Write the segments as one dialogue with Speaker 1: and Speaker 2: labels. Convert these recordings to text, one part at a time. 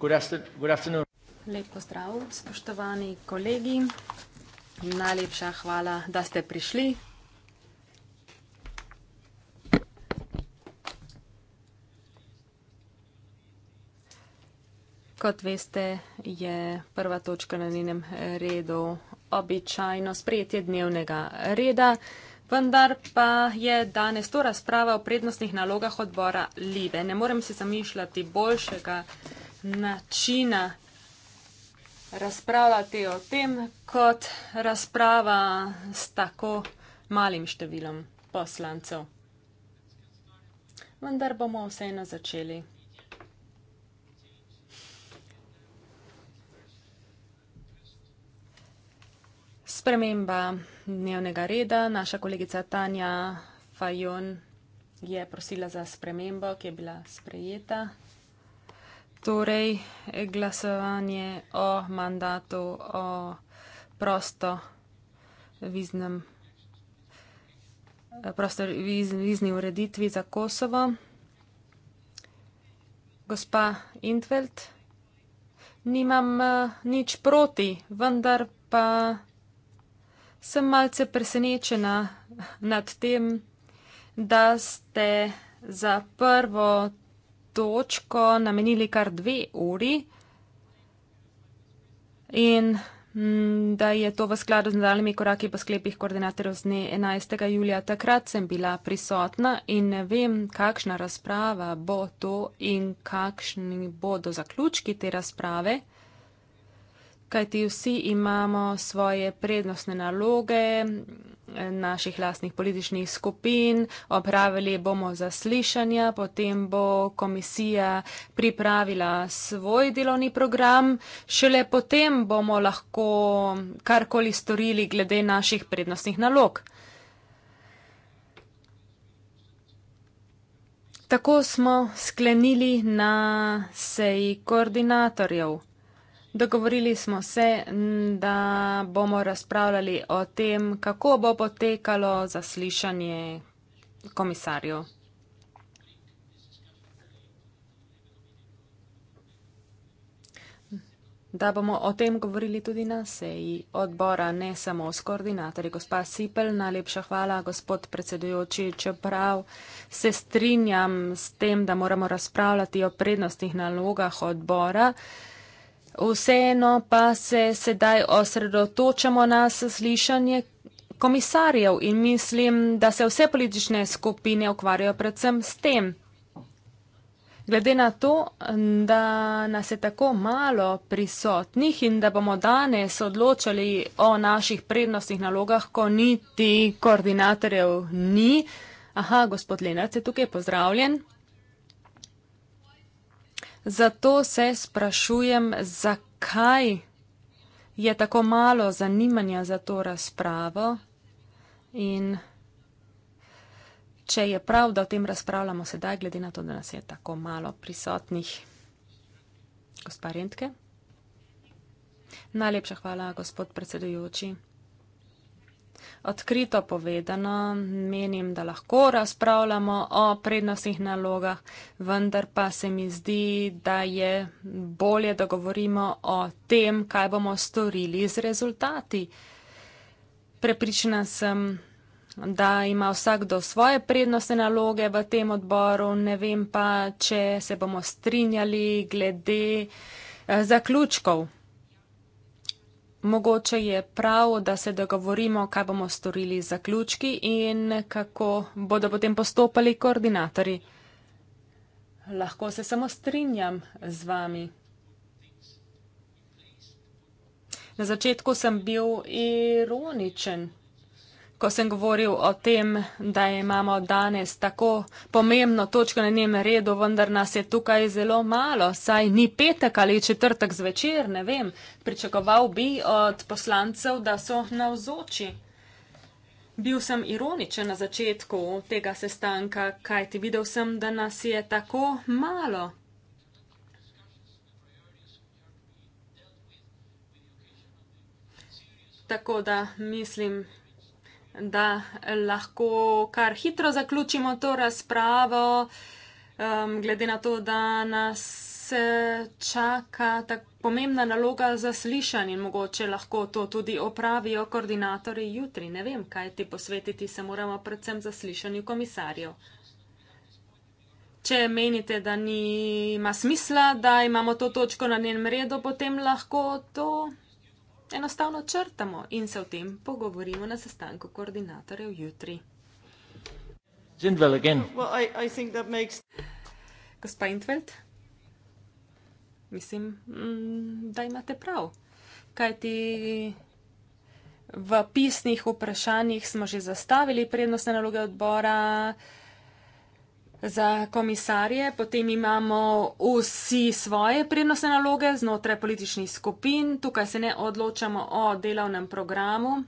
Speaker 1: Good afternoon.
Speaker 2: Lep pozdrav, spoštovani kolegi. Najlepša hvala, da ste prišli. Kot veste, je prva točka na njenem redu običajno sprejetje dnevnega reda, vendar pa je danes to razprava o prednostnih nalogah odbora Libe. Ne morem si zamišljati boljšega odbora načina razpravljati o tem, kot razprava s tako malim številom poslancev. Vendar bomo vseeno začeli. Sprememba dnevnega reda. Naša kolegica Tanja Fajon je prosila za spremembo, ki je bila sprejeta. Torej, glasovanje o mandatu, o prosto viznem, eh, prosto viz, vizni ureditvi za Kosovo. Gospa Intveld, nimam uh, nič proti, vendar pa sem malce presenečena nad tem, da ste za prvo točko namenili kar dve uri in mm, da je to v skladu z nadaljnimi koraki po sklepih koordinatorjev z dne 11. julija. Takrat sem bila prisotna in ne vem, kakšna razprava bo to in kakšni bodo zaključki te razprave kajti vsi imamo svoje prednostne naloge naših lastnih političnih skupin, opravili bomo zaslišanja, potem bo komisija pripravila svoj delovni program, šele potem bomo lahko karkoli storili glede naših prednostnih nalog. Tako smo sklenili na seji koordinatorjev. Dogovorili smo se, da bomo razpravljali o tem, kako bo potekalo zaslišanje komisarjev. Da bomo o tem govorili tudi na seji odbora, ne samo s koordinatorji. Gospa Sipel, najlepša hvala, gospod predsedujoči, čeprav se strinjam s tem, da moramo razpravljati o prednostnih nalogah odbora. Vseeno pa se sedaj osredotočamo na slišanje komisarjev in mislim, da se vse politične skupine ukvarjajo predvsem s tem. Glede na to, da nas je tako malo prisotnih in da bomo danes odločali o naših prednostnih nalogah, ko niti koordinatorjev ni. Aha, gospod Lenac je tukaj pozdravljen. Zato se sprašujem, zakaj je tako malo zanimanja za to razpravo in če je prav, da o tem razpravljamo sedaj, glede na to, da nas je tako malo prisotnih. Gospa Rentke. Najlepša hvala, gospod predsedujoči. Odkrito povedano, menim, da lahko razpravljamo o prednostnih nalogah, vendar pa se mi zdi, da je bolje, da govorimo o tem, kaj bomo storili z rezultati. Prepričana sem, da ima vsakdo svoje prednostne naloge v tem odboru, ne vem pa, če se bomo strinjali glede eh, zaključkov mogoče je prav, da se dogovorimo, kaj bomo storili z zaključki in kako bodo potem postopali koordinatorji. Lahko se samo strinjam z vami. Na začetku sem bil ironičen ko sem govoril o tem, da imamo danes tako pomembno točko na njem redu, vendar nas je tukaj zelo malo, saj ni petek ali četrtek zvečer, ne vem. Pričakoval bi od poslancev, da so navzoči. Bil sem ironičen na začetku tega sestanka, kaj ti videl sem, da nas je tako malo. Tako da mislim, da lahko kar hitro zaključimo to razpravo, um, glede na to, da nas eh, čaka tako pomembna naloga za slišan in mogoče lahko to tudi opravijo koordinatori jutri. Ne vem, kaj ti posvetiti se moramo predvsem za slišanju komisarjev. Če menite, da nima smisla, da imamo to točko na njenem redu, potem lahko to enostavno črtamo in se o tem pogovorimo na sestanku koordinatorjev jutri. Gospa Intveld, mislim, mm, da imate prav, kaj ti v pisnih vprašanjih smo že zastavili prednostne naloge odbora za komisarje, potem imamo vsi svoje prednostne naloge znotraj političnih skupin, tukaj se ne odločamo o delovnem programu,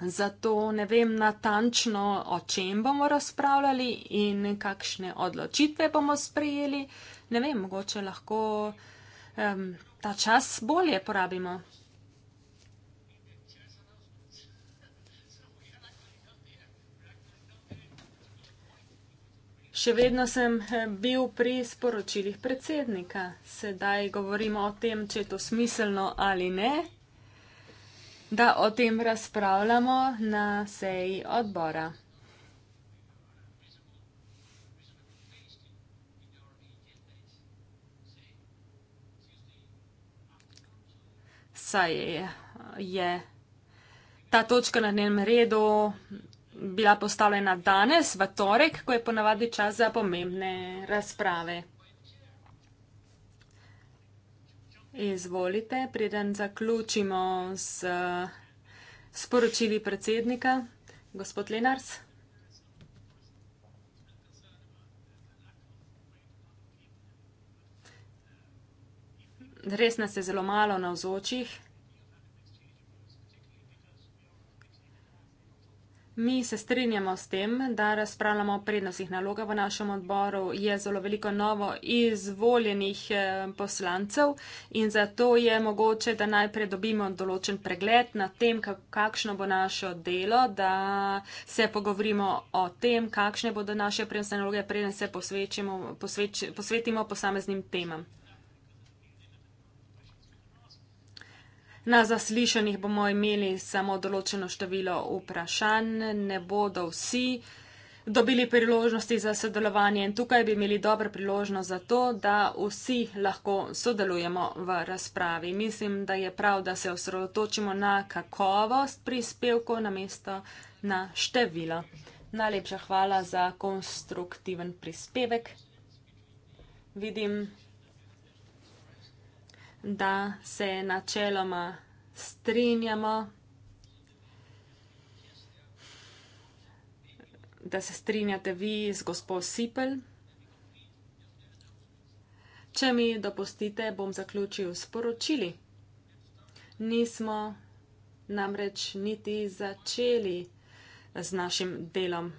Speaker 2: zato ne vem natančno, o čem bomo razpravljali in kakšne odločitve bomo sprejeli. Ne vem, mogoče lahko um, ta čas bolje porabimo. Še vedno sem eh, bil pri sporočilih predsednika. Sedaj govorimo o tem, če je to smiselno ali ne, da o tem razpravljamo na seji odbora. Saj eh, je ta točka na dnevnem redu bila postavljena danes, v torek, ko je ponavadi čas za pomembne razprave. Izvolite, preden zaključimo s sporočili predsednika, gospod Lenars. Res nas je zelo malo na vzočih. Mi se strinjamo s tem, da razpravljamo o prednostih naloga. V našem odboru je zelo veliko novo izvoljenih eh, poslancev in zato je mogoče, da najprej dobimo določen pregled na tem, kakšno bo naše delo, da se pogovorimo o tem, kakšne bodo naše prednostne naloge, preden se posvečimo, posveč, posvetimo posameznim temam. Na zaslišanjih bomo imeli samo določeno število vprašanj, ne bodo vsi dobili priložnosti za sodelovanje in tukaj bi imeli dobro priložnost za to, da vsi lahko sodelujemo v razpravi. Mislim, da je prav, da se osredotočimo na kakovost prispevkov namesto na število. Najlepša hvala za konstruktiven prispevek. Vidim, da se načeloma strinjamo, da se strinjate vi z gospod Sipel. Če mi dopustite, bom zaključil sporočili. Nismo namreč niti začeli z našim delom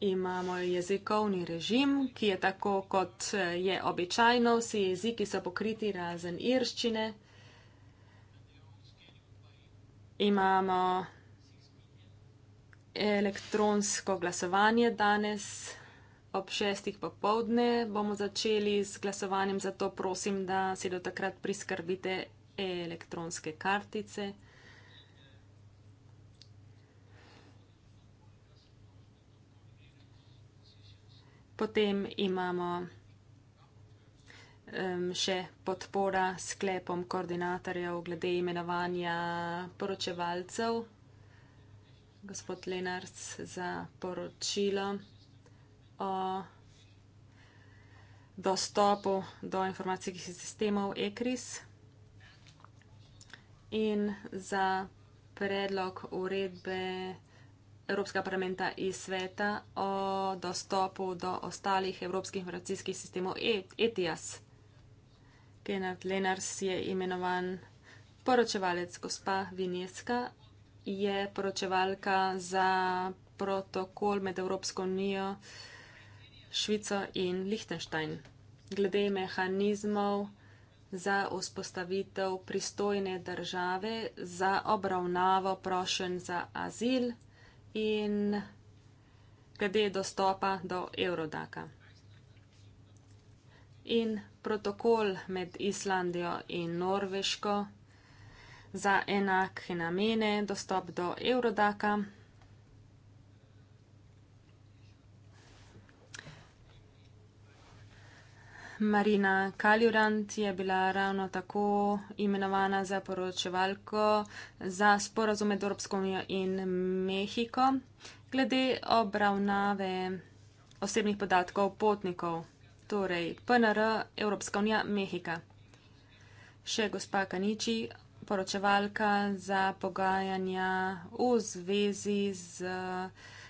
Speaker 2: imamo jezikovni režim, ki je tako, kot je običajno, vsi jeziki so pokriti razen irščine. Imamo elektronsko glasovanje danes. Ob šestih popovdne bomo začeli z glasovanjem, zato prosim, da si do takrat priskrbite elektronske kartice. Potem imamo um, še podpora sklepom koordinatorjev glede imenovanja poročevalcev. Gospod Lenarc za poročilo o dostopu do informacijskih sistemov ECRIS in za predlog uredbe Evropskega parlamenta in sveta o dostopu do ostalih evropskih informacijskih sistemov ETIAS. E Kenneth Lenars je imenovan poročevalec, gospa Vinjeska je poročevalka za protokol med Evropsko unijo, Švico in Liechtenstein. Glede mehanizmov za vzpostavitev pristojne države za obravnavo prošen za azil, in glede dostopa do Eurodaka. In protokol med Islandijo in Norveško za enake namene dostop do Eurodaka. Marina Kaljurant je bila ravno tako imenovana za poročevalko za sporazum med Evropsko unijo in Mehiko glede obravnave osebnih podatkov potnikov, torej PNR Evropska unija Mehika. Še gospa Kaniči, poročevalka za pogajanja v zvezi z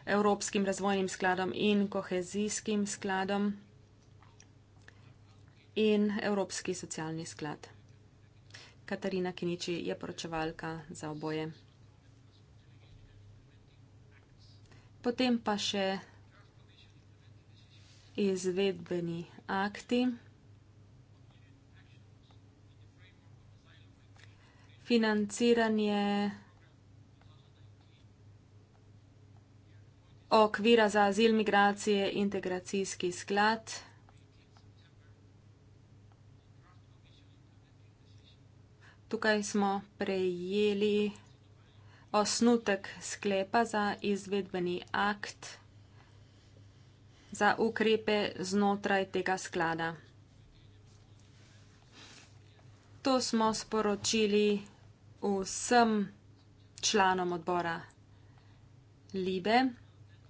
Speaker 2: Evropskim razvojnim skladom in kohezijskim skladom in Evropski socialni sklad. Katarina Kiniči je poročevalka za oboje. Potem pa še izvedbeni akti. Financiranje okvira za azil, migracije, integracijski sklad. Tukaj smo prejeli osnutek sklepa za izvedbeni akt za ukrepe znotraj tega sklada. To smo sporočili vsem članom odbora Libe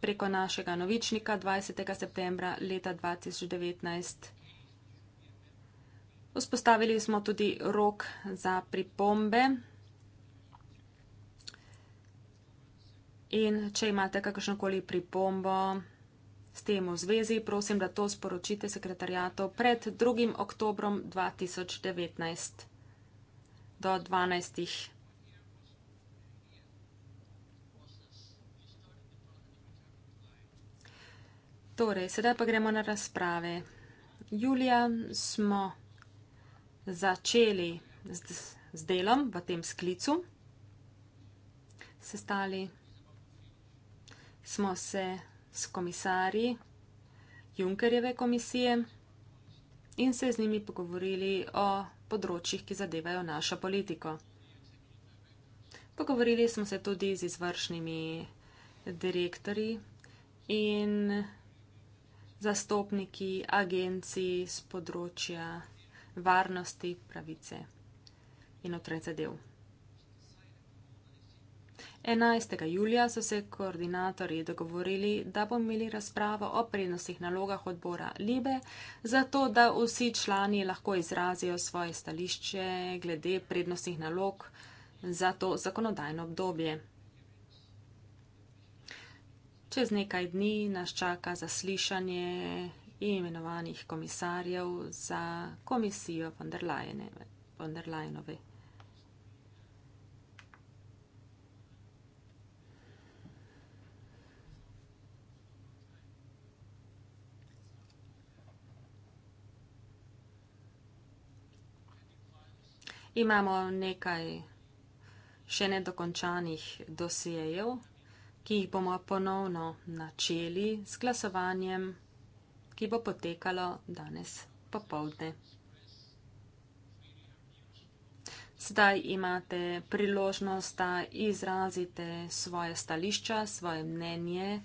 Speaker 2: preko našega novičnika 20. septembra leta 2019. Vzpostavili smo tudi rok za pripombe. In če imate kakršnokoli pripombo s tem v zvezi, prosim, da to sporočite sekretarjato pred 2. oktobrom 2019 do 12. Torej, sedaj pa gremo na razprave. Julija smo začeli z, z delom v tem sklicu, sestali smo se s komisarji Junkerjeve komisije in se z njimi pogovorili o področjih, ki zadevajo našo politiko. Pogovorili smo se tudi z izvršnimi direktori in zastopniki agencij z področja varnosti, pravice in otrec zadev. 11. julija so se koordinatorji dogovorili, da bomo imeli razpravo o prednostih nalogah odbora Libe, zato da vsi člani lahko izrazijo svoje stališče glede prednostih nalog za to zakonodajno obdobje. Čez nekaj dni nas čaka zaslišanje imenovanih komisarjev za komisijo von der Leyenove. Imamo nekaj še nedokončanih dosijejev, ki jih bomo ponovno načeli z glasovanjem ki bo potekalo danes popovdne. Zdaj imate priložnost, da izrazite svoje stališča, svoje mnenje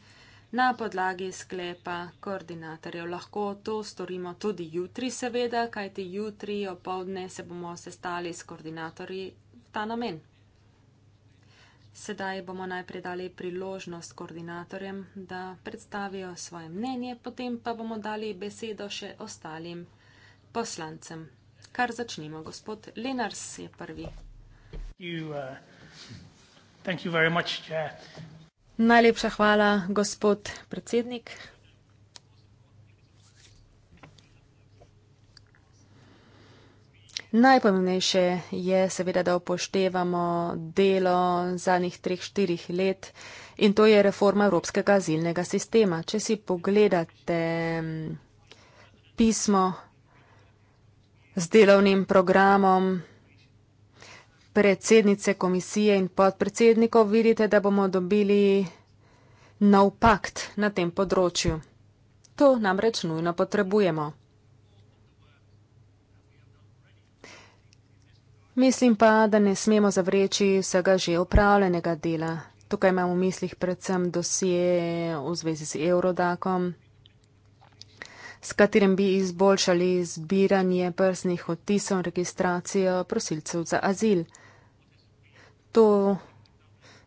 Speaker 2: na podlagi sklepa koordinatorjev. Lahko to storimo tudi jutri, seveda, kajti jutri opovdne se bomo sestali s koordinatorji v ta namen. Sedaj bomo najprej dali priložnost koordinatorjem, da predstavijo svoje mnenje, potem pa bomo dali besedo še ostalim poslancem. Kar začnimo, gospod Lenars je prvi.
Speaker 1: You, uh,
Speaker 3: much,
Speaker 2: Najlepša hvala, gospod predsednik. Najpomembnejše je seveda, da upoštevamo delo zadnjih 3-4 let in to je reforma Evropskega azilnega sistema. Če si pogledate mm, pismo z delovnim programom predsednice komisije in podpredsednikov, vidite, da bomo dobili nov pakt na tem področju. To namreč nujno potrebujemo. Mislim pa, da ne smemo zavreči vsega že upravljenega dela. Tukaj imamo v mislih predvsem dosije v zvezi z Eurodakom, s katerim bi izboljšali zbiranje prsnih odtisov in registracijo prosilcev za azil. To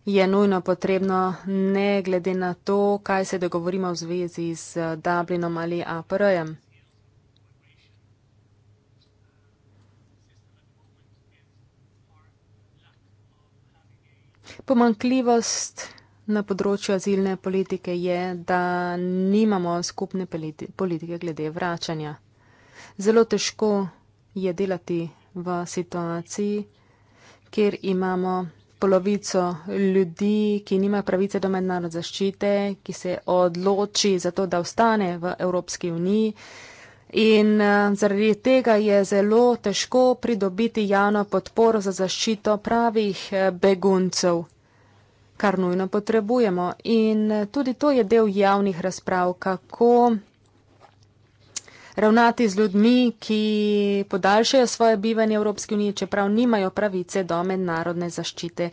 Speaker 2: je nujno potrebno, ne glede na to, kaj se dogovorimo v zvezi z Dublinom ali APR-jem. Pomankljivost na področju azilne politike je, da nimamo skupne politike glede vračanja. Zelo težko je delati v situaciji, kjer imamo polovico ljudi, ki nima pravice do mednarodne zaščite, ki se odloči za to, da ostane v Evropski uniji. In eh, zaradi tega je zelo težko pridobiti javno podporo za zaščito pravih eh, beguncev kar nujno potrebujemo. In eh, tudi to je del javnih razprav, kako ravnati z ljudmi, ki podaljšajo svoje bivanje v Evropski uniji, čeprav nimajo pravice do mednarodne zaščite.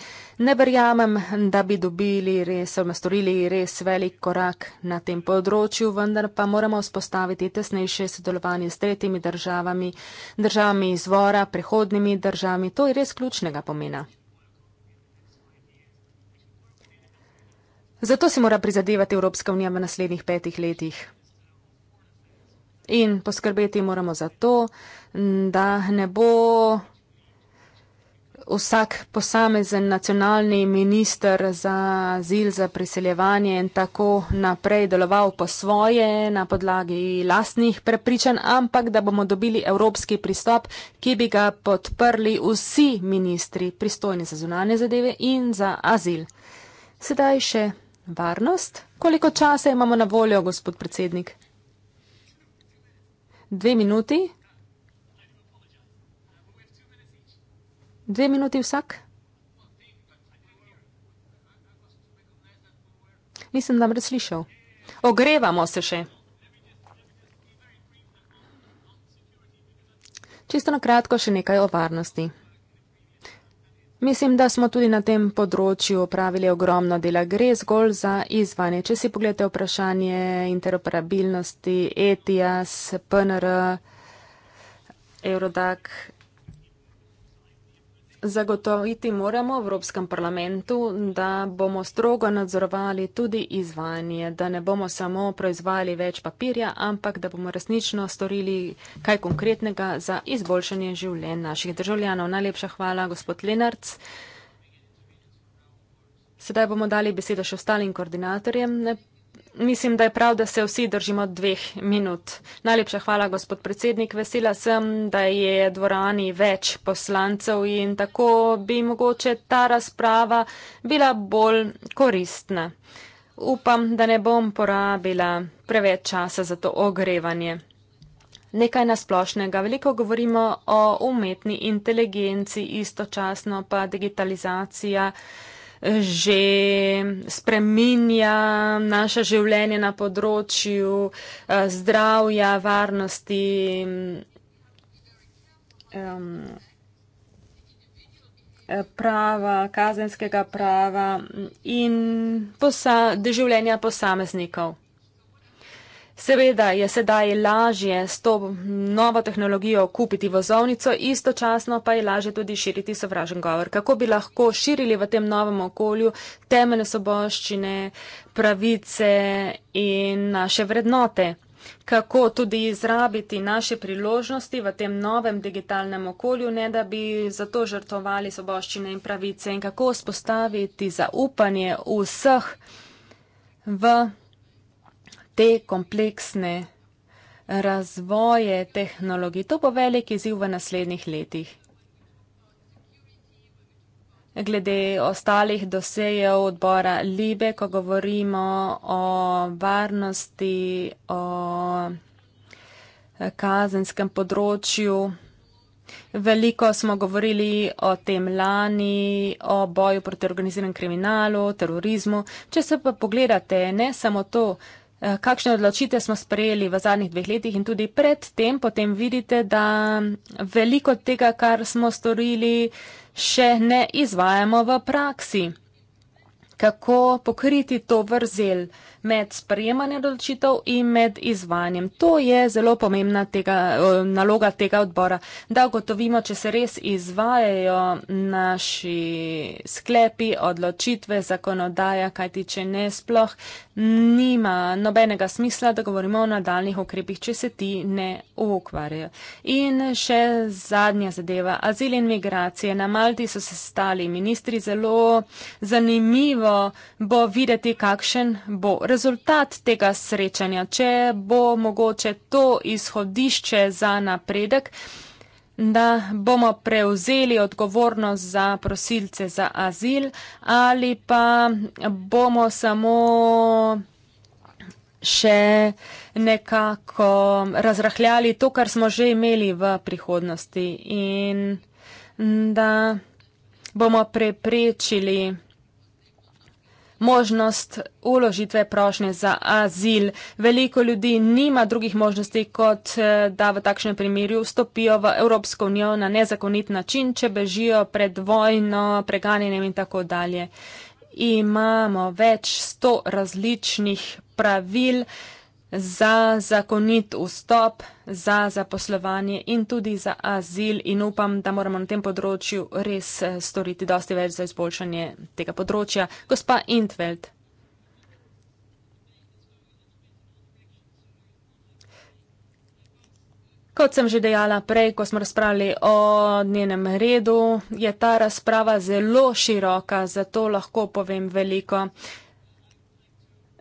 Speaker 2: Ne verjamem, da bi dobili res, storili res velik korak na tem področju, vendar pa moramo vzpostaviti tesnejše sodelovanje s tretjimi državami, državami izvora, prehodnimi državami. To je res ključnega pomena. Zato si mora prizadevati Evropska unija v naslednjih petih letih. In poskrbeti moramo za to, da ne bo vsak posamezen nacionalni minister za zil, za priseljevanje in tako naprej deloval po svoje na podlagi lastnih prepričanj, ampak da bomo dobili evropski pristop, ki bi ga podprli vsi ministri pristojni za zunanje zadeve in za azil. Sedaj še Varnost. Koliko časa imamo na voljo, gospod predsednik? Dve minuti. Dve minuti vsak. Nisem namreč slišal. Ogrevamo se še. Čisto na kratko še nekaj o varnosti. Mislim, da smo tudi na tem področju opravili ogromno dela. Gre zgolj za izvanje. Če si pogledate vprašanje interoperabilnosti, ETIAS, PNR, Eurodac, Zagotoviti moramo v Evropskem parlamentu, da bomo strogo nadzorovali tudi izvajanje, da ne bomo samo proizvajali več papirja, ampak da bomo resnično storili kaj konkretnega za izboljšanje življenj naših državljanov. Najlepša hvala, gospod Lenarc. Sedaj bomo dali besedo še ostalim koordinatorjem mislim, da je prav, da se vsi držimo dveh minut. Najlepša hvala, gospod predsednik. Vesela sem, da je dvorani več poslancev in tako bi mogoče ta razprava bila bolj koristna. Upam, da ne bom porabila preveč časa za to ogrevanje. Nekaj nasplošnega. Veliko govorimo o umetni inteligenci, istočasno pa digitalizacija že spreminja naše življenje na področju eh, zdravja, varnosti. Um, prava, kazenskega prava in posa, življenja posameznikov. Seveda je sedaj lažje s to novo tehnologijo kupiti vozovnico, istočasno pa je lažje tudi širiti sovražen govor. Kako bi lahko širili v tem novem okolju temeljne soboščine, pravice in naše vrednote? Kako tudi izrabiti naše priložnosti v tem novem digitalnem okolju, ne da bi zato žrtovali soboščine in pravice in kako spostaviti zaupanje vseh v te kompleksne razvoje tehnologij. To bo velik izziv v naslednjih letih. Glede ostalih dosejev odbora Libe, ko govorimo o varnosti, o kazenskem področju, veliko smo govorili o tem lani, o boju proti organiziranem kriminalu, terorizmu. Če se pa pogledate, ne samo to, Eh, kakšne odločitve smo sprejeli v zadnjih dveh letih in tudi predtem, potem vidite, da veliko tega, kar smo storili, še ne izvajamo v praksi. Kako pokriti to vrzel? Uh, med sprejemanjem odločitev in med izvanjem. To je zelo pomembna tega, naloga tega odbora, da ugotovimo, če se res izvajajo naši sklepi, odločitve, zakonodaja, kajti če ne sploh, nima nobenega smisla, da govorimo o nadaljnih ukrepih, če se ti ne ukvarjajo. In še zadnja zadeva, azil in migracije. Na Malti so se stali ministri, zelo zanimivo bo videti, kakšen bo rezultat rezultat tega srečanja, če bo mogoče to izhodišče za napredek, da bomo prevzeli odgovornost za prosilce za azil ali pa bomo samo še nekako razrahljali to, kar smo že imeli v prihodnosti in da bomo preprečili možnost uložitve prošnje za azil. Veliko ljudi nima drugih možnosti, kot eh, da v takšnem primerju vstopijo v Evropsko unijo na nezakonit način, če bežijo pred vojno, preganjenjem in tako dalje. Imamo več sto različnih pravil za zakonit vstop, za zaposlovanje in tudi za azil in upam, da moramo na tem področju res eh, storiti dosti več za izboljšanje tega področja. Gospa Intveld. Kot sem že dejala prej, ko smo razpravljali o njenem redu, je ta razprava zelo široka, zato lahko povem veliko.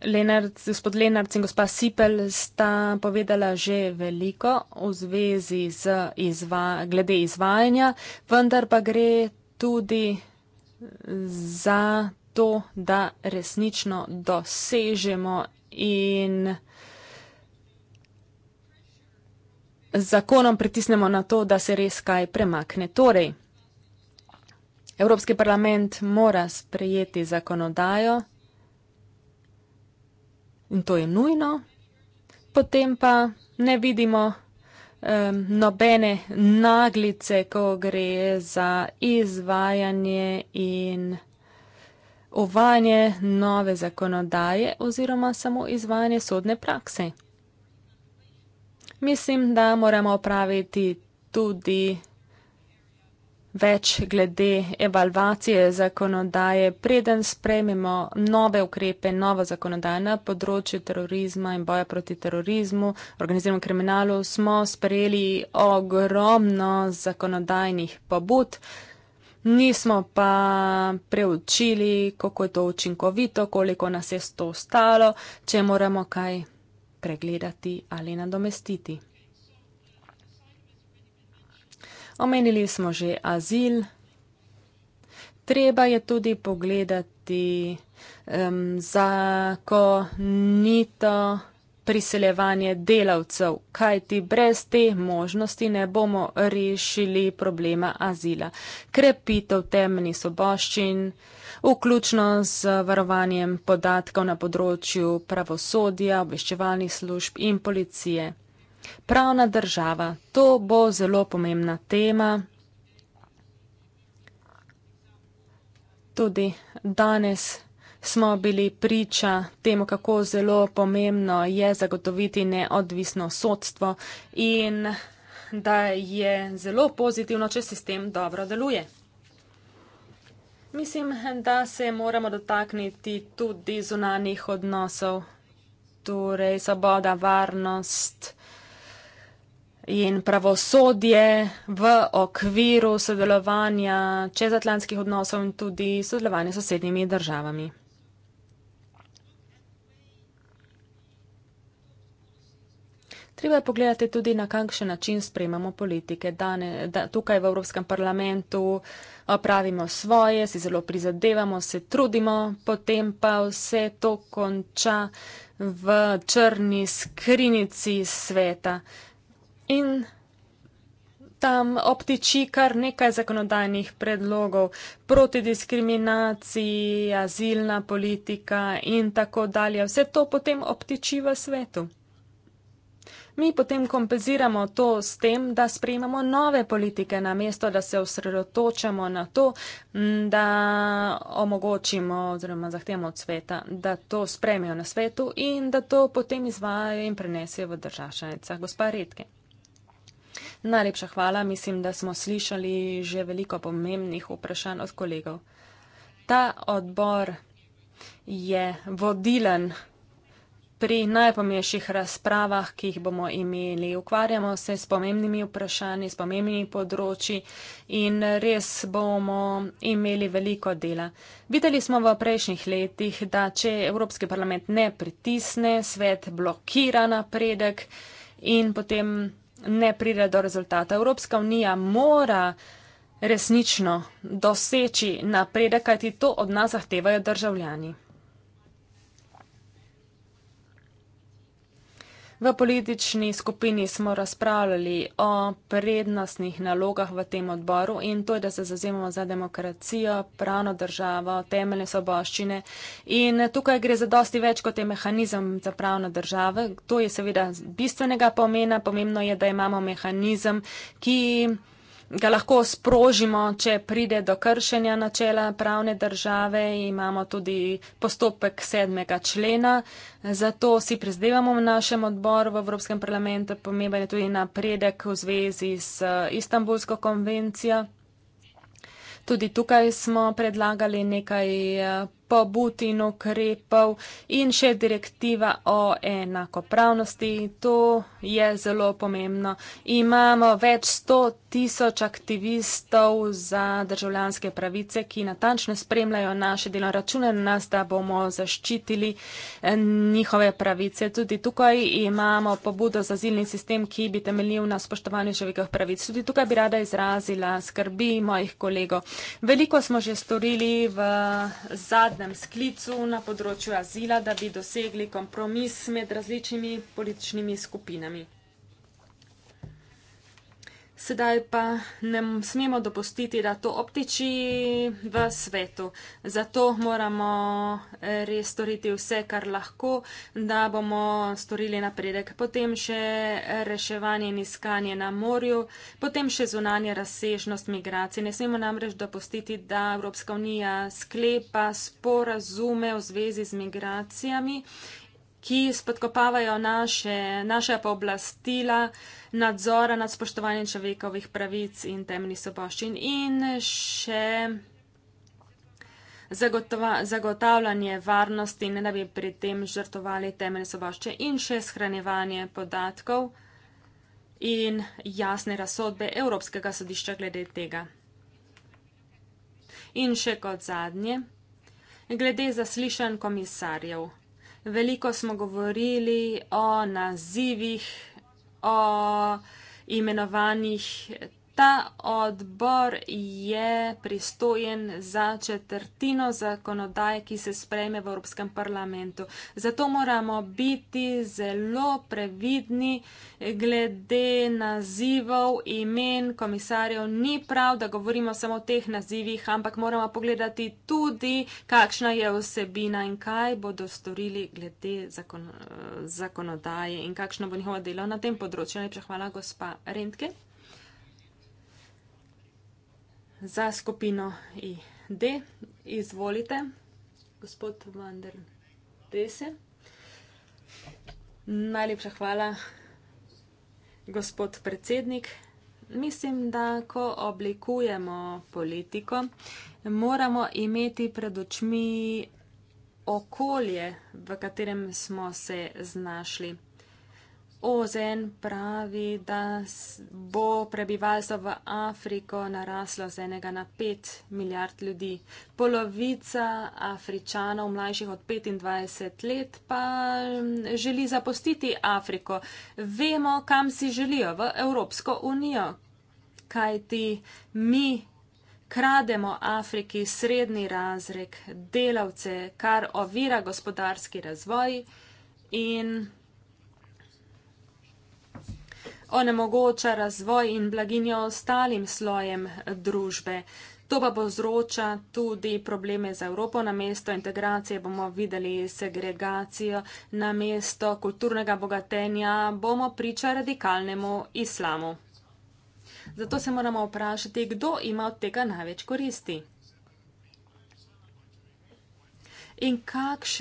Speaker 2: Lenard, gospod Lenard in gospa Sipel sta povedala že veliko v zvezi z izva, glede izvajanja, vendar pa gre tudi za to, da resnično dosežemo in zakonom pritisnemo na to, da se res kaj premakne. Torej, Evropski parlament mora sprejeti zakonodajo in to je nujno, potem pa ne vidimo um, nobene naglice, ko gre za izvajanje in uvajanje nove zakonodaje oziroma samo izvajanje sodne prakse. Mislim, da moramo opraviti tudi več glede evalvacije zakonodaje, preden sprejmemo nove ukrepe, novo zakonodajo na področju terorizma in boja proti terorizmu, organiziranemu kriminalu, smo sprejeli ogromno zakonodajnih pobud. Nismo pa preučili, kako je to učinkovito, koliko nas je to stalo, če moramo kaj pregledati ali nadomestiti. Omenili smo že azil. Treba je tudi pogledati um, zakonito priseljevanje delavcev, kajti brez te možnosti ne bomo rešili problema azila. Krepitev temnih soboščin, vključno z varovanjem podatkov na področju pravosodja, obveščevalnih služb in policije. Pravna država, to bo zelo pomembna tema. Tudi danes smo bili priča temu, kako zelo pomembno je zagotoviti neodvisno sodstvo in da je zelo pozitivno, če sistem dobro deluje. Mislim, da se moramo dotakniti tudi zunanih odnosov, torej svoboda, varnost in pravosodje v okviru sodelovanja čezatlantskih odnosov in tudi sodelovanja s sosednjimi državami. Treba je pogledati tudi na kakšen način sprejemamo politike. Dane, da, tukaj v Evropskem parlamentu opravimo svoje, si zelo prizadevamo, se trudimo, potem pa vse to konča v črni skrinici sveta. In tam obtiči kar nekaj zakonodajnih predlogov proti diskriminaciji, azilna politika in tako dalje. Vse to potem obtiči v svetu. Mi potem kompenziramo to s tem, da sprejemamo nove politike, namesto da se osredotočamo na to, da omogočimo oziroma zahtevamo od sveta, da to spremijo na svetu in da to potem izvajo in prenesejo v državšanica. Gospa Redke. Najlepša hvala, mislim, da smo slišali že veliko pomembnih vprašanj od kolegov. Ta odbor je vodilen pri najpomembnejših razpravah, ki jih bomo imeli. Ukvarjamo se s pomembnimi vprašanji, s pomembnimi področji in res bomo imeli veliko dela. Videli smo v prejšnjih letih, da če Evropski parlament ne pritisne, svet blokira napredek in potem ne pride do rezultata. Evropska unija mora resnično doseči napredek, kajti to od nas zahtevajo državljani. V politični skupini smo razpravljali o prednostnih nalogah v tem odboru in to je, da se zazemamo za demokracijo, pravno državo, temeljne soboščine. In tukaj gre za dosti več kot je mehanizem za pravno državo. To je seveda bistvenega pomena. Pomembno je, da imamo mehanizem, ki ga lahko sprožimo, če pride do kršenja načela pravne države. Imamo tudi postopek sedmega člena. Zato si prizdevamo v našem odboru v Evropskem parlamentu pomemben tudi napredek v zvezi s eh, Istanbulsko konvencijo. Tudi tukaj smo predlagali nekaj eh, Putin ukrepal in še direktiva o enakopravnosti. To je zelo pomembno. Imamo več sto tisoč aktivistov za državljanske pravice, ki natančno spremljajo naše delo. Račune na nas, da bomo zaščitili eh, njihove pravice. Tudi tukaj imamo pobudo za zilni sistem, ki bi temeljil na spoštovanju človekovih pravic. Tudi tukaj bi rada izrazila skrbi mojih kolegov. Veliko smo že storili v zadnjem zadnjem sklicu na področju azila, da bi dosegli kompromis med različnimi političnimi skupinami. Sedaj pa ne smemo dopustiti, da to obtiči v svetu. Zato moramo res storiti vse, kar lahko, da bomo storili napredek. Potem še reševanje in iskanje na morju, potem še zunanje razsežnost migracije. Ne smemo namreč dopustiti, da Evropska unija sklepa sporazume v zvezi z migracijami ki spodkopavajo naše, naše pooblastila nadzora nad spoštovanjem človekovih pravic in temeljnih soboščin in še zagotavljanje varnosti, ne da bi pri tem žrtovali temeljne soboščine in še shranjevanje podatkov in jasne razsodbe Evropskega sodišča glede tega. In še kot zadnje, glede zaslišanj komisarjev veliko smo govorili o nazivih, o imenovanjih Ta odbor je pristojen za četrtino zakonodaje, ki se sprejme v Evropskem parlamentu. Zato moramo biti zelo previdni glede nazivov, imen komisarjev. Ni prav, da govorimo samo o teh nazivih, ampak moramo pogledati tudi, kakšna je vsebina in kaj bodo storili glede zakon, zakonodaje in kakšno bo njihovo delo na tem področju. Najprej hvala, gospa Rentke za skupino ID. Izvolite, gospod Vander Dese. Najlepša hvala, gospod predsednik. Mislim, da ko oblikujemo politiko, moramo imeti pred očmi okolje, v katerem smo se znašli. OZN pravi, da bo prebivalstvo v Afriko naraslo z enega na pet milijard ljudi. Polovica Afričanov mlajših od 25 let pa mm, želi zapustiti Afriko. Vemo, kam si želijo, v Evropsko unijo. Kaj ti mi krademo Afriki srednji razrek, delavce, kar ovira gospodarski razvoj in onemogoča razvoj in blaginjo ostalim slojem družbe. To pa povzroča tudi probleme za Evropo. Na mesto integracije bomo videli segregacijo, na mesto kulturnega bogatenja bomo priča radikalnemu islamu. Zato se moramo vprašati, kdo ima od tega največ koristi. In kakš,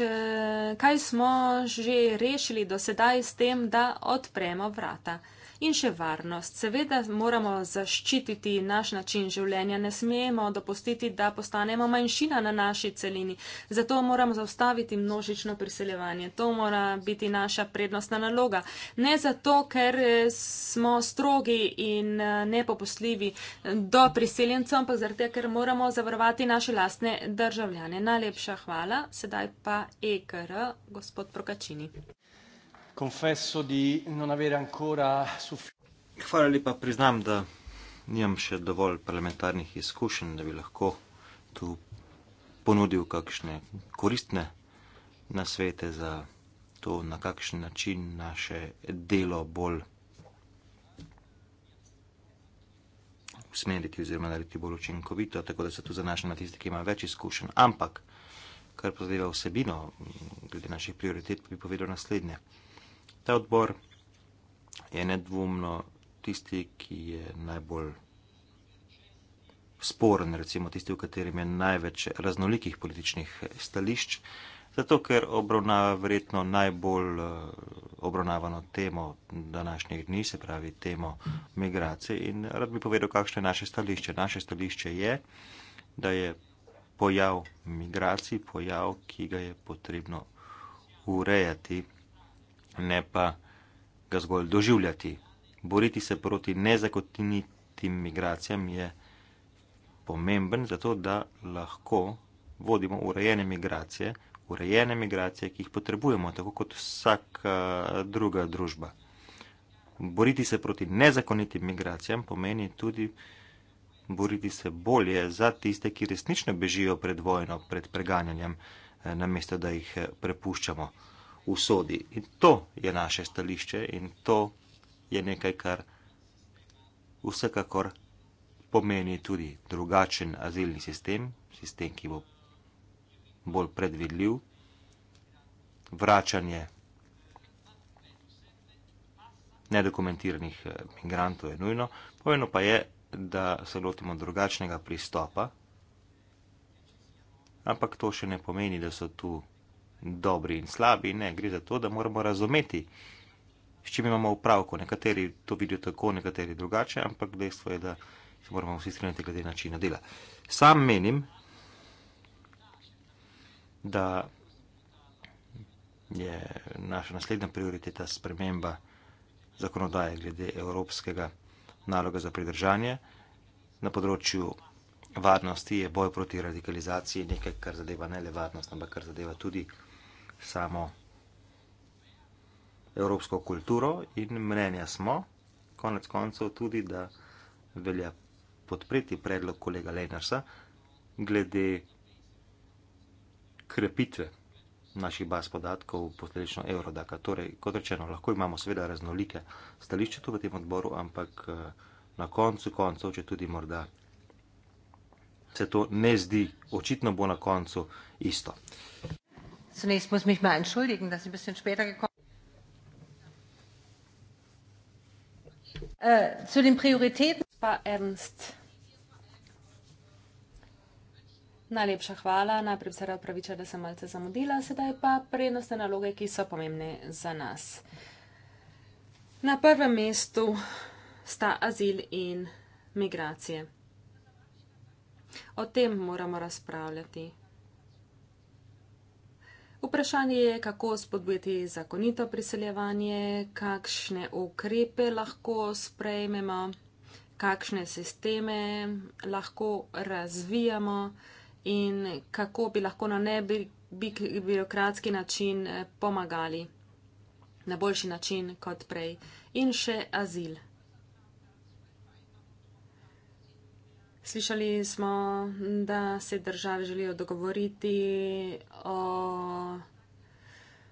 Speaker 2: kaj smo že rešili do sedaj s tem, da odpremo vrata? in še varnost. Seveda moramo zaščititi naš način življenja, ne smemo dopustiti, da postanemo manjšina na naši celini. Zato moramo zaustaviti množično priseljevanje. To mora biti naša prednostna naloga. Ne zato, ker eh, smo strogi in eh, nepopustljivi do priseljencev, ampak zato, ker moramo zavarovati naše lastne državljane. Najlepša hvala. Sedaj pa EKR, gospod Prokačini
Speaker 4: confesso di non avere ancora sufficiente. Hvala lepa, priznam, da nimam še dovolj parlamentarnih izkušenj, da bi lahko tu ponudil kakšne koristne nasvete za to, na kakšen način naše delo bolj usmeriti oziroma narediti bolj učinkovito, tako da se tu zanašam na tiste, ki imajo več izkušenj. Ampak, kar pozadeva vsebino glede naših prioritet, bi povedal naslednje ta odbor je nedvomno tisti, ki je najbolj sporen, recimo tisti, v katerem je največ raznolikih političnih stališč, zato ker obravnava verjetno najbolj eh, obravnavano temo današnjih dni, se pravi temo migracije. In rad bi povedal, kakšno je naše stališče. Naše stališče je, da je pojav migracij pojav, ki ga je potrebno urejati ne pa ga zgolj doživljati. Boriti se proti nezakotinitim migracijam je pomemben, zato da lahko vodimo urejene migracije, urejene migracije, ki jih potrebujemo, tako kot vsaka druga družba. Boriti se proti nezakonitim migracijam pomeni tudi boriti se bolje za tiste, ki resnično bežijo pred vojno, pred preganjanjem, eh, namesto da jih eh, prepuščamo usodi. In to je naše stališče in to je nekaj, kar vsekakor pomeni tudi drugačen azilni sistem, sistem, ki bo bolj predvidljiv, vračanje nedokumentiranih eh, migrantov je nujno, pomeno pa je, da se lotimo drugačnega pristopa, ampak to še ne pomeni, da so tu dobri in slabi, ne gre za to, da moramo razumeti, s čim imamo upravko. Nekateri to vidijo tako, nekateri drugače, ampak dejstvo je, da se moramo vsi strinjati glede načina dela. Sam menim, da je naša naslednja prioriteta sprememba zakonodaje glede evropskega naloga za pridržanje na področju. Varnosti je boj proti radikalizaciji nekaj, kar zadeva ne le varnost, ampak kar zadeva tudi samo evropsko kulturo in mnenja smo, konec koncev tudi, da velja podpreti predlog kolega Lenarsa glede krepitve naših baz podatkov, posledično Eurodaka. Torej, kot rečeno, lahko imamo seveda raznolike stališče tu v tem odboru, ampak eh, na koncu koncev, če tudi morda se to ne zdi, očitno bo na koncu isto.
Speaker 3: Zunächst muss ich mich mal entschuldigen, dass ich ein bisschen später gekommen bin. Äh, zu den Prioritäten war Ernst.
Speaker 2: Najlepša hvala, najprej se rad praviča, da sem malce zamudila, sedaj pa prednostne naloge, ki so pomembne za nas. Na prvem mestu sta azil in migracije. O tem moramo razpravljati. Vprašanje je, kako spodbujati zakonito priseljevanje, kakšne ukrepe lahko sprejmemo, kakšne sisteme lahko razvijamo in kako bi lahko na nebirokratski način eh, pomagali, na boljši način kot prej. In še azil. Slišali smo, da se države želijo dogovoriti o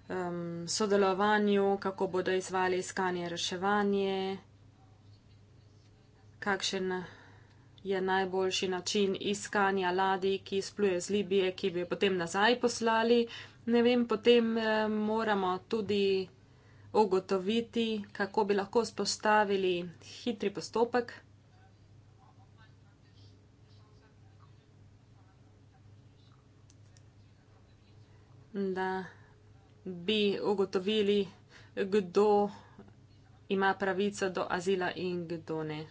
Speaker 2: um, sodelovanju, kako bodo izvali iskanje reševanje, kakšen je najboljši način iskanja ladij, ki spluje z Libije, ki bi jo potem nazaj poslali. Ne vem, potem eh, moramo tudi ugotoviti, kako bi lahko spostavili hitri postopek. da bi ugotovili, kdo ima pravico do azila in kdo ne.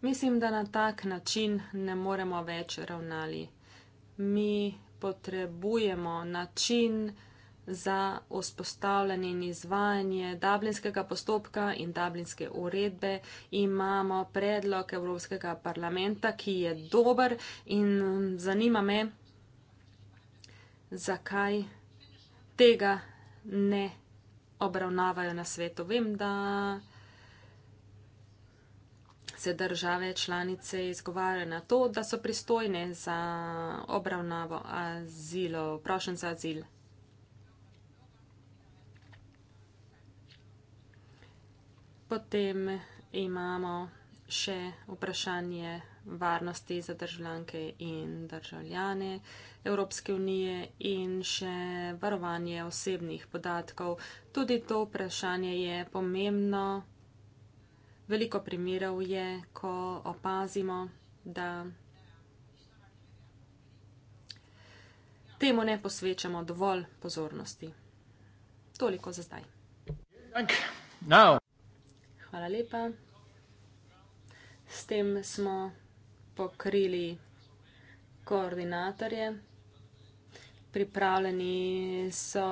Speaker 2: Mislim, da na tak način ne moremo več ravnali. Mi potrebujemo način za vzpostavljanje in izvajanje dublinskega postopka in dublinske uredbe. Imamo predlog Evropskega parlamenta, ki je dober in zanima me, zakaj tega ne obravnavajo na svetu. Vem, da se države članice izgovarjajo na to, da so pristojne za obravnavo azilo, prošen za azil. Potem imamo še vprašanje varnosti za državljanke in državljane Evropske unije in še varovanje osebnih podatkov. Tudi to vprašanje je pomembno. Veliko primerov je, ko opazimo, da temu ne posvečamo dovolj pozornosti. Toliko za zdaj. Hvala lepa. S tem smo pokrili koordinatorje. Pripravljeni so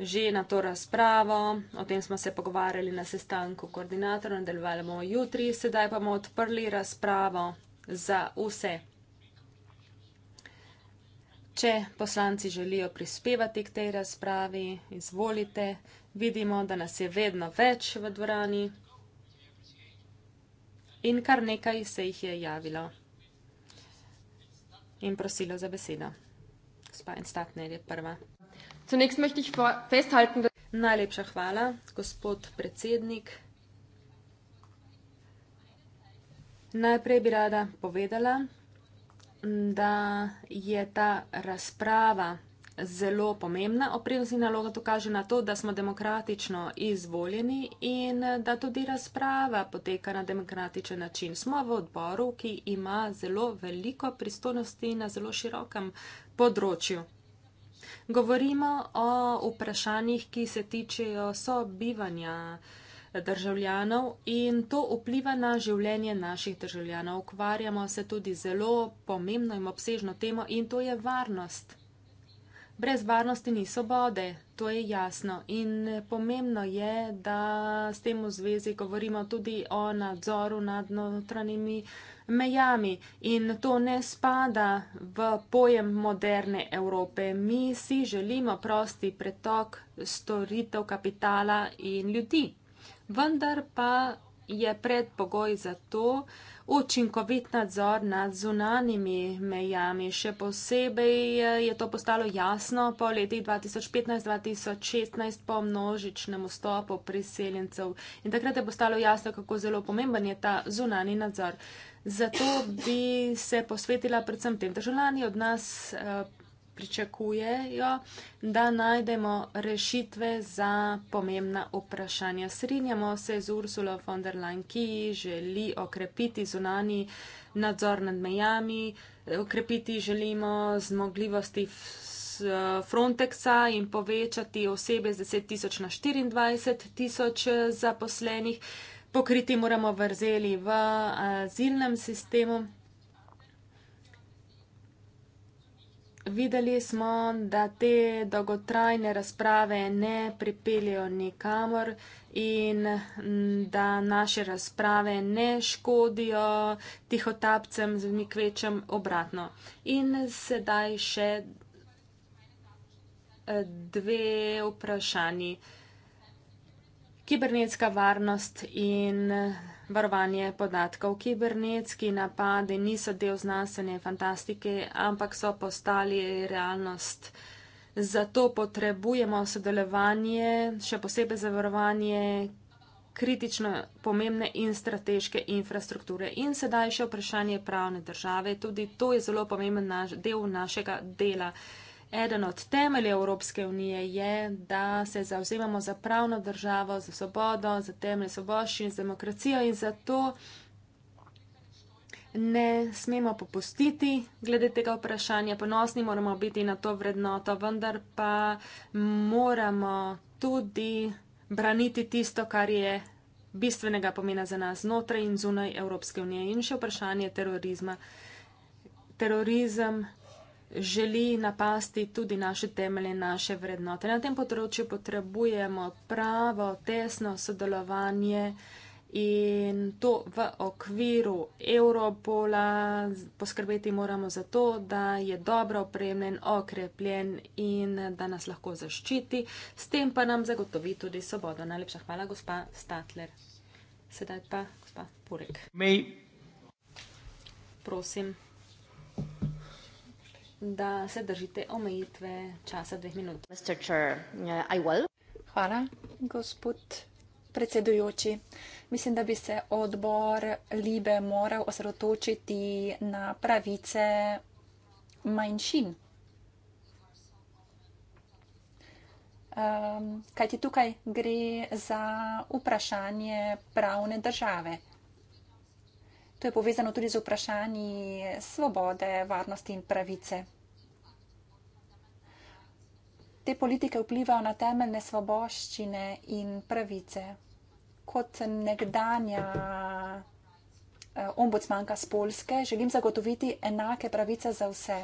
Speaker 2: že na to razpravo, o tem smo se pogovarjali na sestanku koordinatorjev, nadaljevali bomo jutri, sedaj pa bomo odprli razpravo za vse. Če poslanci želijo prispevati k tej razpravi, izvolite. Vidimo, da nas je vedno več v dvorani in kar nekaj se jih je javilo in prosilo za besedo. Gospa Enstatner je prva. Zunaj smo jih festhalten. Najlepša hvala, gospod predsednik. Najprej bi rada povedala, da je ta razprava zelo pomembna. Oprednostni naloga to kaže na to, da smo demokratično izvoljeni in da tudi razprava poteka na demokratičen način. Smo v odboru, ki ima zelo veliko pristojnosti na zelo širokem področju. Govorimo o vprašanjih, ki se tičejo sobivanja državljanov in to vpliva na življenje naših državljanov. Ukvarjamo se tudi zelo pomembno in obsežno temo in to je varnost brez varnosti ni svobode, to je jasno. In pomembno je, da s tem v zvezi govorimo tudi o nadzoru nad notranjimi mejami. In to ne spada v pojem moderne Evrope. Mi si želimo prosti pretok storitev kapitala in ljudi. Vendar pa je predpogoj za to, učinkovit nadzor nad zunanimi mejami. Še posebej eh, je to postalo jasno po letih 2015-2016 po množičnem vstopu priseljencev. In takrat je postalo jasno, kako zelo pomemben je ta zunani nadzor. Zato bi se posvetila predvsem tem državljani od nas. Eh, pričakujejo, da najdemo rešitve za pomembna vprašanja. Srinjamo se z Ursula von der Leyen, ki želi okrepiti zunani nadzor nad mejami, okrepiti želimo zmogljivosti Frontexa in povečati osebe z 10 tisoč na 24 tisoč zaposlenih. Pokriti moramo vrzeli v azilnem sistemu. videli smo, da te dolgotrajne razprave ne pripeljajo nikamor in da naše razprave ne škodijo tihotapcem z mikvečem obratno. In sedaj še e, dve vprašanji. Kibernetska varnost in vprašanje varovanje podatkov. Kibernetski napadi niso del znanstvene fantastike, ampak so postali realnost. Zato potrebujemo sodelovanje, še posebej zavarovanje kritično pomembne in strateške infrastrukture. In sedaj še vprašanje pravne države. Tudi to je zelo pomemben naš, del našega dela. Eden od temeljev Evropske unije je, da se zauzemamo za pravno državo, za svobodo, za temelj svoboščin, za demokracijo in zato ne smemo popustiti glede tega vprašanja. Ponosni moramo biti na to vrednoto, vendar pa moramo tudi braniti tisto, kar je bistvenega pomena za nas znotraj in zunaj Evropske unije. In še vprašanje terorizma. Terorizem želi napasti tudi naše temelje, naše vrednote. Na tem področju potrebujemo pravo, tesno sodelovanje in to v okviru Evropola. Poskrbeti moramo za to, da je dobro opremljen, okrepljen in da nas lahko zaščiti. S tem pa nam zagotovi tudi svobodo. Najlepša hvala, gospa Statler. Sedaj pa gospa Purek. Prosim da se držite omejitve časa dveh minut. Chair, uh,
Speaker 3: Hvala, gospod predsedujoči. Mislim, da bi se odbor Libe moral osredotočiti na pravice manjšin. Um, kajti tukaj gre za vprašanje pravne države. To je povezano tudi z vprašanji svobode, varnosti in pravice. Te politike vplivajo na temeljne svoboščine in pravice. Kot nekdanja eh, ombudsmanka z Polske želim zagotoviti enake pravice za vse.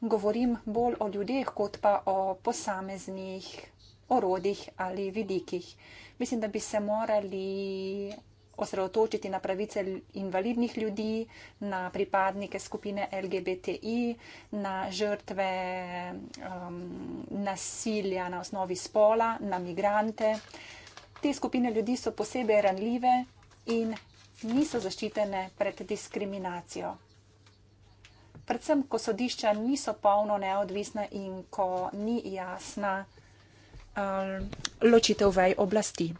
Speaker 3: Govorim bolj o ljudeh, kot pa o posameznih orodjih ali vidikih. Mislim, da bi se morali osredotočiti na pravice invalidnih ljudi, na pripadnike skupine LGBTI, na žrtve um, nasilja na osnovi spola, na migrante. Te skupine ljudi so posebej ranljive in niso zaščitene pred diskriminacijo. Predvsem, ko sodišča niso polno neodvisna in ko ni jasna um, ločitev vej oblasti.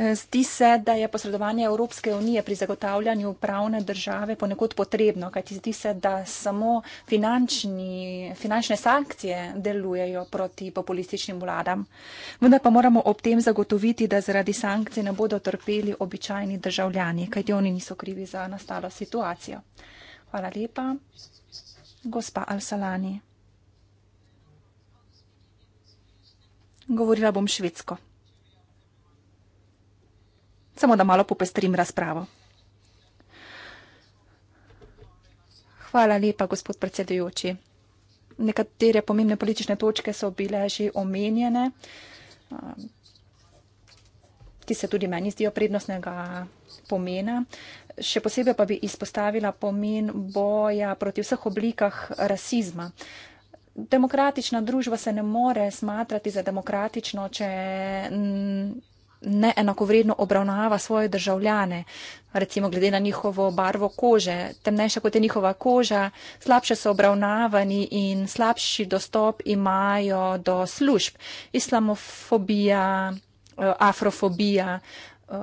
Speaker 3: E, zdi se, da je posredovanje Evropske unije pri zagotavljanju pravne države ponekod potrebno, kajti zdi se, da samo finančni, finančne sankcije delujejo proti populističnim vladam. Vendar pa moramo ob tem zagotoviti, da zaradi sankcij ne bodo trpeli običajni državljani, kajti oni niso krivi za nastalo situacijo. Hvala lepa. Gospa Al-Salani. Govorila bom švedsko samo da malo popestrim razpravo. Hvala lepa, gospod predsedujoči. Nekatere pomembne politične točke so bile že omenjene, um, ki se tudi meni zdijo prednostnega pomena. Še posebej pa bi izpostavila pomen boja proti vseh oblikah rasizma. Demokratična družba se ne more smatrati za demokratično, če neenakovredno obravnava svoje državljane, recimo glede na njihovo barvo kože. Temnejša kot je njihova koža, slabše so obravnavani in slabši dostop imajo do služb. Islamofobija, eh, afrofobija. Eh,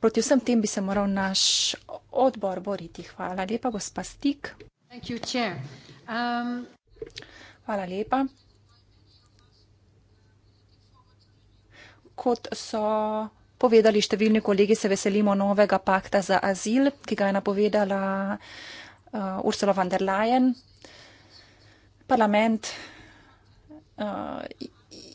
Speaker 3: proti vsem tem bi se moral naš odbor boriti. Hvala lepa, gospa Stik. Um, Hvala lepa. kot so povedali številni kolegi, se veselimo novega pakta za azil, ki ga je napovedala uh, Ursula von der Leyen. Parlament uh,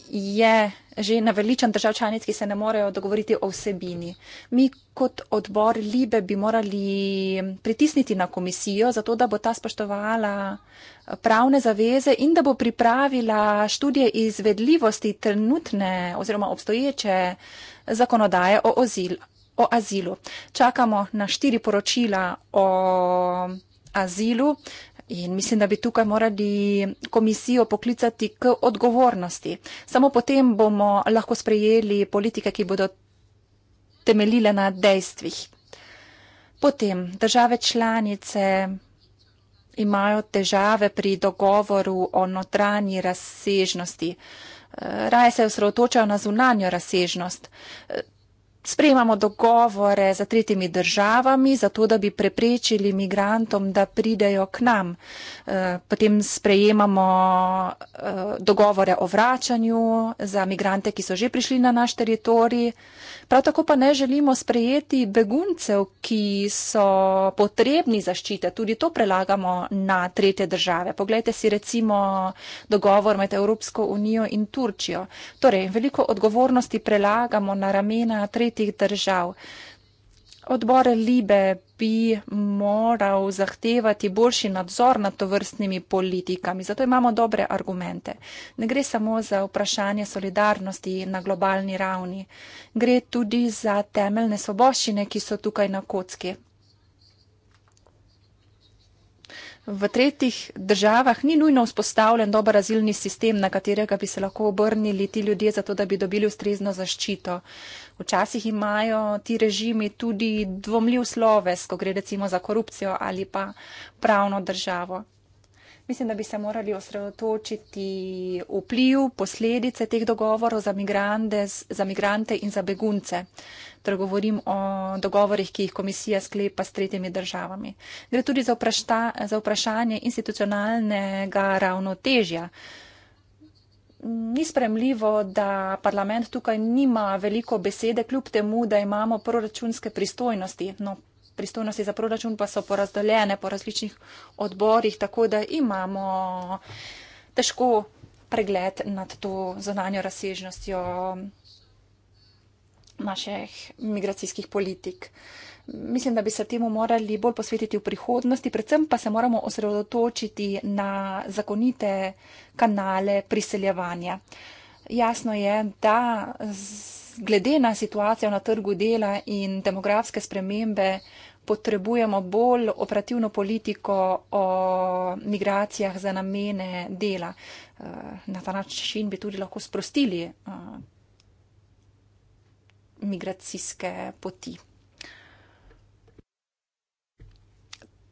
Speaker 3: je že naveličan držav članic, ki se ne morejo dogovoriti o vsebini. Mi kot odbor Libe bi morali pritisniti na komisijo, zato da bo ta spoštovala pravne zaveze in da bo pripravila študije izvedljivosti trenutne oziroma obstoječe zakonodaje o, ozil, o azilu. Čakamo na štiri poročila o azilu, In mislim, da bi tukaj morali komisijo poklicati k odgovornosti. Samo potem bomo lahko sprejeli politike, ki bodo temeljile na dejstvih. Potem države članice imajo težave pri dogovoru o notranji razsežnosti. Eh, raje se osredotočajo na zunanjo razsežnost. Eh, Sprejemamo dogovore za tretjimi državami, zato da bi preprečili migrantom, da pridejo k nam. Eh, potem sprejemamo eh, dogovore o vračanju za migrante, ki so že prišli na naš teritorij. Prav tako pa ne želimo sprejeti beguncev, ki so potrebni zaščite. Tudi to prelagamo na tretje države. Poglejte si recimo dogovor med Evropsko unijo in Turčijo. Torej, veliko odgovornosti prelagamo na ramena tretjih držav. Odbor Libe bi moral zahtevati boljši nadzor nad to vrstnimi politikami, zato imamo dobre argumente. Ne gre samo za vprašanje solidarnosti na globalni ravni, gre tudi za temeljne svoboščine, ki so tukaj na kocki. V tretjih državah ni nujno vzpostavljen dober razilni sistem, na katerega bi se lahko obrnili ti ljudje, zato da bi dobili ustrezno zaščito. Včasih imajo ti režimi tudi dvomljiv sloves, ko gre recimo za korupcijo ali pa pravno državo. Mislim, da bi se morali osredotočiti vpliv, posledice teh dogovorov za, migrande, za migrante in za begunce. Torej govorim o dogovorih, ki jih komisija sklepa s tretjimi državami. Gre tudi za, vprašta, za vprašanje institucionalnega ravnotežja ni spremljivo, da parlament tukaj nima veliko besede, kljub temu, da imamo proračunske pristojnosti. No, pristojnosti za proračun pa so porazdoljene po različnih odborih, tako da imamo težko pregled nad to zonanjo razsežnostjo naših migracijskih politik mislim, da bi se temu morali bolj posvetiti v prihodnosti, predvsem pa se moramo osredotočiti na zakonite kanale priseljevanja. Jasno je, da glede na situacijo na trgu dela in demografske spremembe potrebujemo bolj operativno politiko o migracijah za namene dela. Eh, na ta način bi tudi lahko sprostili eh, migracijske poti.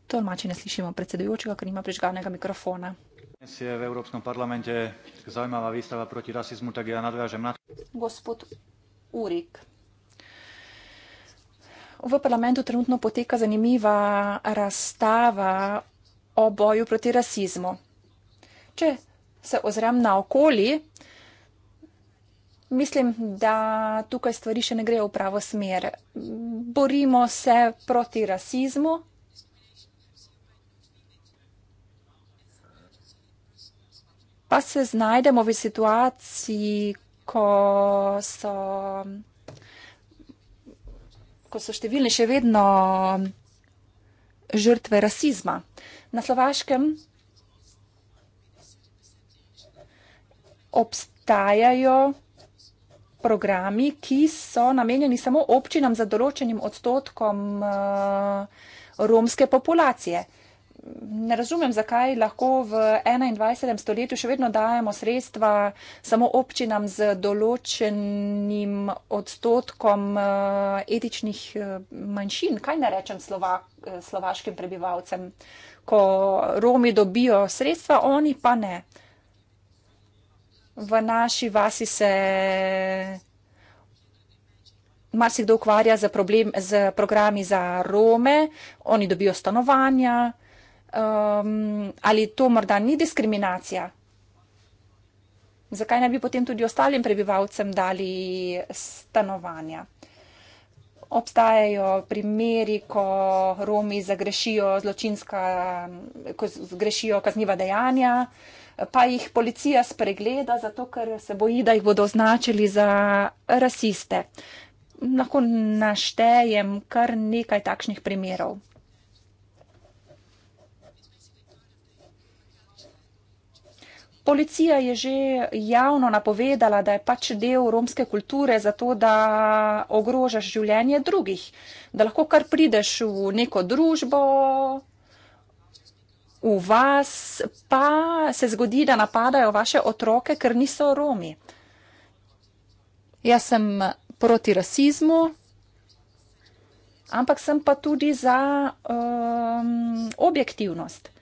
Speaker 3: Tolmači ne slišimo predsedujočega, ker nima prižganega mikrofona.
Speaker 4: Danes je v Evropskem parlamentu zanimiva výstava proti rasizmu, tak ja nadvežem na to.
Speaker 3: Gospod Urik. V parlamentu trenutno poteka zanimiva razstava o boju proti rasizmu. Če se ozrem na okoli, mislim, da tukaj stvari še ne grejo v pravo smer. Borimo se proti rasizmu, pa se znajdemo v situaciji, ko so, ko so številni še vedno žrtve rasizma. Na Slovaškem obstajajo programi, ki so namenjeni samo občinam za določenim odstotkom eh, romske populacije ne razumem, zakaj lahko v 21. stoletju še vedno dajemo sredstva samo občinam z določenim odstotkom eh, etičnih eh, manjšin. Kaj ne rečem slova, eh, slovaškim prebivalcem, ko Romi dobijo sredstva, oni pa ne. V naši vasi se. Marsikdo ukvarja z, problem, z programi za Rome, oni dobijo stanovanja, um, ali to morda ni diskriminacija? Zakaj ne bi potem tudi ostalim prebivalcem dali stanovanja? Obstajajo primeri, ko Romi zagrešijo zločinska, ko zagrešijo kazniva dejanja, pa jih policija spregleda, zato ker se boji, da jih bodo označili za rasiste. Lahko naštejem kar nekaj takšnih primerov. Policija je že javno napovedala, da je pač del romske kulture zato, da ogrožaš življenje drugih, da lahko kar prideš v neko družbo, v vas, pa se zgodi, da napadajo vaše otroke, ker niso Romi. Jaz sem proti rasizmu, ampak sem pa tudi za um, objektivnost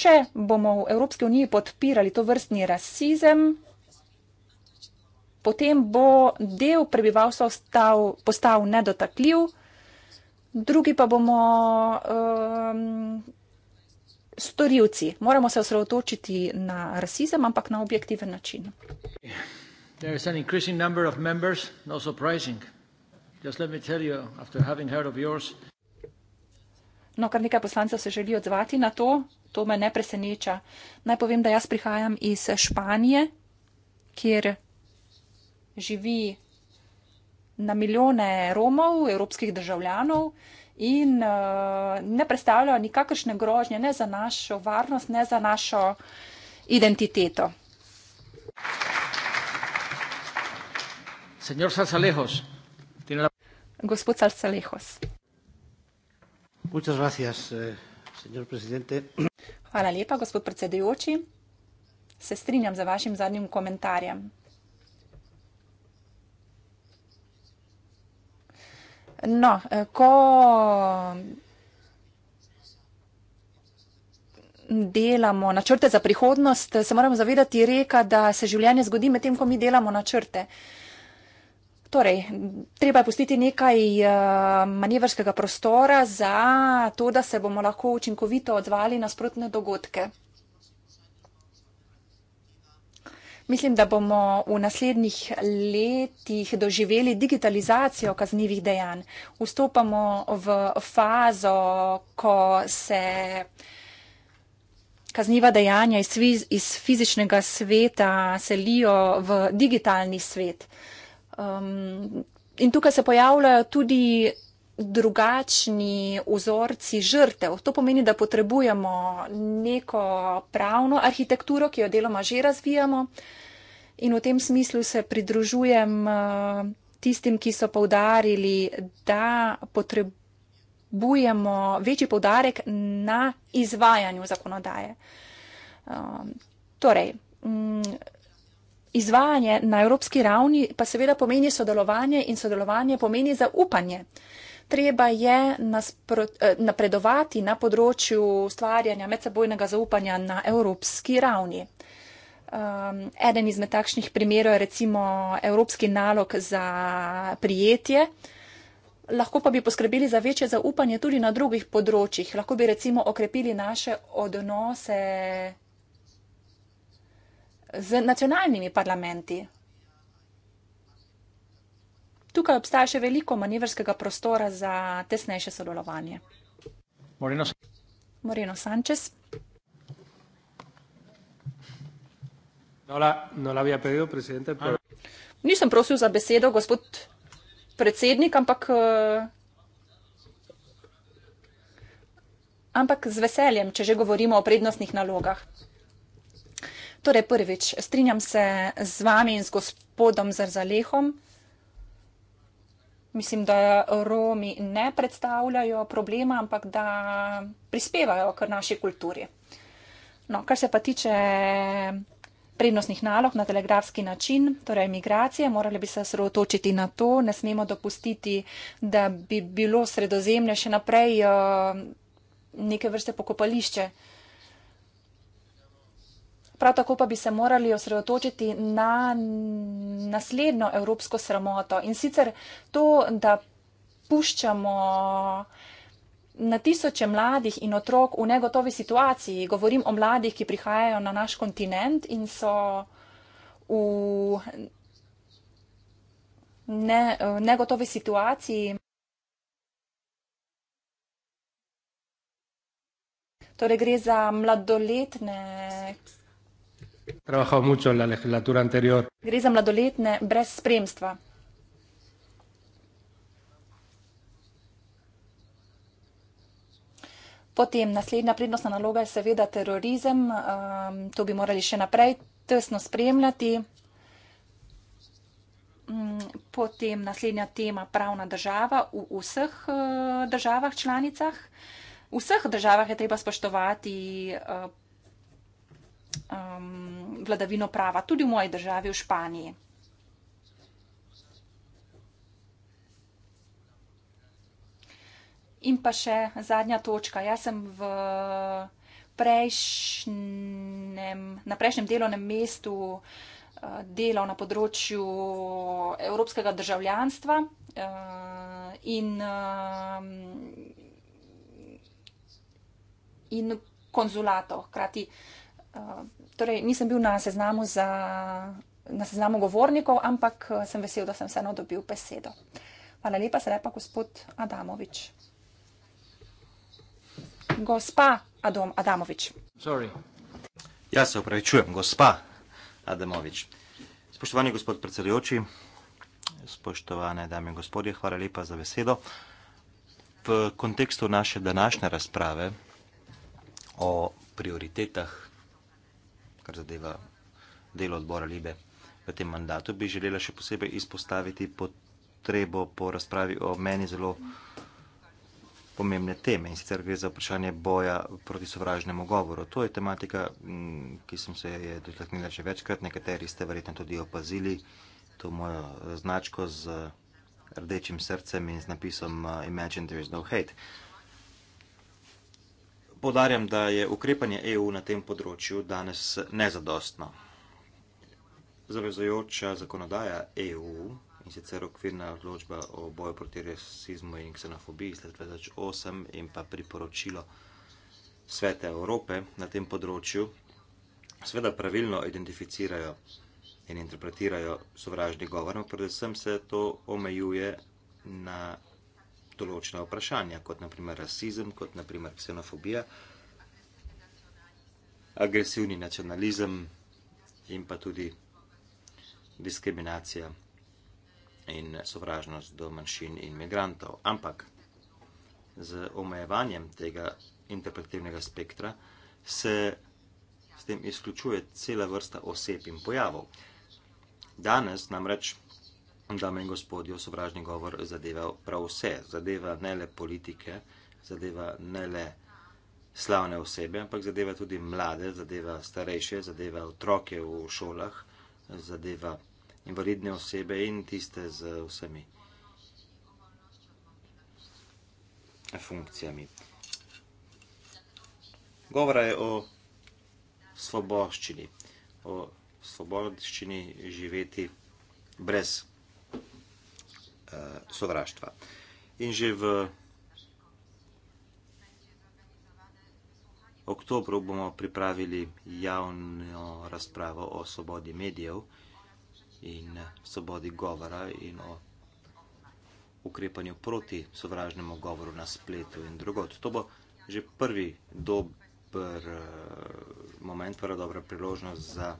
Speaker 3: če bomo v Evropski uniji podpirali to vrstni rasizem, potem bo del prebivalstva ostal, postal nedotakljiv, drugi pa bomo um, storilci. Moramo se osredotočiti na rasizem, ampak na objektiven način.
Speaker 1: There is an increasing number of members, no surprising. Just let me tell you, after having heard of yours.
Speaker 3: No, kar nekaj poslancev se želi odzvati na to, to me ne preseneča. Naj povem, da jaz prihajam iz Španije, kjer živi na milijone Romov, evropskih državljanov in uh, ne predstavljajo nikakršne grožnje ne za našo varnost, ne za našo identiteto.
Speaker 1: Salsalejos. La...
Speaker 3: Gospod Salsalejos.
Speaker 1: Muchas gracias, eh, señor presidente.
Speaker 3: Hvala lepa, gospod predsedujoči. Se strinjam za vašim zadnjim komentarjem. No, eh, ko delamo načrte za prihodnost, se moramo zavedati reka, da se življenje zgodi med tem, ko mi delamo načrte. Uh, Torej, treba je pustiti nekaj eh, manevrskega prostora za to, da se bomo lahko učinkovito odzvali na sprotne dogodke. Mislim, da bomo v naslednjih letih doživeli digitalizacijo kaznjivih dejanj. Vstopamo v fazo, ko se kazniva dejanja iz, iz fizičnega sveta selijo v digitalni svet. Uh, Um, in tukaj se pojavljajo tudi drugačni ozorci žrtev. To pomeni, da potrebujemo neko pravno arhitekturo, ki jo deloma že razvijamo. In v tem smislu se pridružujem uh, tistim, ki so povdarili, da potrebujemo večji povdarek na izvajanju zakonodaje. Um, torej, mm, Izvajanje na evropski ravni pa seveda pomeni sodelovanje in sodelovanje pomeni zaupanje. Treba je eh, napredovati na področju ustvarjanja medsebojnega zaupanja na evropski ravni. Um, eden izmed takšnih primerov je recimo evropski nalog za prijetje. Lahko pa bi poskrbeli za večje zaupanje tudi na drugih področjih. Lahko bi recimo okrepili naše odnose z nacionalnimi parlamenti. Tukaj obstaja še veliko manevrskega prostora za tesnejše sodelovanje. Moreno, Moreno Sanchez.
Speaker 1: No no
Speaker 3: Nisem prosil za besedo, gospod predsednik, ampak, eh, ampak z veseljem, če že govorimo o prednostnih nalogah. Torej, prvič, strinjam se z vami in z gospodom Zrzalehom. Mislim, da Romi ne predstavljajo problema, ampak da prispevajo k naši kulturi. No, kar se pa tiče prednostnih nalog na telegrafski način, torej migracije, morali bi se sredotočiti na to. Ne smemo dopustiti, da bi bilo sredozemlje še naprej eh, neke vrste pokopališče. Prav tako pa bi se morali osredotočiti na naslednjo evropsko sramoto in sicer to, da puščamo na tisoče mladih in otrok v negotovi situaciji. Govorim o mladih, ki prihajajo na naš kontinent in so v ne, negotovi situaciji. Torej gre za mladoletne,
Speaker 1: trabajado mucho en la legislatura anterior.
Speaker 3: Gre za mladoletne brez spremstva. Potem naslednja prednostna naloga je seveda terorizem. Um, to bi morali še naprej tesno spremljati. Mm, potem naslednja tema pravna država v vseh eh, državah članicah. V vseh državah je treba spoštovati eh, um, vladavino prava, tudi v moji državi, v Španiji. In pa še zadnja točka. Jaz sem v prejšnjem, na prejšnjem delovnem mestu uh, delal na področju evropskega državljanstva uh, in, um, in konzulatov. Hkrati Eh, torej nisem bil na seznamu, za, na seznamu govornikov, ampak eh, sem vesel, da sem vseeno dobil besedo. Hvala lepa, sedaj pa gospod Adamovič. Gospa Adom, Adamovič.
Speaker 1: Sorry.
Speaker 4: Ja, se upravičujem, gospa Adamovič. Spoštovani gospod predsedujoči, spoštovane dame in gospodje, hvala lepa za besedo. V kontekstu naše današnje razprave o prioritetah kar zadeva delo odbora Libe v tem mandatu, bi želela še posebej izpostaviti potrebo po razpravi o meni zelo pomembne teme in sicer gre za vprašanje boja proti sovražnemu govoru. To je tematika, ki sem se je dotaknila že večkrat, nekateri ste verjetno tudi opazili to mojo značko z rdečim srcem in z napisom uh, Imagine there is no hate. Uh, podarjam, da je ukrepanje EU na tem področju danes nezadostno. Zavezojoča zakonodaja EU in sicer okvirna odločba o boju proti rasizmu in ksenofobiji iz leta 2008 in pa priporočilo Svete Evrope na tem področju, seveda pravilno identificirajo in interpretirajo sovražni govor, predvsem se to omejuje na določena vprašanja, kot naprimer rasizem, kot naprimer ksenofobija, agresivni nacionalizem in pa tudi diskriminacija in sovražnost do manjšin in migrantov. Ampak z omejevanjem tega interpretivnega spektra se s tem izključuje cela vrsta oseb in pojavov. Danes namreč dame in gospodje, sovražni govor zadeva prav vse, zadeva ne le politike, zadeva ne le slavne osebe, ampak zadeva tudi mlade, zadeva starejše, zadeva otroke v šolah, zadeva invalidne osebe in tiste z vsemi funkcijami. Govora je o svoboščini, o svoboščini živeti brez. Eh, sovraštva. In že v oktobru bomo pripravili javno razpravo o svobodi medijev in svobodi govora in o ukrepanju proti sovražnemu govoru na spletu in drugod. To bo že prvi dober eh, moment, prva dobra priložnost za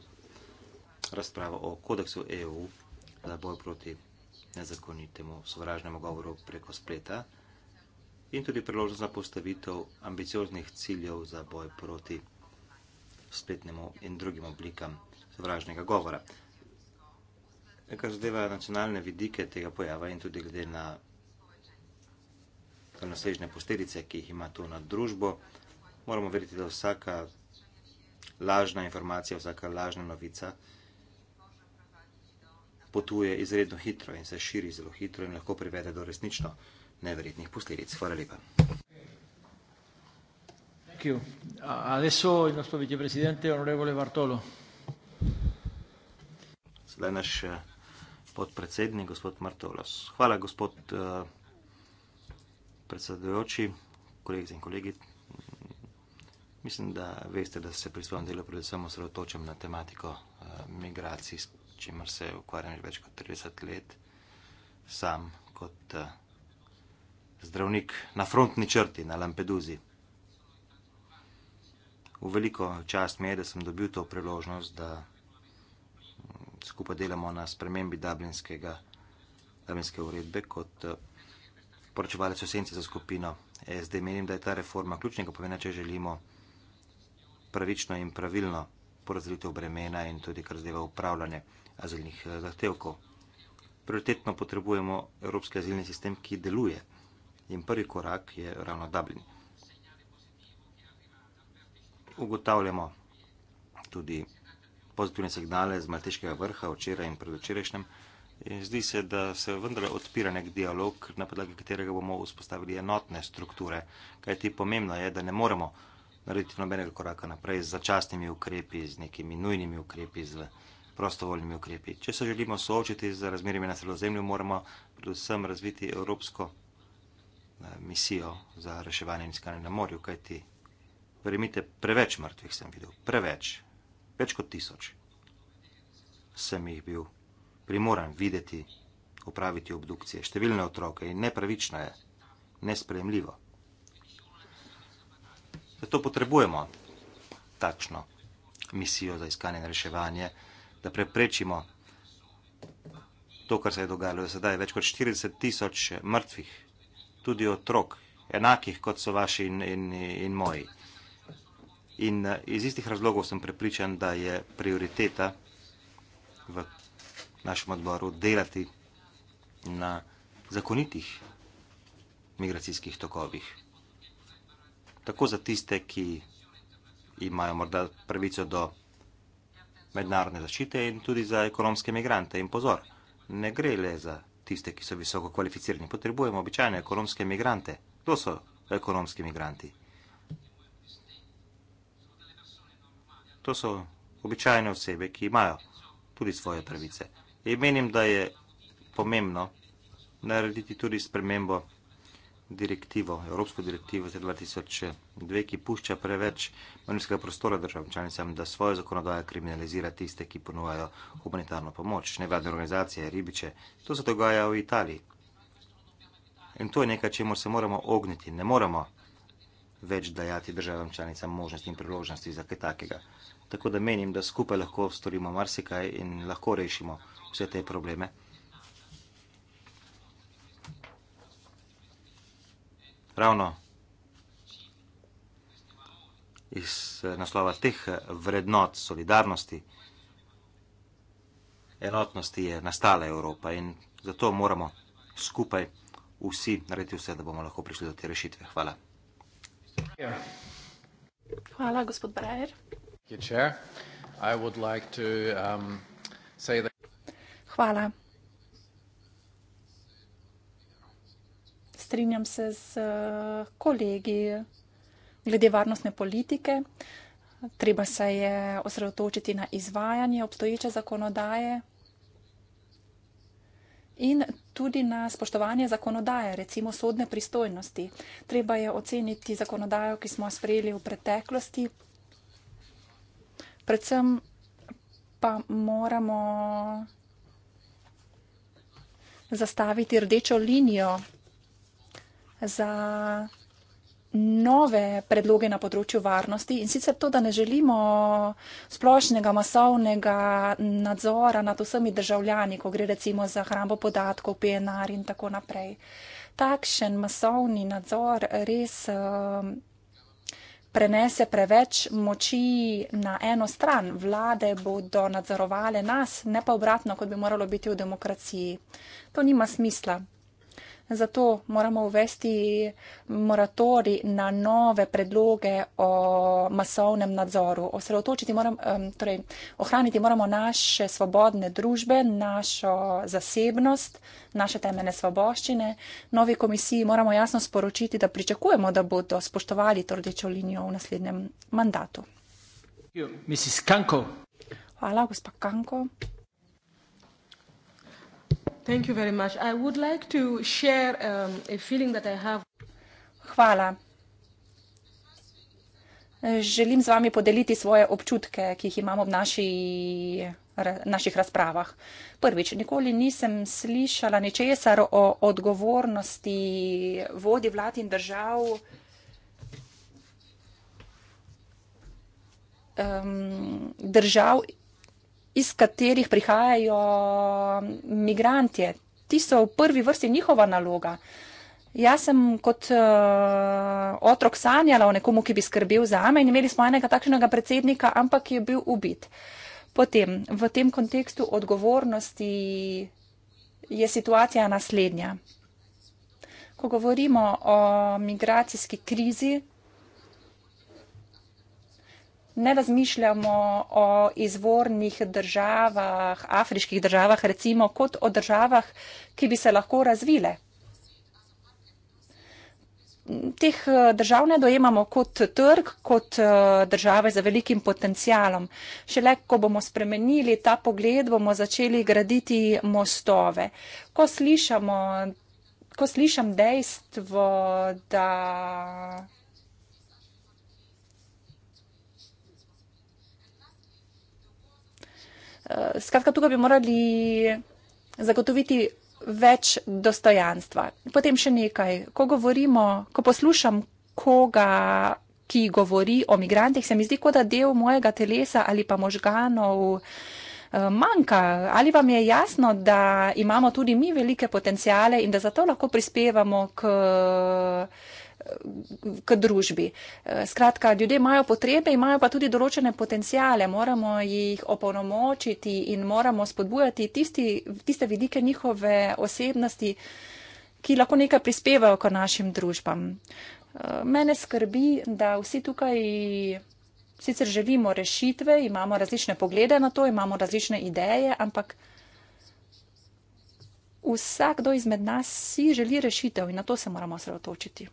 Speaker 4: razpravo o kodeksu EU za boj proti sovražnemu govoru nezakonitemu sovražnemu govoru preko spleta in tudi priložnost za postavitev ambicioznih ciljev za boj proti spletnemu in drugim oblikam sovražnega govora. Kar zadeva nacionalne vidike tega pojava in tudi glede na nasežne posledice, ki jih ima to na družbo, moramo verjeti, da vsaka lažna informacija, vsaka lažna novica, potuje izredno hitro in se širi zelo hitro in lahko privede do resnično neverjetnih posledic. Hvala lepa. Sedaj naš eh, podpredsednik, gospod Martolos. Hvala, gospod eh, predsedujoči, kolegice in kolegi. Mislim, da veste, da se pri svojem delu predvsem osredotočam na tematiko eh, migracij, čemer se ukvarjam že več kot 30 let, sam kot uh, zdravnik na frontni črti na Lampeduzi. V veliko čast mi je, da sem dobil to priložnost, da mm, skupaj delamo na spremembi Dublinske uredbe kot uh, poročevalec osence za skupino. E, zdaj menim, da je ta reforma ključnega pomena, če želimo pravično in pravilno porazdelitev bremena in tudi kar zdaj v upravljanje azilnih eh, zahtevkov. Prioritetno potrebujemo evropski azilni sistem, ki deluje. In prvi korak je ravno Dublin. Ugotavljamo tudi pozitivne signale z malteškega vrha včeraj in predvčerajšnjem. In zdi se, da se vendar odpira nek dialog, na podlagi katerega bomo vzpostavili enotne strukture. Kaj ti pomembno je, da ne moremo narediti nobenega koraka naprej z začasnimi ukrepi, z nekimi nujnimi ukrepi, z prostovoljnimi ukrepi. Če se želimo soočiti z razmerami na sredozemlju, moramo predvsem razviti evropsko eh, misijo za reševanje in iskanje na morju, kajti, verjemite, preveč mrtvih sem videl, preveč, več kot tisoč sem jih bil primoran videti, opraviti obdukcije, številne otroke in nepravično je, nespremljivo. Zato potrebujemo takšno misijo za iskanje in reševanje da preprečimo to, kar se je dogajalo sedaj. Več kot 40 tisoč mrtvih, tudi otrok, enakih kot so vaši in, in, in moji. In eh, iz istih razlogov sem prepričan, da je prioriteta v našem odboru delati na zakonitih migracijskih tokovih. Tako za tiste, ki imajo morda pravico do mednarodne zaščite in tudi za ekonomske imigrante. In pozor, ne gre le za tiste, ki so visoko kvalificirani. Potrebujemo običajne ekonomske imigrante. Kdo so ekonomski imigranti? To so običajne osebe, ki imajo tudi svoje pravice. In menim, da je pomembno narediti tudi spremembo direktivo, Evropsko direktivo iz 2002, ki pušča preveč manjskega prostora državam članicam, da svojo zakonodajo kriminalizira tiste, ki ponujajo humanitarno pomoč, nevladne organizacije, ribiče. To se dogaja v Italiji. In to je nekaj, čemu se moramo ogniti. Ne moramo več dajati državam članicam možnosti in priložnosti za kaj takega. Tako da menim, da skupaj lahko storimo marsikaj in lahko rešimo vse te probleme. ravno iz eh, naslova teh eh, vrednot solidarnosti, enotnosti je nastala Evropa in zato moramo skupaj vsi narediti vse, da bomo lahko prišli do te rešitve. Hvala.
Speaker 3: Hvala, gospod Brajer. Um, Hvala. strinjam se z eh, kolegi glede varnostne politike. Treba se je osredotočiti na izvajanje obstoječe zakonodaje in tudi na spoštovanje zakonodaje, recimo sodne pristojnosti. Treba je oceniti zakonodajo, ki smo sprejeli v preteklosti. Predvsem pa moramo zastaviti rdečo linijo za nove predloge na področju varnosti in sicer to, da ne želimo splošnega masovnega nadzora nad vsemi državljani, ko gre recimo za hrambo podatkov, PNR in tako naprej. Takšen masovni nadzor res um, prenese preveč moči na eno stran. Vlade bodo nadzorovale nas, ne pa obratno, kot bi moralo biti v demokraciji. To nima smisla. Zato moramo uvesti moratori na nove predloge o masovnem nadzoru. Osredotočiti moramo, torej ohraniti moramo naše svobodne družbe, našo zasebnost, naše temene svoboščine. Novi komisiji moramo jasno sporočiti, da pričakujemo, da bodo spoštovali to rdečo linijo v naslednjem mandatu. Hvala, gospa Kanko. Thank you very much. I would like to share um, a feeling that I have. Hvala. Želim z vami podeliti svoje občutke, ki jih imamo v naši, ra, naših razpravah. Prvič, nikoli nisem slišala ničesar o odgovornosti vodi vlad in držav um, držav iz katerih prihajajo migranti. Ti so v prvi vrsti njihova naloga. Jaz sem kot uh, otrok sanjala o nekomu, ki bi skrbel za me in imeli smo enega takšnega predsednika, ampak je bil ubit. Potem, v tem kontekstu odgovornosti je situacija naslednja. Ko govorimo o migracijski krizi, ne razmišljamo o izvornih državah, afriških državah, recimo, kot o državah, ki bi se lahko razvile. Teh eh, držav ne dojemamo kot trg, kot eh, države z velikim potencialom. Šele, ko bomo spremenili ta pogled, bomo začeli graditi mostove. Ko, slišamo, ko slišam dejstvo, da. Eh, skratka, tukaj bi morali zagotoviti več dostojanstva. Potem še nekaj. Ko govorimo, ko poslušam koga, ki govori o migrantih, se mi zdi, kot da del mojega telesa ali pa možganov eh, manjka. Ali vam je jasno, da imamo tudi mi velike potencijale in da zato lahko prispevamo k k družbi. Eh, skratka, ljudje imajo potrebe, imajo pa tudi določene potencijale, moramo jih opolnomočiti in moramo spodbujati tisti, tiste vidike njihove osebnosti, ki lahko nekaj prispevajo k našim družbam. Eh, mene skrbi, da vsi tukaj sicer želimo rešitve, imamo različne poglede na to, imamo različne ideje, ampak vsakdo izmed nas si želi rešitev in na to se moramo osredotočiti.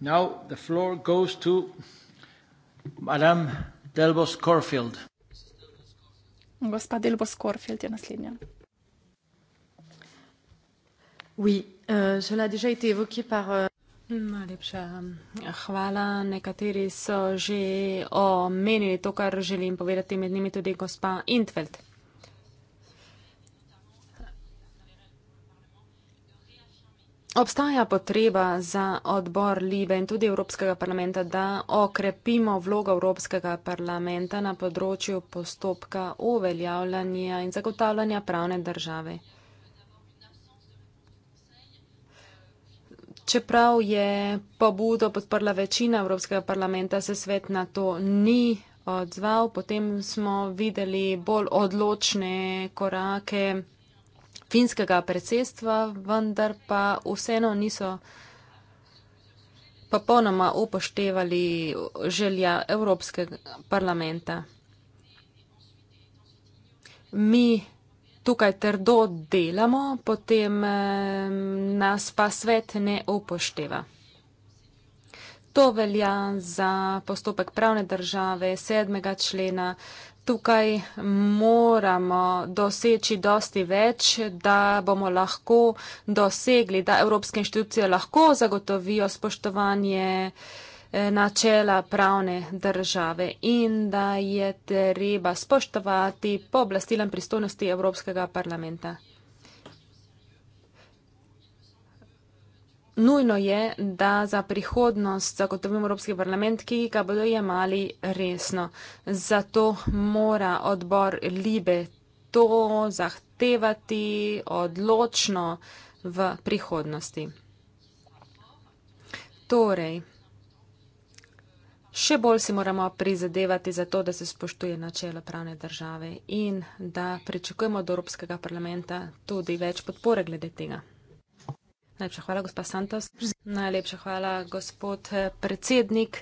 Speaker 1: Now the floor goes to Madame Delbos Corfield.
Speaker 3: Gospa Delbos Corfield je naslednja. Oui, euh, cela a déjà été évoqué par. Euh, Najlepša
Speaker 2: eh, hvala. Nekateri so že omenili to, kar želim povedati med njimi tudi gospa Intveld. Obstaja potreba za odbor Libe in tudi Evropskega parlamenta, da okrepimo vlogo Evropskega parlamenta na področju postopka uveljavljanja in zagotavljanja pravne države. Čeprav je pobudo podprla večina Evropskega parlamenta, se svet na to ni odzval. Potem smo videli bolj odločne korake finskega predsedstva, vendar pa vseeno niso popolnoma upoštevali želja Evropskega parlamenta. Mi tukaj trdo delamo, potem eh, nas pa svet ne upošteva. To velja za postopek pravne države, sedmega člena, tukaj moramo doseči dosti več, da bomo lahko dosegli, da evropske inštitucije lahko zagotovijo spoštovanje eh, načela pravne države in da je treba spoštovati pooblastilem pristojnosti Evropskega parlamenta. nujno je, da za prihodnost zagotovimo Evropski parlament, ki ga bodo jemali resno. Zato mora odbor Libe to zahtevati odločno v prihodnosti. Torej, še bolj si moramo prizadevati za to, da se spoštuje načelo pravne države in da pričakujemo od Evropskega parlamenta tudi več podpore glede tega. Najlepša hvala, gospa Santos. Najlepša hvala, gospod eh, predsednik.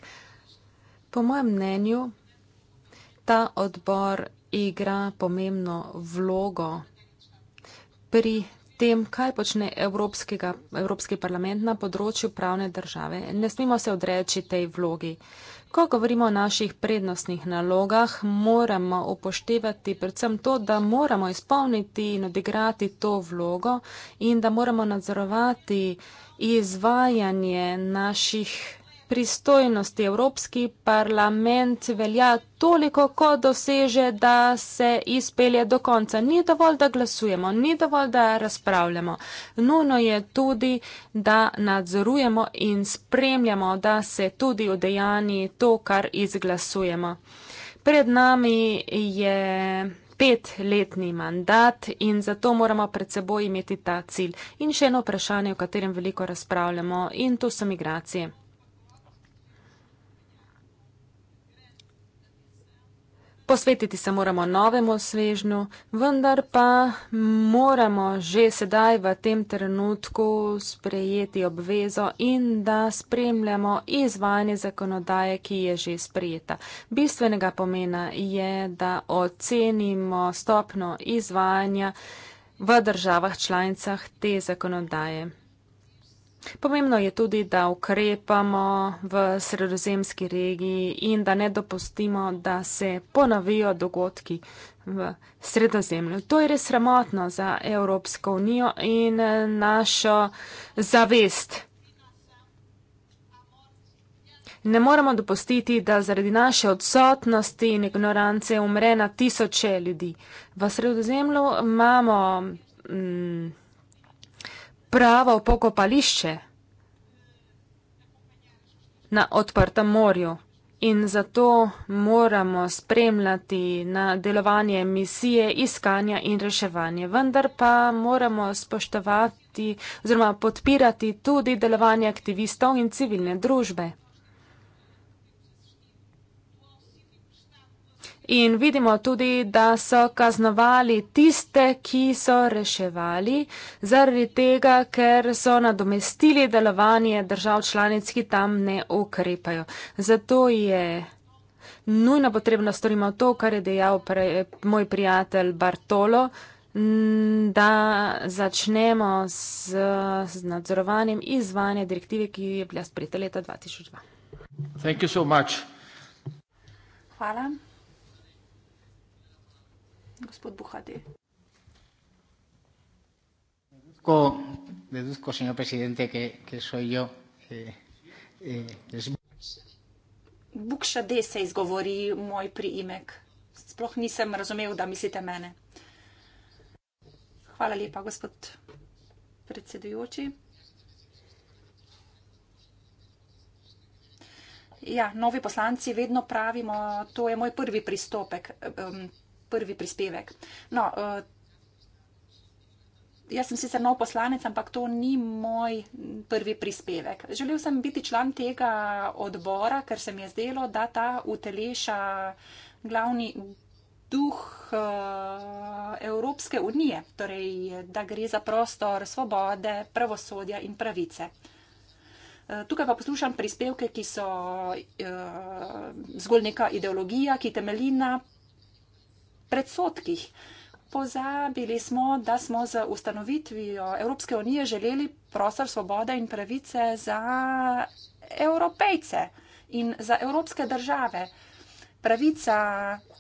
Speaker 2: Po mojem mnenju, ta odbor igra pomembno vlogo pri tem, kaj počne Evropski parlament na področju pravne države. Ne smemo se odreči tej vlogi. Ko govorimo o naših prednostnih nalogah, moramo upoštevati predvsem to, da moramo izpolniti in odigrati to vlogo in da moramo nadzorovati izvajanje naših pristojnosti. Evropski parlament velja toliko, ko doseže, da se izpelje do konca. Ni dovolj, da glasujemo, ni dovolj, da razpravljamo. Nuno je tudi, da nadzorujemo in spremljamo, da se tudi odejani to, kar izglasujemo. Pred nami je petletni mandat in zato moramo pred seboj imeti ta cilj. In še eno vprašanje, o katerem veliko razpravljamo, in to so migracije. Posvetiti se moramo novemu svežnju, vendar pa moramo že sedaj v tem trenutku sprejeti obvezo in da spremljamo izvajanje zakonodaje, ki je že sprejeta. Bistvenega pomena je, da ocenimo stopno izvajanja v državah članicah te zakonodaje. Pomembno je tudi, da ukrepamo v sredozemski regiji in da ne dopustimo, da se ponovijo dogodki v sredozemlju. To je res sramotno za Evropsko unijo in našo zavest. Ne moramo dopustiti, da zaradi naše odsotnosti in ignorance umre na tisoče ljudi. V sredozemlju imamo. Mm, pravo pokopališče na odprtem morju. In zato moramo spremljati na delovanje misije iskanja in reševanje. Vendar pa moramo spoštovati oziroma podpirati tudi delovanje aktivistov in civilne družbe. In vidimo tudi, da so kaznovali tiste, ki so reševali, zaradi tega, ker so nadomestili delovanje držav članic, ki tam ne ukrepajo. Zato je nujno potrebno storimo to, kar je dejal pre, moj prijatelj Bartolo, da začnemo z, z nadzorovanjem izvanja direktive, ki je bila sprejeta leta
Speaker 1: 2002.
Speaker 3: Hvala gospod Buhati.
Speaker 1: Deduzco, deduzco, señor presidente, que, que soy yo. Eh, eh, es...
Speaker 3: Bukša D se izgovori moj priimek. Sploh nisem razumel, da mislite mene. Hvala lepa, gospod predsedujoči. Ja, novi poslanci vedno pravimo, to je moj prvi pristopek. Um, prvi prispevek. No, eh, jaz sem sicer nov poslanec, ampak to ni moj prvi prispevek. Želel sem biti član tega odbora, ker se mi je zdelo, da ta uteleša glavni duh eh, Evropske unije, torej da gre za prostor svobode, pravosodja in pravice. Eh, tukaj pa poslušam prispevke, ki so zgolj neka ideologija, ki temeli na predsotkih. Pozabili smo, da smo z ustanovitvijo Evropske unije želeli prostor svobode in pravice za evropejce in za evropske države. Pravica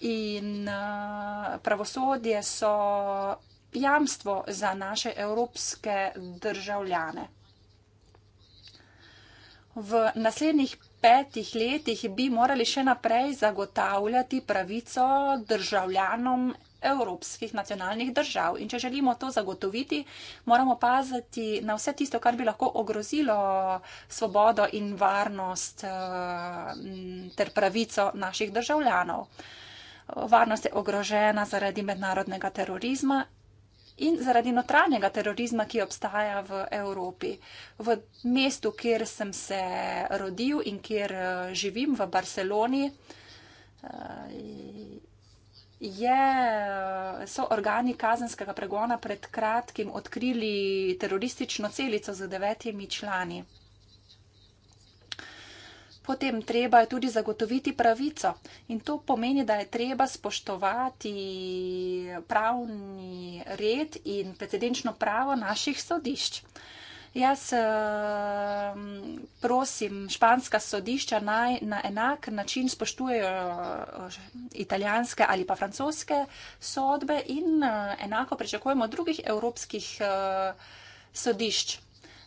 Speaker 3: in eh, pravosodje so jamstvo za naše evropske državljane. V naslednjih petih letih bi morali še naprej zagotavljati pravico državljanom evropskih nacionalnih držav. In če želimo to zagotoviti, moramo paziti na vse tisto, kar bi lahko ogrozilo svobodo in varnost eh, ter pravico naših državljanov. Varnost je ogrožena zaradi mednarodnega terorizma in zaradi notranjega terorizma, ki obstaja v Evropi. V mestu, kjer sem se rodil in kjer eh, živim, v Barceloni, eh, je, eh, so organi kazenskega pregona pred kratkim odkrili teroristično celico z devetimi člani potem treba je tudi zagotoviti pravico. In to pomeni, da je treba spoštovati pravni red in precedenčno pravo naših sodišč. Jaz ehm, prosim španska sodišča naj na enak način spoštujejo eh, italijanske ali pa francoske sodbe in eh, enako pričakujemo drugih evropskih eh, sodišč.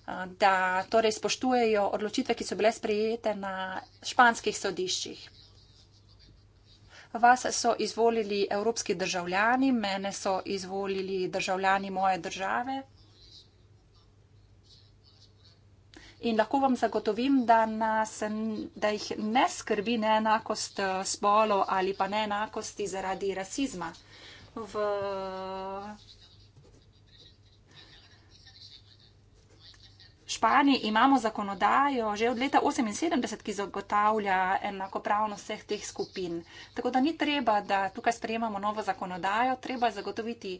Speaker 3: Eh, da torej spoštujejo odločitve, ki so bile sprejete na španskih sodiščih. Vas so izvolili evropski državljani, mene so izvolili državljani moje države. In lahko vam zagotovim, da, nas, da jih ne skrbi neenakost eh, spolov ali pa neenakosti zaradi rasizma. V Španiji imamo zakonodajo že od leta 1978, ki zagotavlja enakopravnost vseh teh skupin. Tako da ni treba, da tukaj sprejemamo novo zakonodajo, treba je zagotoviti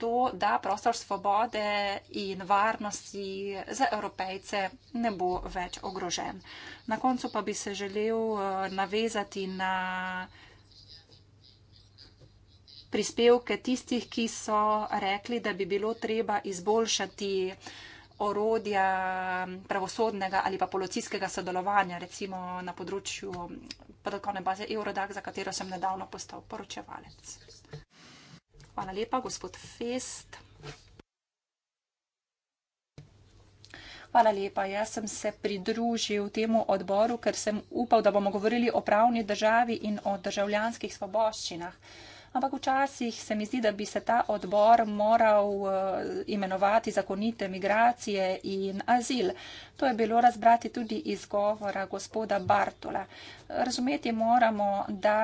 Speaker 3: to, da prostor svobode in varnosti za evropejce ne bo več ogrožen. Na koncu pa bi se želel eh, navezati na prispevke tistih, ki so rekli, da bi bilo treba izboljšati orodja pravosodnega ali pa policijskega sodelovanja, recimo na področju podatkovne baze Eurodag, za katero sem nedavno postal poročevalec. Hvala lepa, gospod Fest. Hvala lepa, jaz sem se pridružil temu odboru, ker sem upal, da bomo govorili o pravni državi in o državljanskih svoboščinah. Ampak včasih se mi zdi, da bi se ta odbor moral eh, imenovati zakonite migracije in azil. To je bilo razbrati tudi iz govora gospoda Bartola. Razumeti moramo, da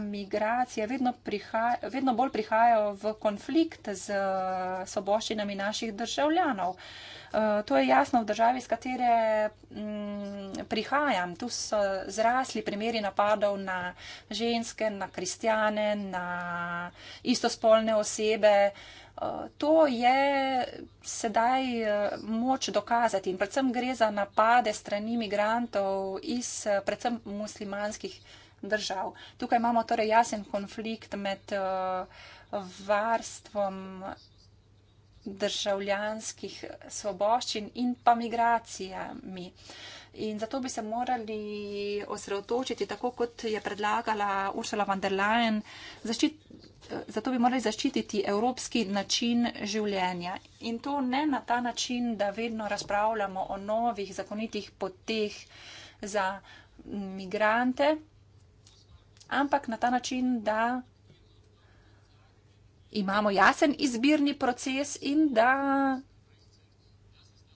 Speaker 3: migracije vedno, prihaja, vedno bolj prihajajo v konflikt z eh, soboščinami naših državljanov. Eh, to je jasno v državi, iz katere mm, prihajam. Tu so zrasli primeri napadov na ženske, na kristjane, na istospolne osebe. Eh, to je sedaj eh, moč dokazati in predvsem gre za napade strani migrantov iz predvsem muslimanskih držav. Tukaj imamo torej jasen konflikt med varstvom državljanskih svoboščin in pa migracijami. In zato bi se morali osredotočiti, tako kot je predlagala Ursula von der Leyen, zaščit, zato bi morali zaščititi evropski način življenja. In to ne na ta način, da vedno razpravljamo o novih zakonitih poteh za migrante, ampak na ta način, da imamo jasen izbirni proces in da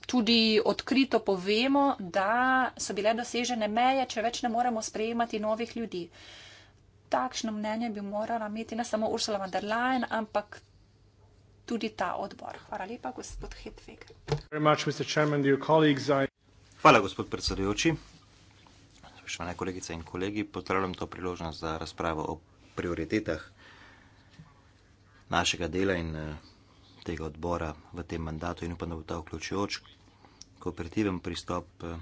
Speaker 3: tudi odkrito povemo, da so bile dosežene meje, če več ne moremo sprejemati novih ljudi. Takšno mnenje bi morala imeti ne samo Ursula von der Leyen, ampak tudi ta odbor. Hvala lepa, gospod Hedvig.
Speaker 4: Hvala, gospod predsedujoči. Spoštovane kolegice in kolegi, potrebujem to priložnost za razpravo o prioritetah našega dela in eh, tega odbora v tem mandatu in upam, da bo ta vključujoč kooperativen pristop eh,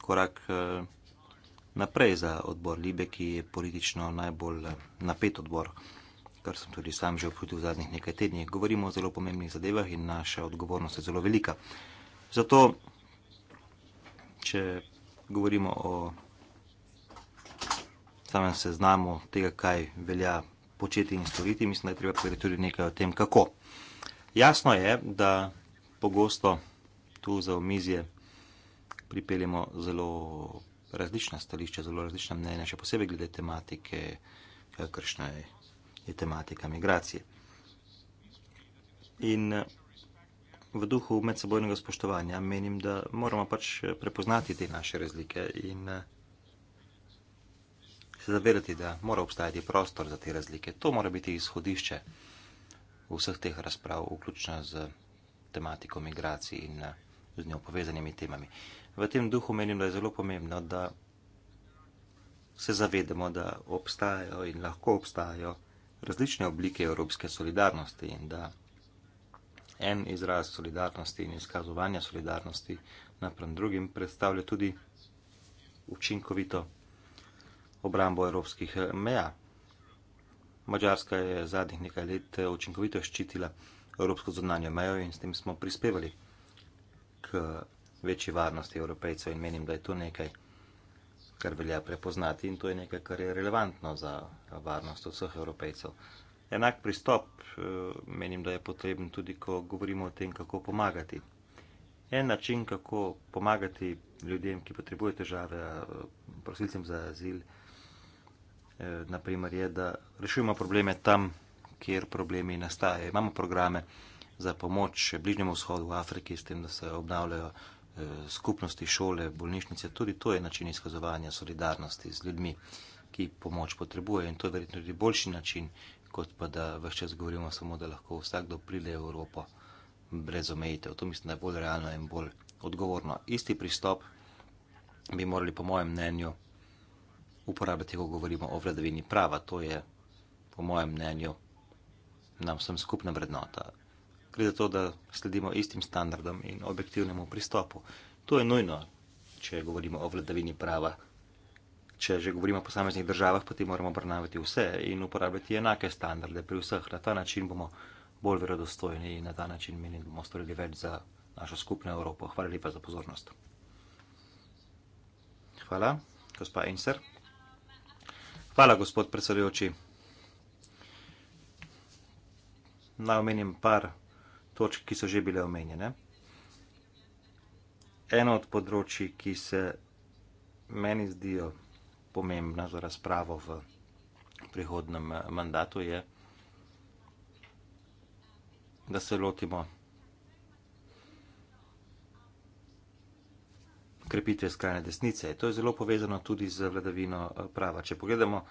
Speaker 4: korak eh, naprej za odbor Libe, ki je politično najbolj napet odbor, kar sem tudi sam že občutil v zadnjih nekaj tednih. Govorimo o zelo pomembnih zadevah in naša odgovornost je zelo velika. Zato, če govorimo o samem seznamu tega, kaj velja početi in storiti. Mislim, da je treba povedati tudi nekaj o tem, kako. Jasno je, da pogosto tu za omizje pripeljemo zelo različna stališča, zelo različna mnenja, še posebej glede tematike, kakršna je, je tematika migracije. In v duhu medsebojnega spoštovanja menim, da moramo pač prepoznati te naše razlike in se zavedati, da mora obstajati prostor za te razlike. To mora biti izhodišče vseh teh razprav, vključno z tematiko migracij in eh, z njo povezanimi temami. V tem duhu menim, da je zelo pomembno, da se zavedamo, da obstajajo in lahko obstajajo različne oblike evropske solidarnosti in da en izraz solidarnosti in izkazovanja solidarnosti napram drugim predstavlja tudi učinkovito obrambo evropskih eh, meja. Mačarska je zadnjih nekaj let eh, učinkovito ščitila evropsko zunanjo mejo in s tem smo prispevali k večji varnosti evropejcev in menim, da je to nekaj, kar velja prepoznati in to je nekaj, kar je relevantno za varnost vseh evropejcev. Enak pristop eh, menim, da je potreben tudi, ko govorimo o tem, kako pomagati. En način, kako pomagati ljudem, ki potrebujejo težave, prosilcem za azil, Eh, naprimer, je, da rešujemo probleme tam, kjer problemi nastajajo. Imamo programe za pomoč Bližnjemu vzhodu v Afriki, s tem, da se obnavljajo eh, skupnosti, šole, bolnišnice. Tudi to je način izkazovanja solidarnosti z ljudmi, ki pomoč potrebujejo. In to je verjetno tudi boljši način, kot pa da vse čas govorimo samo, da lahko vsakdo pride v Evropo brez omejitev. To mislim, da je bolj realno in bolj odgovorno. Isti pristop bi morali, po mojem mnenju, uporabljati, ko govorimo o vladavini prava. To je, po mojem mnenju, nam vsem skupna vrednota. Gre za to, da sledimo istim standardom in objektivnemu pristopu. To je nujno, če govorimo o vladavini prava. Če že govorimo o posameznih državah, potem moramo obravnavati vse in uporabljati enake standarde pri vseh. Na ta način bomo bolj verodostojni in na ta način menim, bomo storili več za našo skupno Evropo. Hvala lepa za pozornost. Hvala, gospa Inser. Hvala, gospod predsedujoči. Naj omenim par točk, ki so že bile omenjene. Eno od področji, ki se meni zdijo pomembna za razpravo v prihodnem eh, mandatu, je, da se lotimo krepitve skrajne desnice. To je zelo povezano tudi z vladavino eh, prava. Če pogledamo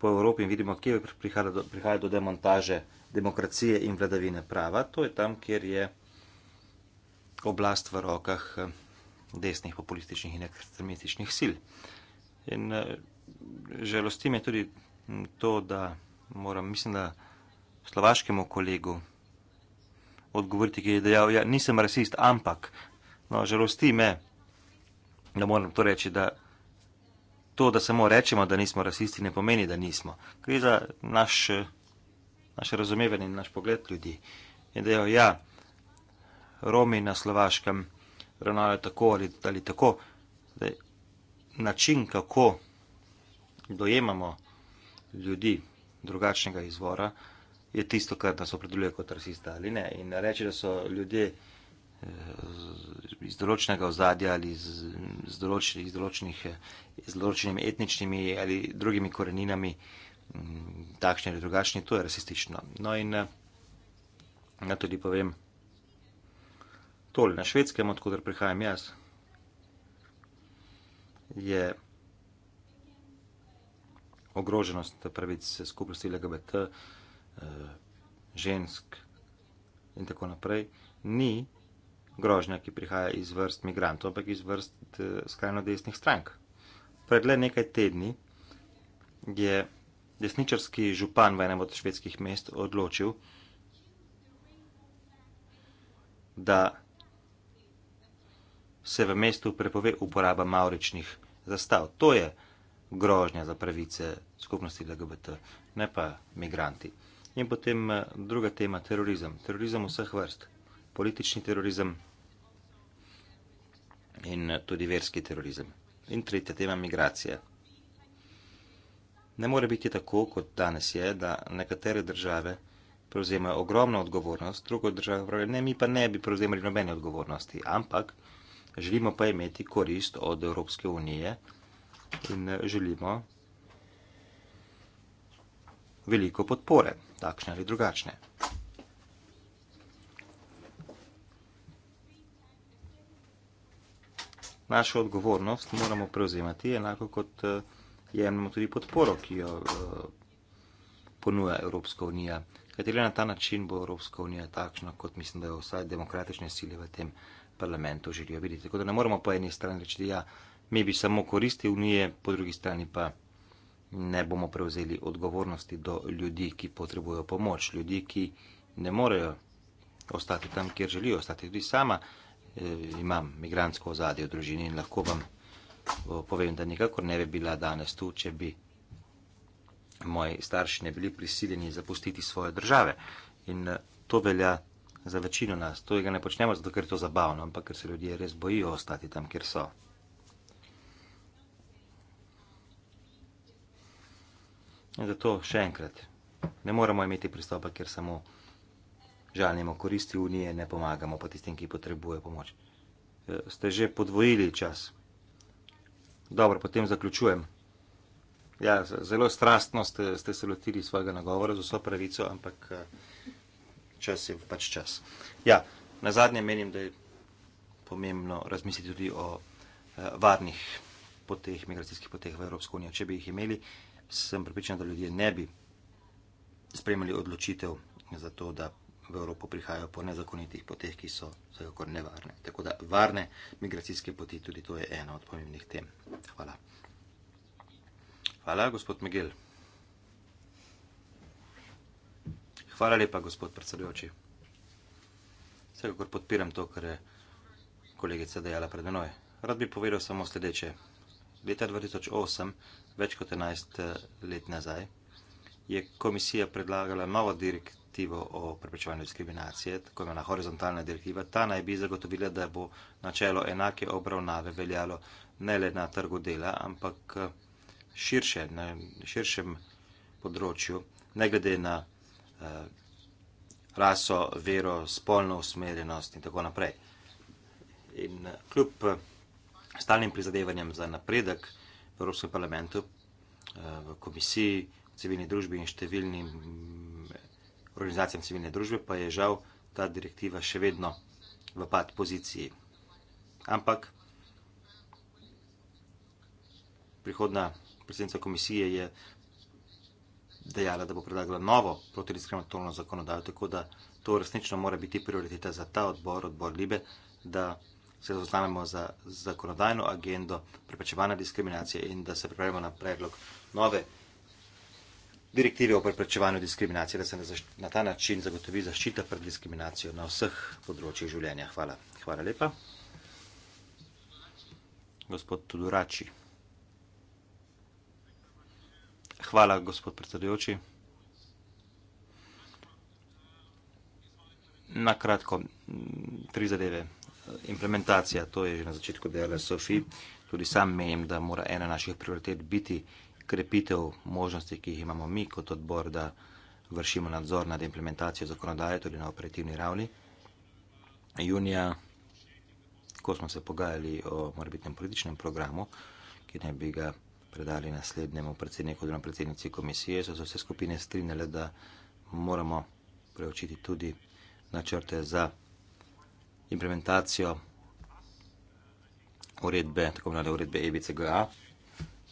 Speaker 4: po Evropi in vidimo, kje prihaja do, prihaja do demontaže demokracije in vladavine prava, to je tam, kjer je oblast v rokah eh, desnih populističnih in ekstremističnih sil. In eh, žalosti me tudi mm, to, da moram, mislim, da slovaškemu kolegu odgovoriti, ki je dejal, ja, nisem rasist, ampak no, žalosti me, da moram to reči, da to, da samo rečemo, da nismo rasisti, ne pomeni, da nismo. Gre za naš, naše razumevanje in naš pogled ljudi. In da jo, ja, Romi na Slovaškem ravnajo tako ali, ali tako, da način, kako dojemamo ljudi drugačnega izvora, je tisto, kar nas opredeljuje kot rasista ali ne. In reči, da so ljudje iz določnega ozadja ali z, z, določnih, z določenimi etničnimi ali drugimi koreninami, mm, takšni ali drugačni, to je rasistično. No in eh, na tudi povem, tole na švedskem, odkudar prihajam jaz, je ogroženost pravic skupnosti LGBT, eh, žensk in tako naprej, ni grožnja, ki prihaja iz vrst migrantov, ampak iz vrst eh, skrajno desnih strank. Pred le nekaj tedni je desničarski župan v enem od švedskih mest odločil, da se v mestu prepove uporaba mauričnih zastav. To je grožnja za pravice skupnosti LGBT, ne pa migranti. In potem eh, druga tema, terorizem. Terorizem vseh vrst. Politični terorizem, in eh, tudi verski terorizem. In tretja tema je migracija. Ne more biti tako, kot danes je, da nekatere države prevzemajo ogromno odgovornost, druge države pravijo, ne, mi pa ne bi prevzemali nobene odgovornosti, ampak želimo pa imeti korist od Evropske unije in eh, želimo veliko podpore, takšne ali drugačne. našo odgovornost moramo prevzemati, enako kot uh, eh, jemljamo tudi podporo, ki jo uh, ponuja Evropska unija. Kateri na ta način bo Evropska unija takšna, kot mislim, da jo vsaj demokratične sile v tem parlamentu želijo videti. Tako da ne moramo po eni strani reči, da ja, mi bi samo koristi unije, po drugi strani pa ne bomo prevzeli odgovornosti do ljudi, ki potrebujo pomoč, ljudi, ki ne morejo ostati tam, kjer želijo ostati. Tudi sama Eh, imam migransko ozadje v družini in lahko vam povem, da nikakor ne bi bila danes tu, če bi moji starši ne bili prisiljeni zapustiti svoje države. In eh, to velja za večino nas. To ga ne počnemo, zato ker je to zabavno, ampak ker se ljudje res bojijo ostati tam, kjer so. In zato še enkrat, ne moramo imeti pristopa, kjer samo žalimo koristi unije, ne pomagamo pa tistim, ki potrebujejo pomoč. E, ste že podvojili čas. Dobro, potem zaključujem. Ja, zelo strastno ste, ste se lotili svojega nagovora z vso pravico, ampak e, čas je pač čas. Ja, na zadnje menim, da je pomembno razmisliti tudi o e, varnih poteh, migracijskih poteh v Evropsko unijo. Če bi jih imeli, sem pripričan, da ljudje ne bi spremljali odločitev za to, da v Evropo prihajajo po nezakonitih poteh, ki so vsekakor nevarne. Tako da varne migracijske poti, tudi to je ena od pomembnih tem. Hvala. Hvala, gospod Miguel. Hvala lepa, gospod predsedujoči. Vsekakor podpiram to, kar je kolegica dejala pred menoj. Rad bi povedal samo sledeče. Leta 2008, več kot 11 eh, let nazaj, je komisija predlagala novo direktivo o preprečevanju diskriminacije, tako imena horizontalna direktiva. Ta naj bi zagotovila, da bo načelo enake obravnave veljalo ne le na trgu dela, ampak širše, na širšem področju, ne glede na eh, raso, vero, spolno usmerjenost in tako naprej. In kljub stalnim prizadevanjem za napredek v Evropskem parlamentu, eh, v komisiji, civilni družbi in številnim mm, organizacijam civilne družbe, pa je žal ta direktiva še vedno v pad poziciji. Ampak prihodna predsednica komisije je dejala, da bo predlagala novo protidiskriminatorno zakonodajo, tako da to resnično mora biti prioriteta za ta odbor, odbor Libe, da se zaznamemo za zakonodajno agendo preprečevanja diskriminacije in da se pripravimo na predlog nove direktive o preprečevanju diskriminacije, da se na, na ta način zagotovi zaščita pred diskriminacijo na vseh področjih življenja. Hvala. Hvala lepa. Gospod Tudorači. Hvala, gospod predsedujoči. Na kratko, tri zadeve. Implementacija, to je že na začetku dejala Sofi. Tudi sam menim, da mora ena naših prioritet biti krepitev možnosti, ki jih imamo mi kot odbor, da vršimo nadzor nad implementacijo zakonodaje, tudi na operativni ravni. Junija, ko smo se pogajali o morbitnem političnem programu, ki naj bi ga predali naslednjemu predsedniku oziroma predsednici komisije, so se vse skupine strinjale, da moramo preučiti tudi načrte za implementacijo uredbe, tako imenovane uredbe EBCGA.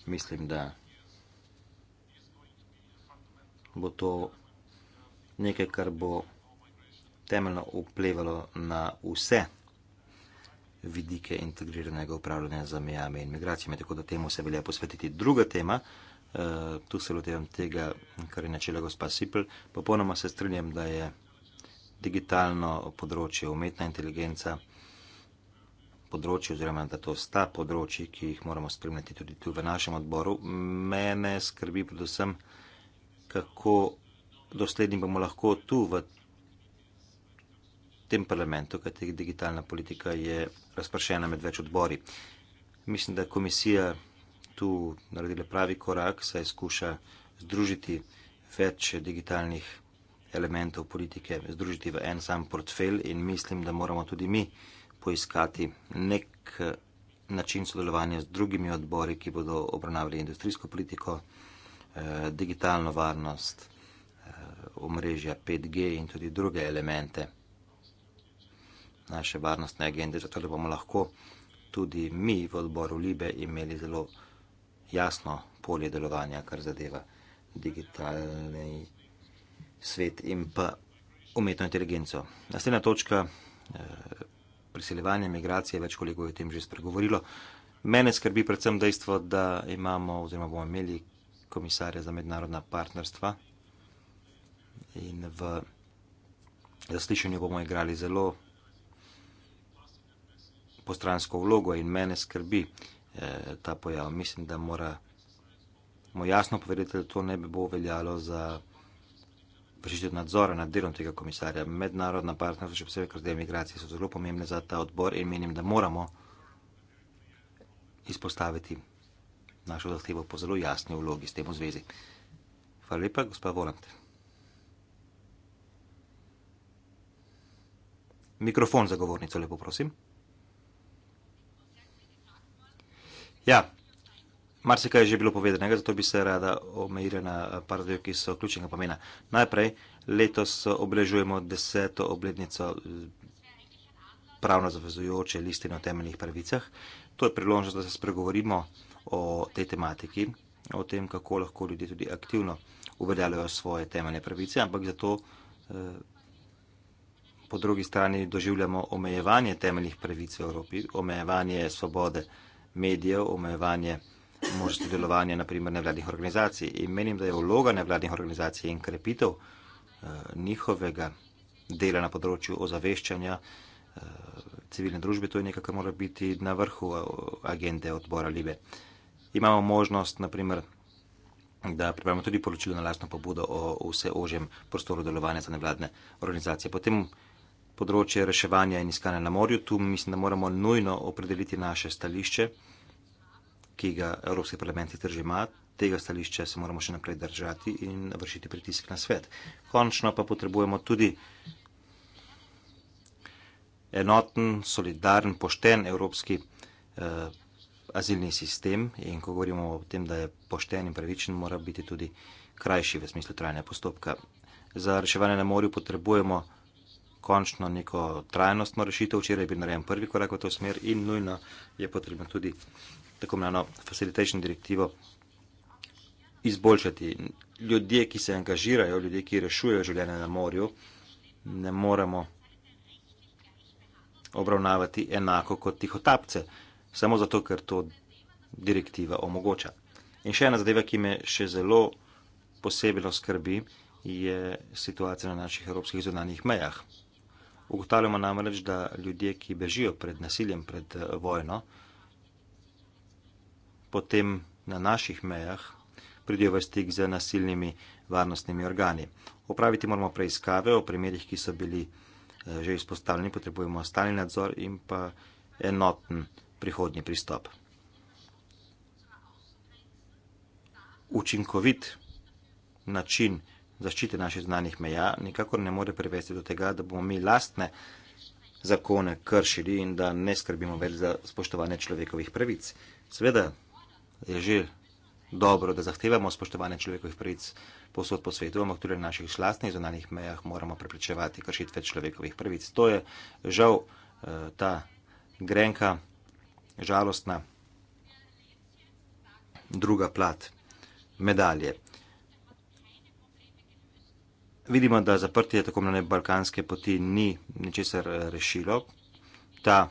Speaker 4: Mislim, da bo to nekaj, kar bo temeljno vplivalo na vse vidike integriranega upravljanja za mejami in migracijami, tako da temu se velja posvetiti. Druga tema, eh, tu se lotevam tega, kar je načela gospa Sipl, popolnoma se strinjam, da je digitalno področje umetna inteligenca področje oziroma da to sta področji, ki jih moramo spremljati tudi tu v našem odboru. Mene skrbi predvsem, da kako dosledni bomo lahko tu v tem parlamentu, kajte digitalna politika je razpršena med več odbori. Mislim, da je komisija tu naredila pravi korak, saj skuša združiti več digitalnih elementov politike, združiti v en sam portfelj in mislim, da moramo tudi mi poiskati nek eh, način sodelovanja z drugimi odbori, ki bodo obravnavali industrijsko politiko. Eh, digitalno varnost, eh, omrežja 5G in tudi druge elemente naše varnostne agende, zato da bomo lahko tudi mi v odboru Libe imeli zelo jasno polje delovanja, kar zadeva digitalni svet in pa umetno inteligenco. Naslednja točka, eh, priseljevanje, migracije, več koliko je o tem že spregovorilo. Mene skrbi predvsem dejstvo, da imamo oziroma bomo imeli komisarja za mednarodna partnerstva. In v zaslišanju bomo igrali zelo postransko vlogo in mene skrbi eh, ta pojav. Mislim, da mora mu jasno povedati, da to ne bi bo veljalo za vršitev nadzora nad delom tega komisarja. Mednarodna partnerstva, še posebej kar migracije, so zelo pomembne za ta odbor in menim, da moramo izpostaviti našo zahtevo po zelo jasni vlogi s tem v zvezi. Hvala lepa, gospa Volant. Mikrofon za govornico, lepo prosim. Ja, mar se kaj je že bilo povedanega, zato bi se rada omejila na eh, par zadev, ki so ključnega pomena. Najprej, letos obležujemo deseto obletnico eh, pravno zavezujoče listine o temeljnih pravicah. To je priložnost, da se spregovorimo o tej tematiki, o tem, kako lahko ljudje tudi aktivno uveljavljajo svoje temeljne pravice, ampak zato eh, po drugi strani doživljamo omejevanje temeljnih pravic v Evropi, omejevanje svobode medijev, omejevanje možnosti delovanja naprimer nevladnih organizacij. In menim, da je vloga nevladnih organizacij in krepitev eh, njihovega dela na področju ozaveščanja eh, civilne družbe, to je nekaj, kar mora biti na vrhu agende odbora Libe imamo možnost, naprimer, da pripravimo tudi poročilo na lastno pobudo o vse ožjem prostoru delovanja za nevladne organizacije. Potem področje reševanja in iskanja na morju, tu mislim, da moramo nujno opredeliti naše stališče, ki ga Evropski parlament sicer že ima. Tega stališča se moramo še naprej držati in vršiti pritisk na svet. Končno pa potrebujemo tudi enoten, solidaren, pošten evropski eh, azilni sistem in ko govorimo o tem, da je pošten in pravičen, mora biti tudi krajši v smislu trajanja postopka. Za reševanje na morju potrebujemo končno neko trajnostno rešitev. Včeraj je bil narejen prvi korak v to smer in nujno je potrebno tudi tako imenovano facilitation direktivo izboljšati. Ljudje, ki se angažirajo, ljudje, ki rešujejo življenje na morju, ne moremo obravnavati enako kot tihotapce samo zato, ker to direktiva omogoča. In še ena zadeva, ki me še zelo posebej skrbi, je situacija na naših evropskih zunanjih mejah. Ugotavljamo namreč, da ljudje, ki bežijo pred nasiljem, pred eh, vojno, potem na naših mejah pridijo v stik z nasilnimi varnostnimi organi. Opraviti moramo preiskave o primerih, ki so bili eh, že izpostavljeni, potrebujemo stalni nadzor in pa enoten prihodni pristop. Učinkovit način zaščite naših znanih meja nikakor ne more privesti do tega, da bomo mi lastne zakone kršili in da ne skrbimo več za spoštovanje človekovih pravic. Sveda je že dobro, da zahtevamo spoštovanje človekovih pravic posod po svetu, ampak tudi na naših lastnih zonalnih mejah moramo preprečevati kršitve človekovih pravic. To je žal eh, ta grenka žalostna. Druga plat, medalje. Vidimo, da zaprtje tako na nebalkanske poti ni ničesar eh, rešilo. Ta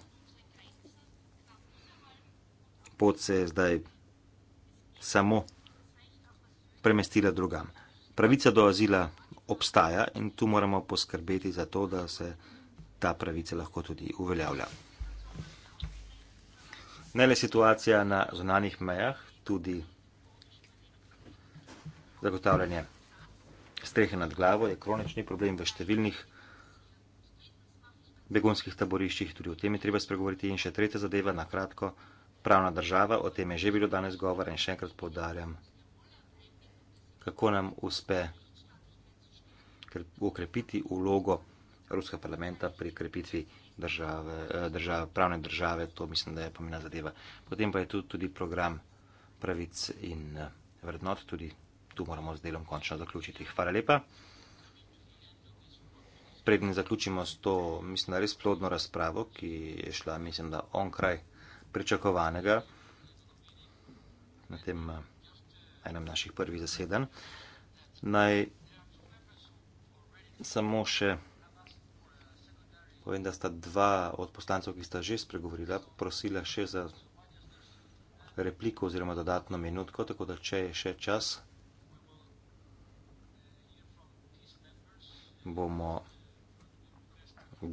Speaker 4: pot se je zdaj samo premestila drugam. Pravica do azila obstaja in tu moramo poskrbeti za to, da se ta pravica lahko tudi uveljavlja ne le situacija na zunanjih mejah, tudi zagotavljanje strehe nad glavo je kronični problem v številnih begunskih taboriščih, tudi o tem je treba spregovoriti. In še tretja zadeva, na kratko, pravna država, o tem je že bilo danes govora in še enkrat podarjam, kako nam uspe ukrepiti ulogo Ruskega parlamenta pri krepitvi države, eh, države, pravne države, to mislim, da je pomena zadeva. Potem pa je tu tudi program pravic in eh, vrednot, tudi tu moramo z delom končno zaključiti. Hvala lepa. Predn zaključimo s to, mislim, res plodno razpravo, ki je šla, mislim, da on kraj pričakovanega na tem eh, enem naših prvih zaseden. Naj samo še Vem, da sta dva od poslancev, ki sta že spregovorila, prosila še za repliko oziroma dodatno minutko, tako da če je še čas, bomo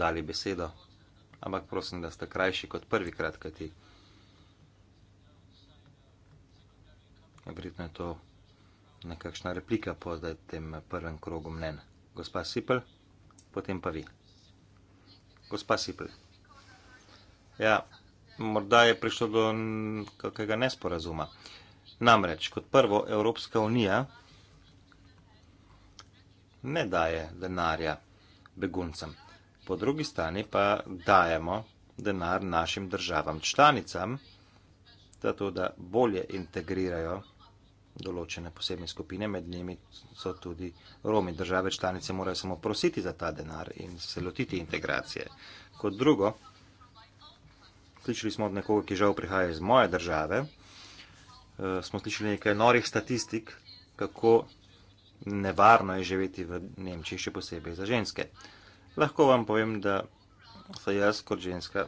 Speaker 4: dali besedo. Ampak prosim, da ste krajši kot prvi krat, kaj ti. Verjetno je to nekakšna replika po zdaj tem prvem krogu mnen. Gospa Sipel, potem pa vi gospa Sipl. Ja, morda je prišlo do kakega nesporazuma. Namreč, kot prvo, Evropska unija ne daje denarja beguncem. Po drugi strani pa dajemo denar našim državam članicam, zato da bolje integrirajo določene posebne skupine, med njimi so tudi Romi. Države članice morajo samo prositi za ta denar in se lotiti integracije. Kot drugo, slišali smo od nekoga, ki žal prihaja iz moje države, eh, smo slišali nekaj norih statistik, kako nevarno je živeti v Nemčiji, še posebej za ženske. Lahko vam povem, da se jaz kot ženska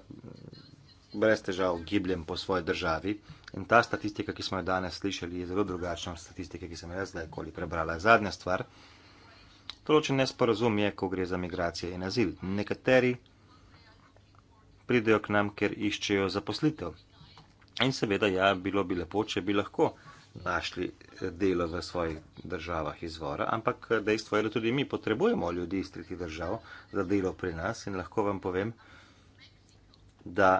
Speaker 4: brez težav gibljem po svoji državi. In ta statistika, ki smo jo danes slišali, je zelo drugačna od statistike, ki sem jaz zdaj koli prebrala. Zadnja stvar, določen nesporazum je, ko gre za migracije in azil. Nekateri pridejo k nam, ker iščejo zaposlitev. In seveda, ja, bilo bi lepo, če bi lahko našli delo v svojih državah izvora, ampak dejstvo je, da tudi mi potrebujemo ljudi iz tretjih držav za delo pri nas in lahko vam povem, da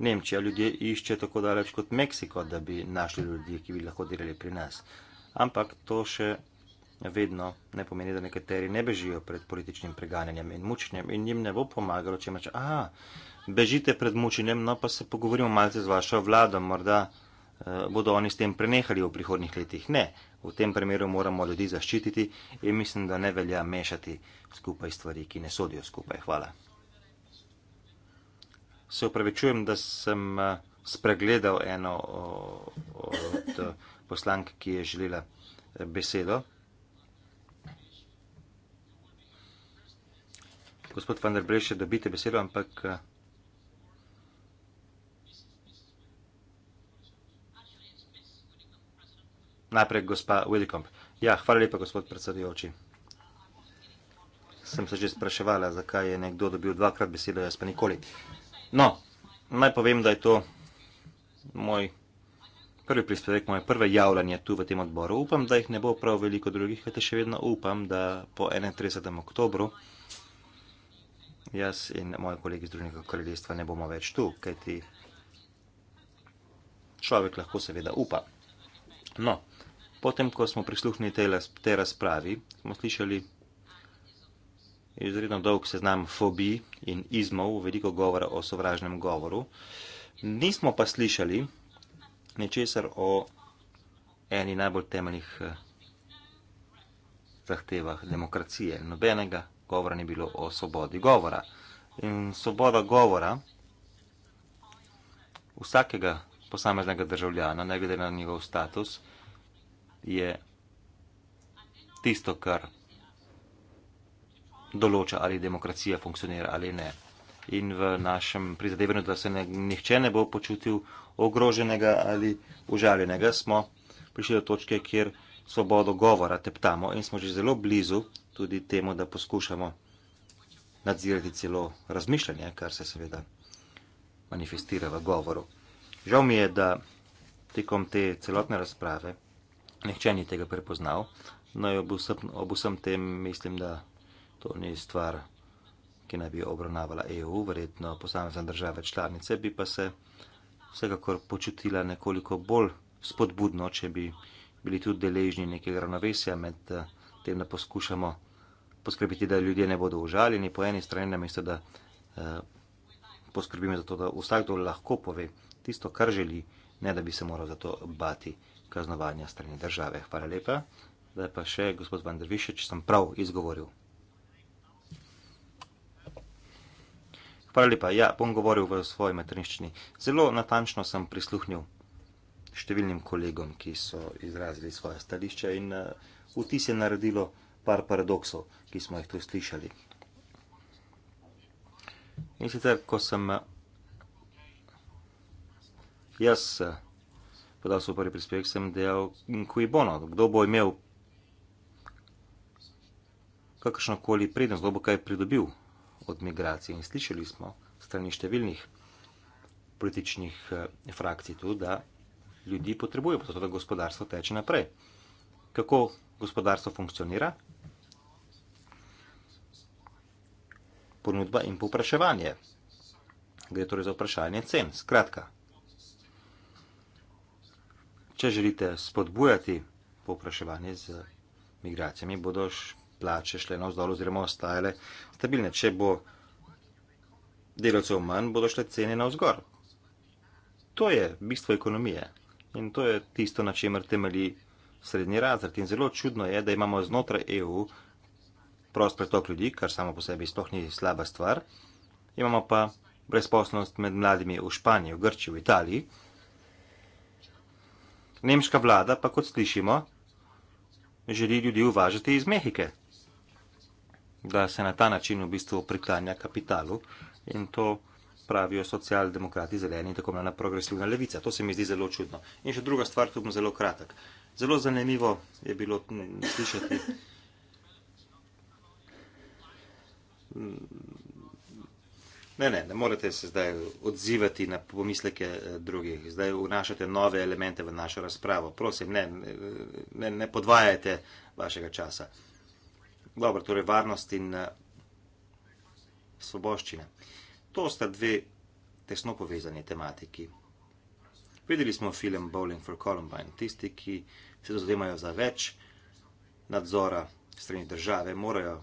Speaker 4: Nemčija ljudje išče tako daleč kot Meksiko, da bi našli ljudi, ki bi lahko delali pri nas. Ampak to še vedno ne pomeni, da nekateri ne bežijo pred političnim preganjanjem in mučenjem in jim ne bo pomagalo, če imaš, aha, bežite pred mučenjem, no pa se pogovorimo malce z vašo vlado, morda eh, bodo oni s tem prenehali v prihodnih letih. Ne, v tem primeru moramo ljudi zaščititi in mislim, da ne velja mešati skupaj stvari, ki ne sodijo skupaj. Hvala se upravičujem, da sem eh, spregledal eno od eh, poslank, ki je želela eh, besedo. Gospod van der Breš, dobite besedo, ampak. Najprej gospa Willikomp. Ja, hvala lepa, gospod predsedujoči. Sem se že spraševala, zakaj je nekdo dobil dvakrat besedo, jaz pa nikoli. Uh, No, naj povem, da je to moj prvi prispevek, moje prve javljanje tu v tem odboru. Upam, da jih ne bo prav veliko drugih, kajte še vedno upam, da po 31. oktobru jaz in moji kolegi iz Drugnega kraljestva ne bomo več tu, kajti človek lahko seveda upa. No, potem, ko smo prisluhnili te razpravi, smo slišali, da je to, izredno dolg seznam fobij in izmov, veliko govora o sovražnem govoru. Nismo pa slišali nečesar o eni najbolj temeljnih eh, zahtevah demokracije. Nobenega govora ni bilo o svobodi govora. In svoboda govora vsakega posameznega državljana, ne glede na njegov status, je tisto, kar določa, ali demokracija funkcionira ali ne. In v našem prizadevanju, da se ne, nihče ne bo počutil ogroženega ali užaljenega, smo prišli do točke, kjer svobodo govora teptamo in smo že zelo blizu tudi temu, da poskušamo nadzirati celo razmišljanje, kar se seveda manifestira v govoru. Žal mi je, da tekom te celotne razprave nihče ni tega prepoznal, no in ob vsem, ob vsem tem mislim, da To ni stvar, ki naj bi obravnavala EU, verjetno posamezne države članice bi pa se vsekakor počutila nekoliko bolj spodbudno, če bi bili tudi deležni nekega ravnovesja med eh, tem, da poskušamo poskrbiti, da ljudje ne bodo užaljeni po eni strani, namesto da eh, poskrbimo za to, da vsakdo lahko pove tisto, kar želi, ne da bi se moral za to bati kaznovanja strani države. Hvala lepa. Zdaj pa še gospod Vandrvišeč, sem prav izgovoril. Hvala lepa. Ja, bom govoril v svoji materinščini. Zelo natančno sem prisluhnil številnim kolegom, ki so izrazili svoje stališče in eh, vtis je naredilo par paradoksov, ki smo jih tu slišali. In sicer, ko sem eh, jaz eh, podal svoj prvi prispevek, sem dejal, kuj bono, kdo bo imel kakršnokoli prednost, kdo bo kaj pridobil od migracije. In slišali smo strani številnih političnih eh, frakcij tudi, da ljudi potrebuje, pa to, da gospodarstvo teče naprej. Kako gospodarstvo funkcionira? Ponudba in popraševanje. Gre torej za vprašanje cen. Skratka, če želite spodbujati popraševanje z migracijami, bodo plače šle na vzdolj oziroma ostajale stabilne. Če bo delavcev manj, bodo šle cene na vzgor. To je bistvo ekonomije in to je tisto, na čemer temelji srednji razred. In zelo čudno je, da imamo znotraj EU prost pretok ljudi, kar samo po sebi sploh ni slaba stvar. Imamo pa brezposlenost med mladimi v Španiji, v Grčiji, v Italiji. Nemška vlada pa, kot slišimo, želi ljudi uvažati iz Mehike da se na ta način v bistvu priklanja kapitalu in to pravijo socialdemokrati, zeleni in tako imena progresivna levica. To se mi zdi zelo čudno. In še druga stvar, tu bom zelo kratek. Zelo zanimivo je bilo slišati Ne, ne, ne morete se zdaj odzivati na pomisleke eh, drugih, zdaj vnašate nove elemente v našo razpravo. Prosim, ne, ne, ne podvajajte vašega časa. Dobro, torej varnost in eh, svoboščina. To sta dve tesno povezani tematiki. Videli smo film Bowling for Columbine. Tisti, ki se zauzemajo za več nadzora strani države, morajo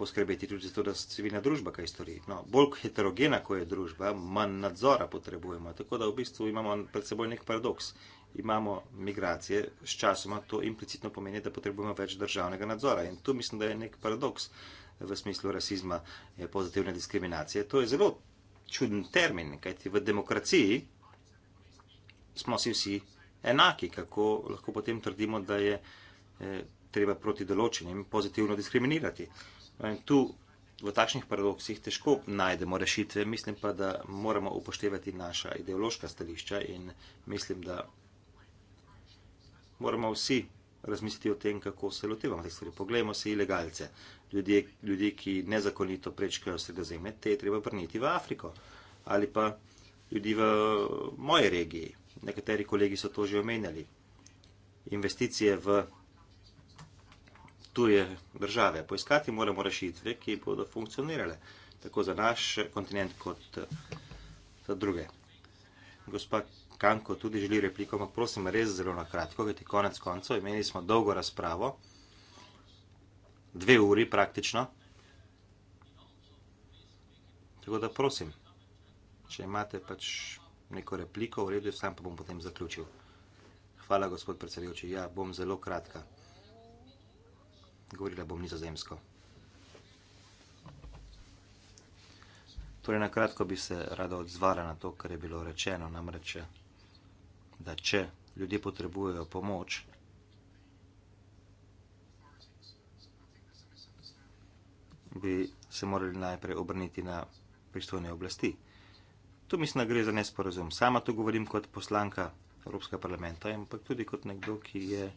Speaker 4: poskrbeti tudi za to, da se civilna družba kaj stori. No, bolj heterogena, ko je družba, manj nadzora potrebujemo. Tako da v bistvu imamo pred seboj nek paradoks. Uh, imamo migracije, sčasoma to implicitno pomeni, da potrebujemo več državnega nadzora. In tu mislim, da je nek paradoks v smislu rasizma in eh, pozitivne diskriminacije. To je zelo čuden termin, kajti v demokraciji smo si vsi enaki, kako lahko potem trdimo, da je eh, treba proti določenim pozitivno diskriminirati. No, in tu v takšnih paradoksih težko najdemo rešitve, mislim pa, da moramo upoštevati naša ideološka stališča in mislim, da moramo vsi razmisliti o tem, kako se lotevamo teh stvari. Poglejmo se ilegalce, ljudje, ljudje ki nezakonito prečkajo sredozemlje, te je treba vrniti v Afriko ali pa ljudi v moji regiji. Nekateri kolegi so to že omenjali. Investicije v tuje države. Poiskati moramo rešitve, ki bodo funkcionirale tako za naš kontinent kot za druge. Gospod Kanko tudi želi repliko, ampak prosim, res zelo na kratko, kajti konec koncev imeli smo dolgo razpravo, dve uri praktično. Tako da prosim, če imate pač neko repliko, v redu, sam pa bom potem zaključil. Hvala, gospod predsedujoči. Ja, bom zelo kratka. Govorila bom nizozemsko. Torej, na kratko bi se rada odzvala na to, kar je bilo rečeno, namreč da če ljudje potrebujejo pomoč, bi se morali najprej obrniti na pristojne oblasti. To mislim, da gre za nesporazum. Sama to govorim kot poslanka Evropskega parlamenta in pa tudi kot nekdo, ki je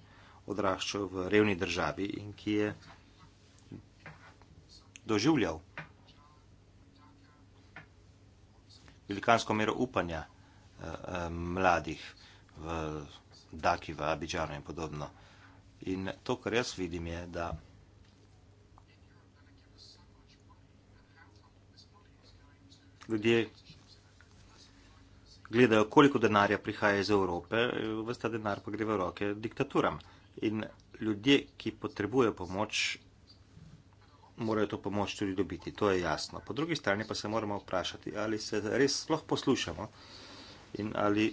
Speaker 4: odraščal v revni državi in ki je doživljal velikansko mero upanja eh, eh mladih v Daki, v Abidžanu in podobno. In to, kar jaz vidim, je, da ljudje gledajo, koliko denarja prihaja iz Evrope, vse ta denar pa gre v roke diktaturam. In ljudje, ki potrebujejo pomoč, morajo to pomoč tudi dobiti, to je jasno. Po drugi strani pa se moramo vprašati, ali se res lahko poslušamo in ali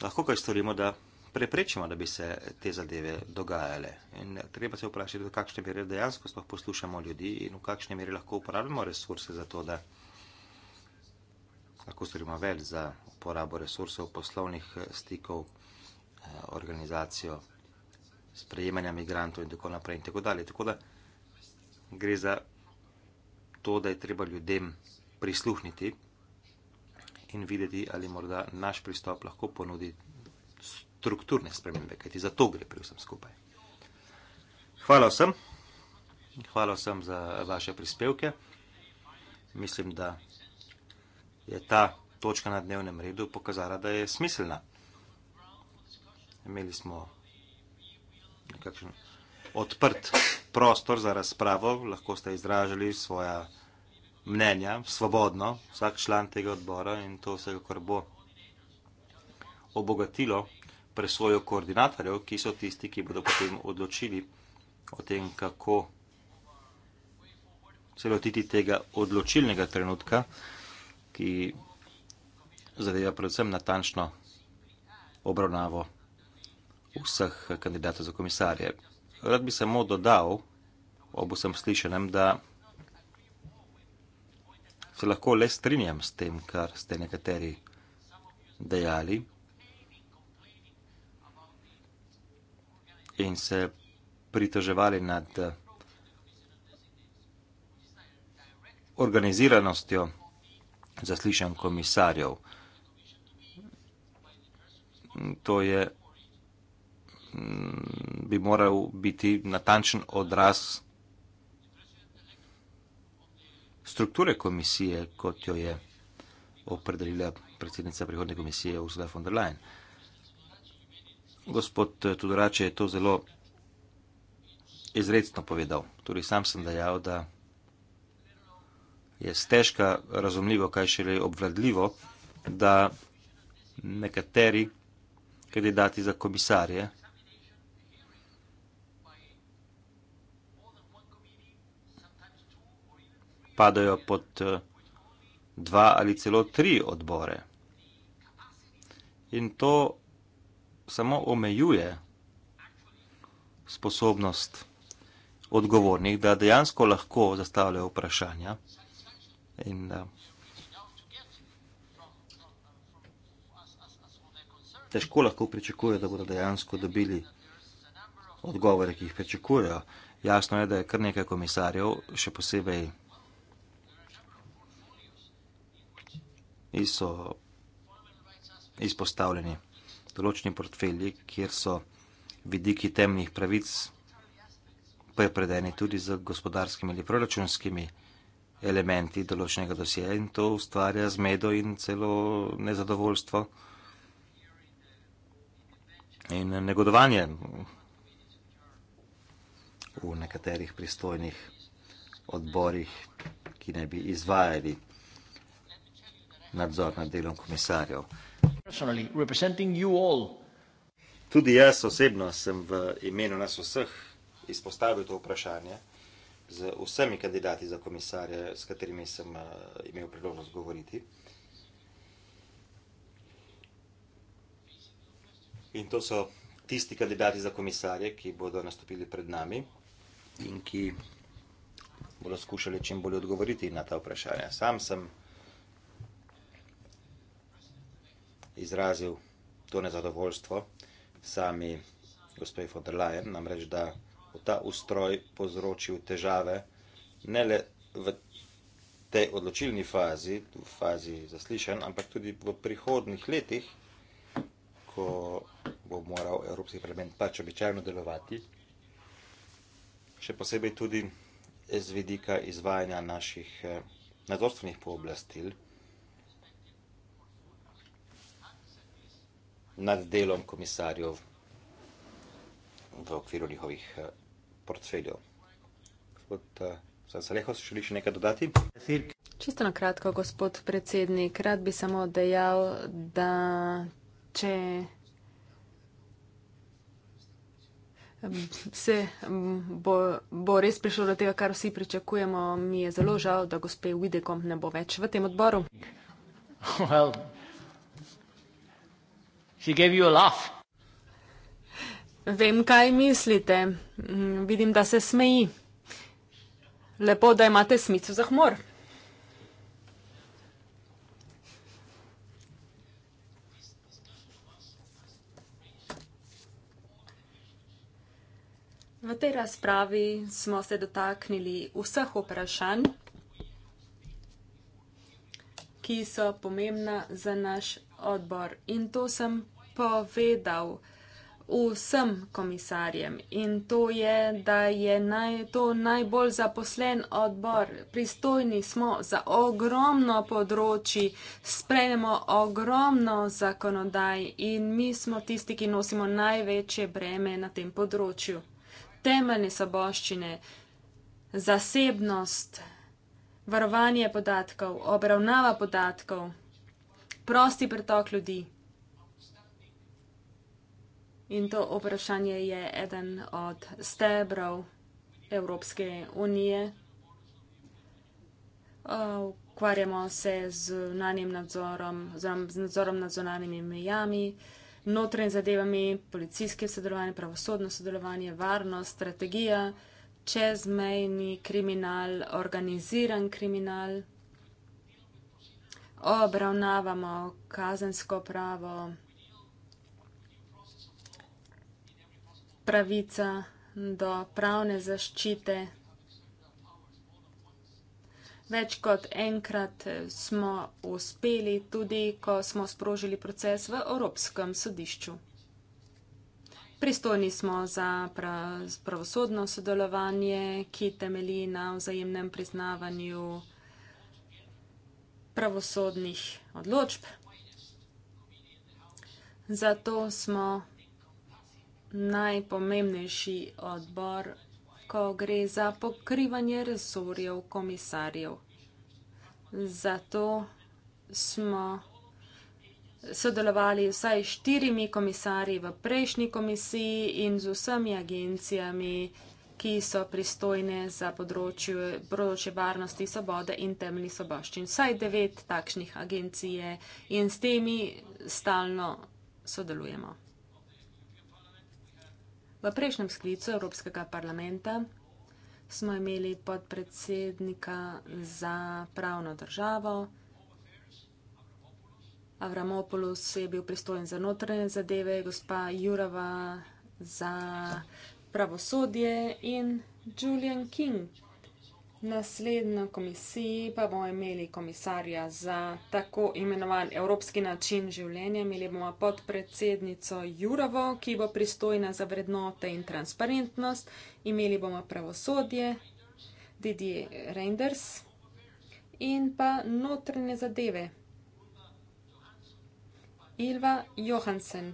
Speaker 4: lahko kaj storimo, da preprečimo, da bi se te zadeve dogajale. In treba se vprašati, do kakšne mere dejansko sploh poslušamo ljudi in v kakšne mere lahko uporabljamo resurse za to, da lahko storimo več za uporabo resursov poslovnih eh, stikov, eh, organizacijo sprejemanja migrantov in tako naprej in tako dalje. Tako da gre za to, da je treba ljudem prisluhniti in videti, ali morda naš pristop lahko ponudi strukturne spremembe, kajti za to gre pri vsem skupaj. Hvala vsem, hvala vsem za vaše prispevke. Mislim, da je ta točka na dnevnem redu pokazala, da je smiselna. Imeli smo nekakšen odprt prostor za razpravo, lahko ste izražali svoje mnenja, svobodno, vsak član tega odbora in to vse, kar bo obogatilo presojo koordinatorjev, ki so tisti, ki bodo potem odločili o tem, kako se lotiti tega odločilnega trenutka, ki zadeva predvsem natančno obravnavo vseh kandidatov za komisarje. Rad bi samo dodal ob vsem slišenem, da se lahko le strinjam s tem, kar ste nekateri dejali. In se pritoževali nad organiziranostjo zaslišanj komisarjev. To je, mm, bi moral biti natančen odraz strukture komisije, kot jo je opredelila predsednica prihodne komisije Ursula von der Leyen. Gospod Tudorače je to zelo izredno povedal. Tudi sam sem dejal, da je stežka razumljivo, kaj šele obvladljivo, da nekateri kandidati za komisarje padajo pod eh, dva ali celo tri odbore. In to samo omejuje sposobnost odgovornih, da dejansko lahko zastavljajo vprašanja in da eh, težko lahko pričakujejo, da bodo dejansko dobili odgovore, ki jih pričakujejo. Jasno je, da je kar nekaj komisarjev, še posebej komisarjev, in so izpostavljeni določeni portfelji, kjer so vidiki temnih pravic prepredeni tudi z gospodarskimi ali proračunskimi elementi določenega dosjeja in to ustvarja zmedo in celo nezadovoljstvo in negodovanje v nekaterih pristojnih odborih, ki ne bi izvajali nadzor nad delom komisarjev. Tudi jaz osebno sem v imenu nas vseh izpostavil to vprašanje z vsemi kandidati za komisarje, s katerimi sem eh, imel priložnost govoriti. In to so tisti kandidati za komisarje, ki bodo nastopili pred nami in ki bodo skušali čim bolje odgovoriti na ta vprašanja. Sam sem. izrazil to nezadovoljstvo sami gospej von der Leyen, namreč da bo ta ustroj povzročil težave ne le v tej odločilni fazi, v fazi zaslišen, ampak tudi v prihodnih letih, ko bo moral Evropski parlament pač običajno delovati, še posebej tudi z vidika izvajanja naših eh, nadzorstvenih pooblastil. nad delom komisarjev v okviru njihovih eh, portfeljev. Gospod eh, Sansaleho, se želi še nekaj dodati? Čisto
Speaker 2: na kratko, gospod predsednik, rad bi samo dejal, da če se mm, bo, bo res prišlo do tega, kar vsi pričakujemo, mi je zelo žal, da gospe Videkom ne bo več v tem odboru.
Speaker 1: Well. She gave you a laugh.
Speaker 2: Vem, kaj mislite. Mm, vidim, da se smeji. Lepo, da imate smico za humor. V tej razpravi smo se dotaknili vseh vprašanj, ki so pomembna za naš odbor. In to sem povedala povedal vsem komisarjem in to je, da je naj, to najbolj zaposlen odbor. Pristojni smo za ogromno področji, sprejemo ogromno zakonodaj in mi smo tisti, ki nosimo največje breme na tem področju. Temeljne soboščine, zasebnost, varovanje podatkov, obravnava podatkov, prosti pretok ljudi. In to vprašanje je eden od stebrov Evropske unije. Ukvarjamo se z zunanjim nadzorom, z nadzorom nad zunanjimi mejami, notranjimi zadevami, policijskim sodelovanjem, pravosodno sodelovanje, varnost, strategija, čezmejni kriminal, organiziran kriminal. Obravnavamo kazensko pravo. pravica do pravne zaščite. Več kot enkrat smo uspeli, tudi ko smo sprožili proces v Evropskem sodišču. Pristojni smo za pravosodno sodelovanje, ki temelji na vzajemnem priznavanju pravosodnih odločb. Zato smo najpomembnejši odbor, ko gre za pokrivanje resorjev komisarjev. Zato smo sodelovali vsaj štirimi komisarji v prejšnji komisiji in z vsemi agencijami, ki so pristojne za področje, področje varnosti, svobode in temeljnih soboščin. Vsaj devet takšnih agencij je in s temi stalno sodelujemo. V prejšnjem sklicu Evropskega parlamenta smo imeli podpredsednika za pravno državo. Avramopoulos je bil pristojen za notranje zadeve, gospa Jurova za pravosodje in Julian King Naslednjo komisijo pa bomo imeli komisarja za tako imenovan evropski način življenja. Imeli bomo podpredsednico Jurovo, ki bo pristojna za vrednote in transparentnost. Imeli bomo pravosodje Didier Reinders in pa notrne zadeve Ilva Johansen.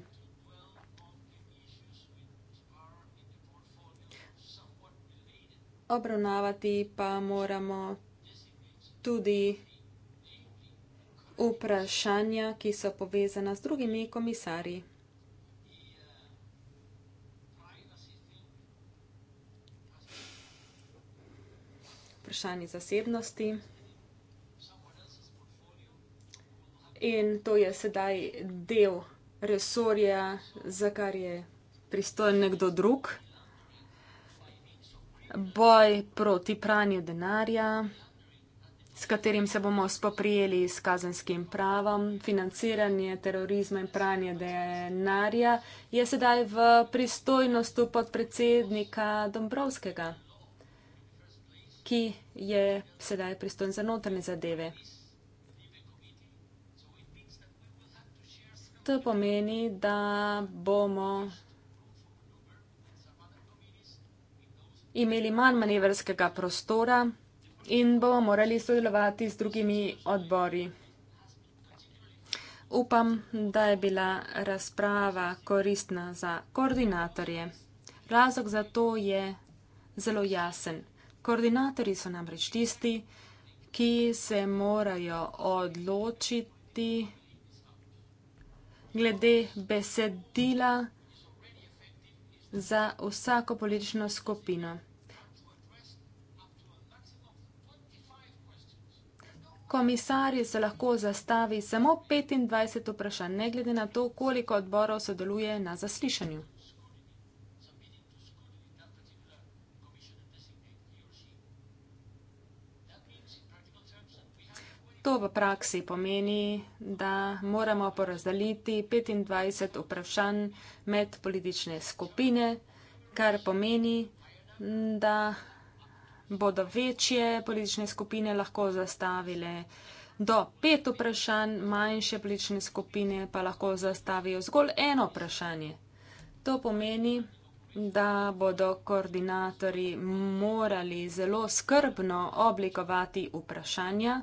Speaker 2: obravnavati pa moramo tudi vprašanja, ki so povezana z drugimi komisarji. Vprašanje zasebnosti. In to je sedaj del resorja, za kar je pristojen nekdo drug boj proti pranju denarja, s katerim se bomo spoprijeli s kazenskim pravom, financiranje terorizma in pranje denarja je sedaj v pristojnosti podpredsednika Dombrovskega, ki je sedaj pristojen za notrne zadeve. To pomeni, da bomo imeli manj manevrskega prostora in bomo morali sodelovati z drugimi odbori. Upam, da je bila razprava koristna za koordinatorje. Razlog za to je zelo jasen. Koordinatorji so namreč tisti, ki se morajo odločiti glede besedila za vsako politično skupino. komisar se lahko zastavi samo 25 vprašanj, ne glede na to, koliko odborov sodeluje na zaslišanju. To v praksi pomeni, da moramo porazdeliti 25 vprašanj med politične skupine, kar pomeni, da bodo večje politične skupine lahko zastavile do pet vprašanj, manjše politične skupine pa lahko zastavijo zgolj eno vprašanje. To pomeni, da bodo koordinatori morali zelo skrbno oblikovati vprašanja,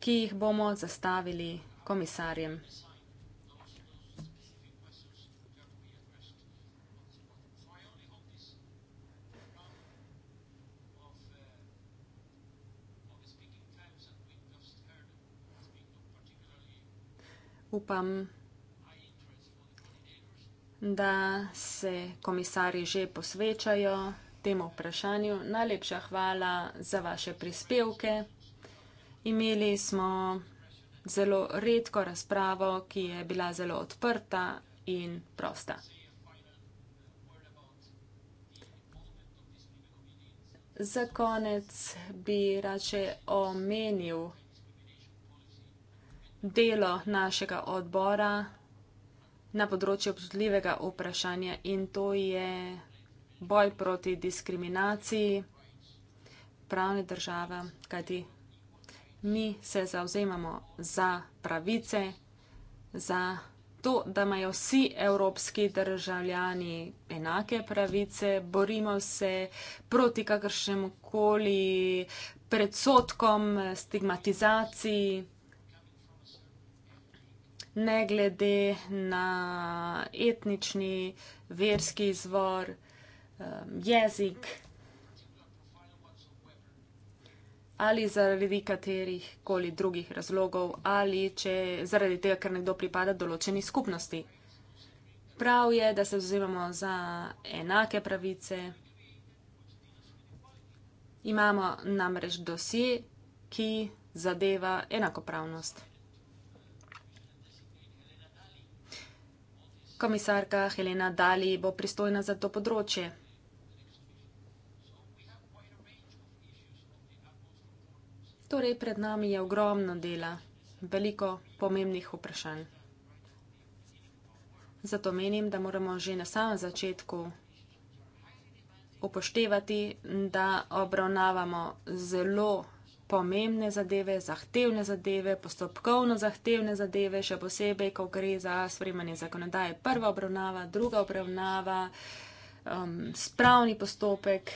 Speaker 2: ki jih bomo zastavili komisarjem. Upam, da se komisari že posvečajo temu vprašanju. Najlepša hvala za vaše prispevke. Imeli smo zelo redko razpravo, ki je bila zelo odprta in prosta. Za konec bi rače omenil delo našega odbora na področju obzudljivega vprašanja in to je boj proti diskriminaciji pravne države, kajti mi se zauzemamo za pravice, za to, da imajo vsi evropski državljani enake pravice, borimo se proti kakršnemu koli predsotkom, stigmatizaciji ne glede na etnični, verski izvor, jezik ali zaradi katerih koli drugih razlogov ali če zaradi tega, ker nekdo pripada določeni skupnosti. Prav je, da se vzivamo za enake pravice. Imamo namreč dosje, ki zadeva enakopravnost. Komisarka Helena Dali bo pristojna za to področje. Torej, pred nami je ogromno dela, veliko pomembnih vprašanj. Zato menim, da moramo že na samem začetku upoštevati, da obravnavamo zelo pomembne zadeve, zahtevne zadeve, postopkovno zahtevne zadeve, še posebej, ko gre za sprejmanje zakonodaje. Prva obravnava, druga obravnava, um, spravni postopek.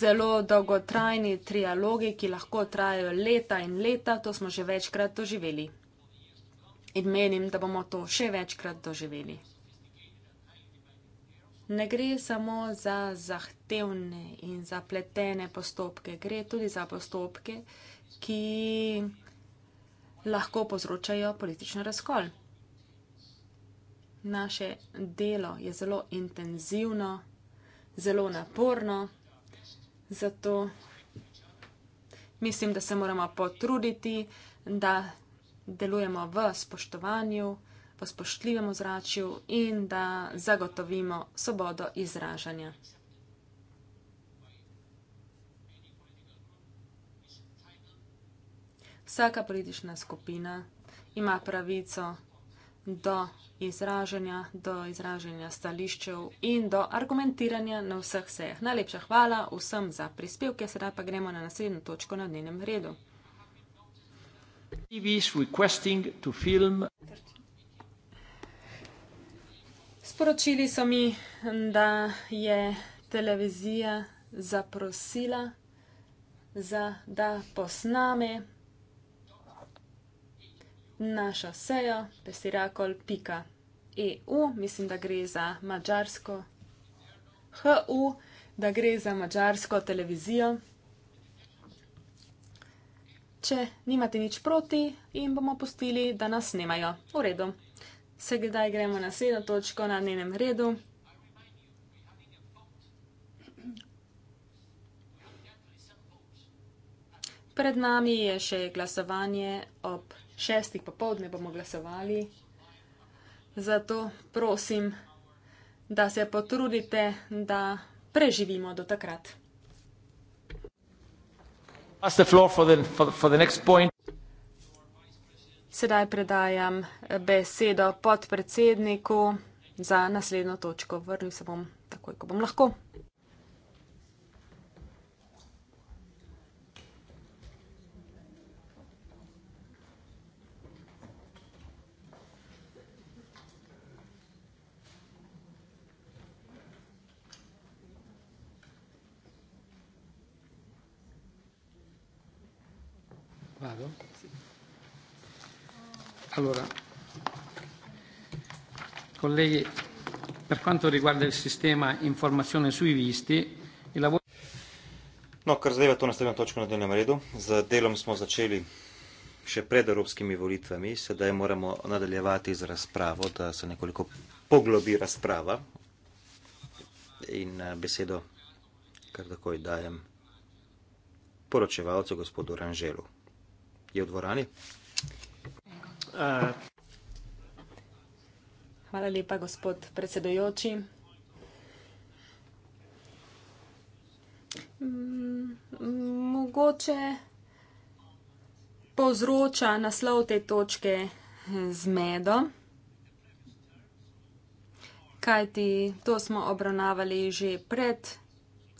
Speaker 2: Zelo dolgotrajni trialogi, ki lahko trajajo leta in leta, to smo že večkrat doživeli. In menim, da bomo to še večkrat doživeli ne gre samo za zahtevne in zapletene postopke, gre tudi za postopke, ki lahko povzročajo politični razkol. Naše delo je zelo intenzivno, zelo naporno, zato mislim, da se moramo potruditi, da delujemo v spoštovanju v spoštljivem ozračju in da zagotovimo svobodo izražanja. Vsaka politična skupina ima pravico do izražanja, do izražanja stališčev in do argumentiranja na vseh sejah. Najlepša hvala vsem za prispevke, sedaj pa gremo na naslednjo točko na dnevnem redu.
Speaker 1: TV is requesting to film. 30.
Speaker 2: Sporočili so mi, da je televizija zaprosila, za, da posname našo sejo pesirakol.eu, mislim, da gre za mačarsko HU, da gre za mačarsko televizijo. Če nimate nič proti, jim bomo pustili, da nas snemajo. V redu sedaj gremo na sedmo točko na njenem redu. Pred nami je še glasovanje ob šestih popovdne bomo glasovali. Zato prosim, da se potrudite, da preživimo do takrat.
Speaker 1: Pass the floor for the, for, for the next point.
Speaker 2: Sedaj predajam besedo podpredsedniku za naslednjo točko. Vrnil se bom takoj, ko bom lahko.
Speaker 1: Hvala. Colleghi, per quanto riguarda il sistema informazione sui visti, il lavoro...
Speaker 4: No, kar zadeva to nastavljamo točko na dnevnem redu. Z delom smo začeli še pred evropskimi volitvami, sedaj moramo nadaljevati z razpravo, da se nekoliko poglobi razprava. In eh, besedo kar takoj dajem poročevalcu gospodu Ranželu. Je v dvorani?
Speaker 2: Hvala lepa, gospod predsedujoči. Mm, mogoče povzroča naslov te točke zmedo, kajti to smo obravnavali že pred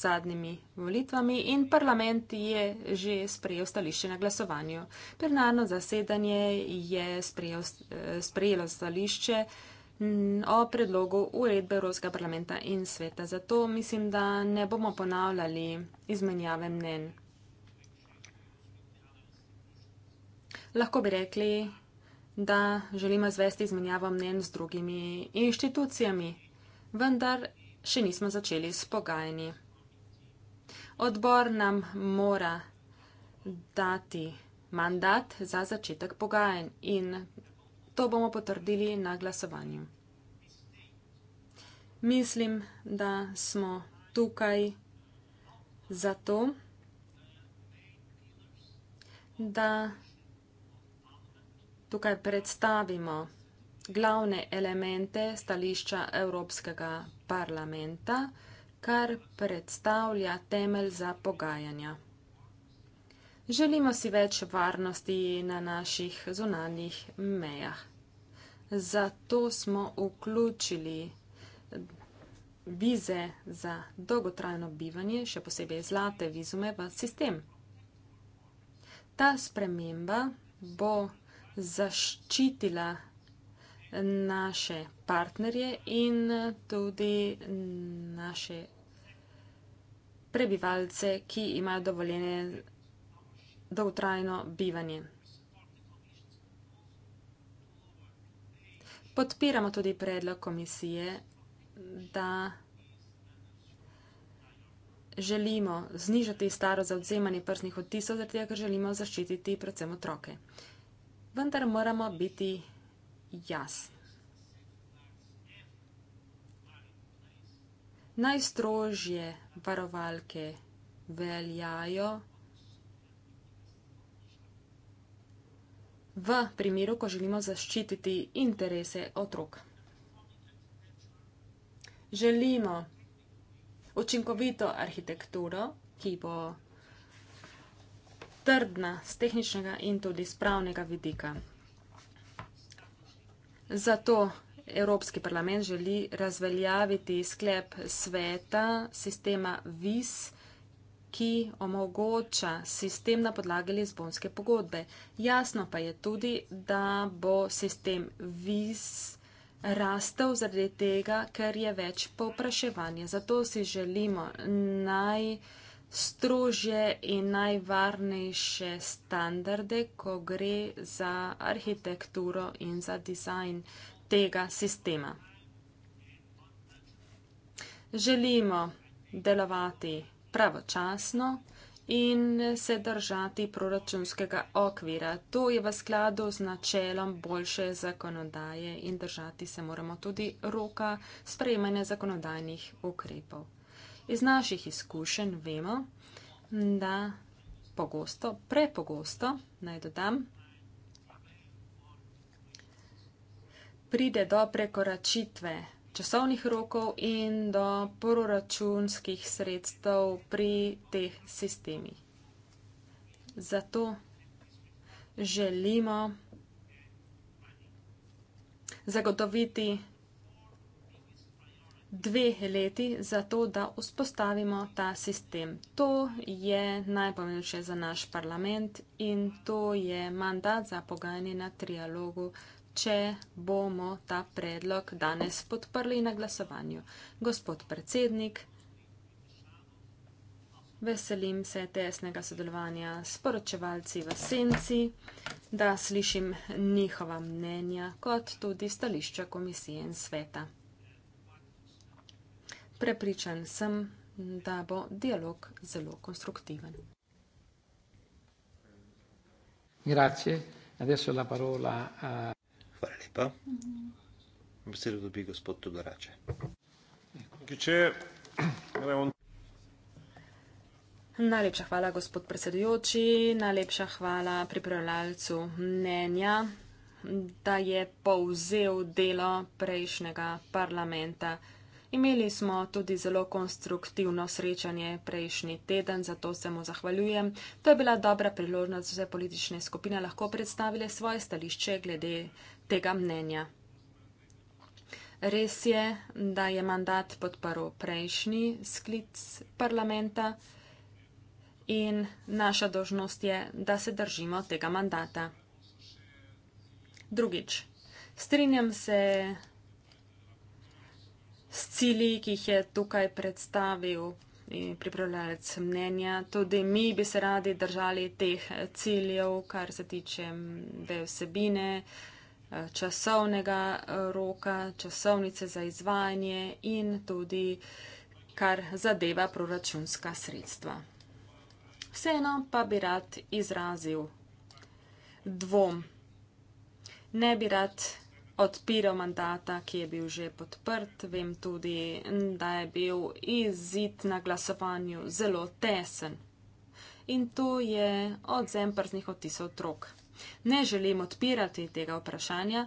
Speaker 2: zadnjimi volitvami in parlament je že sprejel stališče na glasovanju. Plenarno zasedanje je sprejel, eh, sprejelo stališče mm, o predlogu uredbe Evropskega parlamenta in sveta. Zato mislim, da ne bomo ponavljali izmenjave mnen. Lahko bi rekli, da želimo zvesti izmenjavo mnen z drugimi inštitucijami, vendar še nismo začeli s pogajanji odbor nam mora dati mandat za začetek pogajanj in to bomo potrdili na glasovanju. Mislim, da smo tukaj zato, da tukaj predstavimo glavne elemente stališča Evropskega parlamenta kar predstavlja temelj za pogajanja. Želimo si več varnosti na naših zunanjih mejah. Zato smo vključili vize za dolgotrajno bivanje, še posebej zlate vizume, v sistem. Ta sprememba bo zaščitila naše partnerje in tudi naše prebivalce, ki imajo dovoljene dolgotrajno bivanje. Podpiramo tudi predlog komisije, da želimo znižati staro za odzemanje prstnih odtisov, zaradi tega, ker želimo zaščititi predvsem otroke. Vendar moramo biti jasni. najstrožje varovalke veljajo v primeru, ko želimo zaščititi interese otrok. Želimo učinkovito arhitekturo, ki bo trdna z tehničnega in tudi spravnega vidika. Zato Evropski parlament želi razveljaviti sklep sveta sistema VIS, ki omogoča sistem na podlagi Lizbonske pogodbe. Jasno pa je tudi, da bo sistem VIS rastel zaradi tega, ker je več povpraševanja. Zato si želimo najstrožje in najvarnejše standarde, ko gre za arhitekturo in za dizajn tega sistema. Želimo delovati pravočasno in se držati proračunskega okvira. To je v skladu z načelom boljše zakonodaje in držati se moramo tudi roka sprejmanja zakonodajnih ukrepov. Iz naših izkušenj vemo, da pogosto, prepogosto, naj dodam, pride do prekoračitve časovnih rokov in do proračunskih sredstev pri teh sistemih. Zato želimo zagotoviti dve leti za to, da vzpostavimo ta sistem. To je najpomembnejše za naš parlament in to je mandat za pogajanje na trialogu če bomo ta predlog danes podprli na glasovanju. Gospod predsednik, veselim se tesnega sodelovanja s poročevalci v Senci, da slišim njihova mnenja, kot tudi stališča komisije in sveta. Prepričan sem, da bo dialog zelo konstruktiven.
Speaker 1: Grazie. Adesso la parola a...
Speaker 4: Hvala lepa. Besedo dobi gospod Tudorače.
Speaker 2: Najlepša hvala, gospod predsedujoči, najlepša hvala pripravljalcu mnenja, da je povzel delo prejšnjega parlamenta. Imeli smo tudi zelo konstruktivno srečanje prejšnji teden, zato se mu zahvaljujem. To je bila dobra priložnost, da so se politične skupine lahko predstavile svoje stališče glede tega mnenja. Res je, da je mandat podparil prejšnji sklic parlamenta in naša dožnost je, da se držimo tega mandata. Drugič, strinjam se s cili, ki jih je tukaj predstavil pripravljalec mnenja. Tudi mi bi se radi držali teh ciljev, kar se tiče vsebine, uh, Eh, časovnega eh, roka, časovnice za izvajanje in tudi kar zadeva proračunska sredstva. Vseeno pa bi rad izrazil dvom. Ne bi rad odpiral mandata, ki je bil že podprt. Vem tudi, da je bil izid na glasovanju zelo tesen. In to je odzem prznih odtisov otrok. Ne želim odpirati tega vprašanja,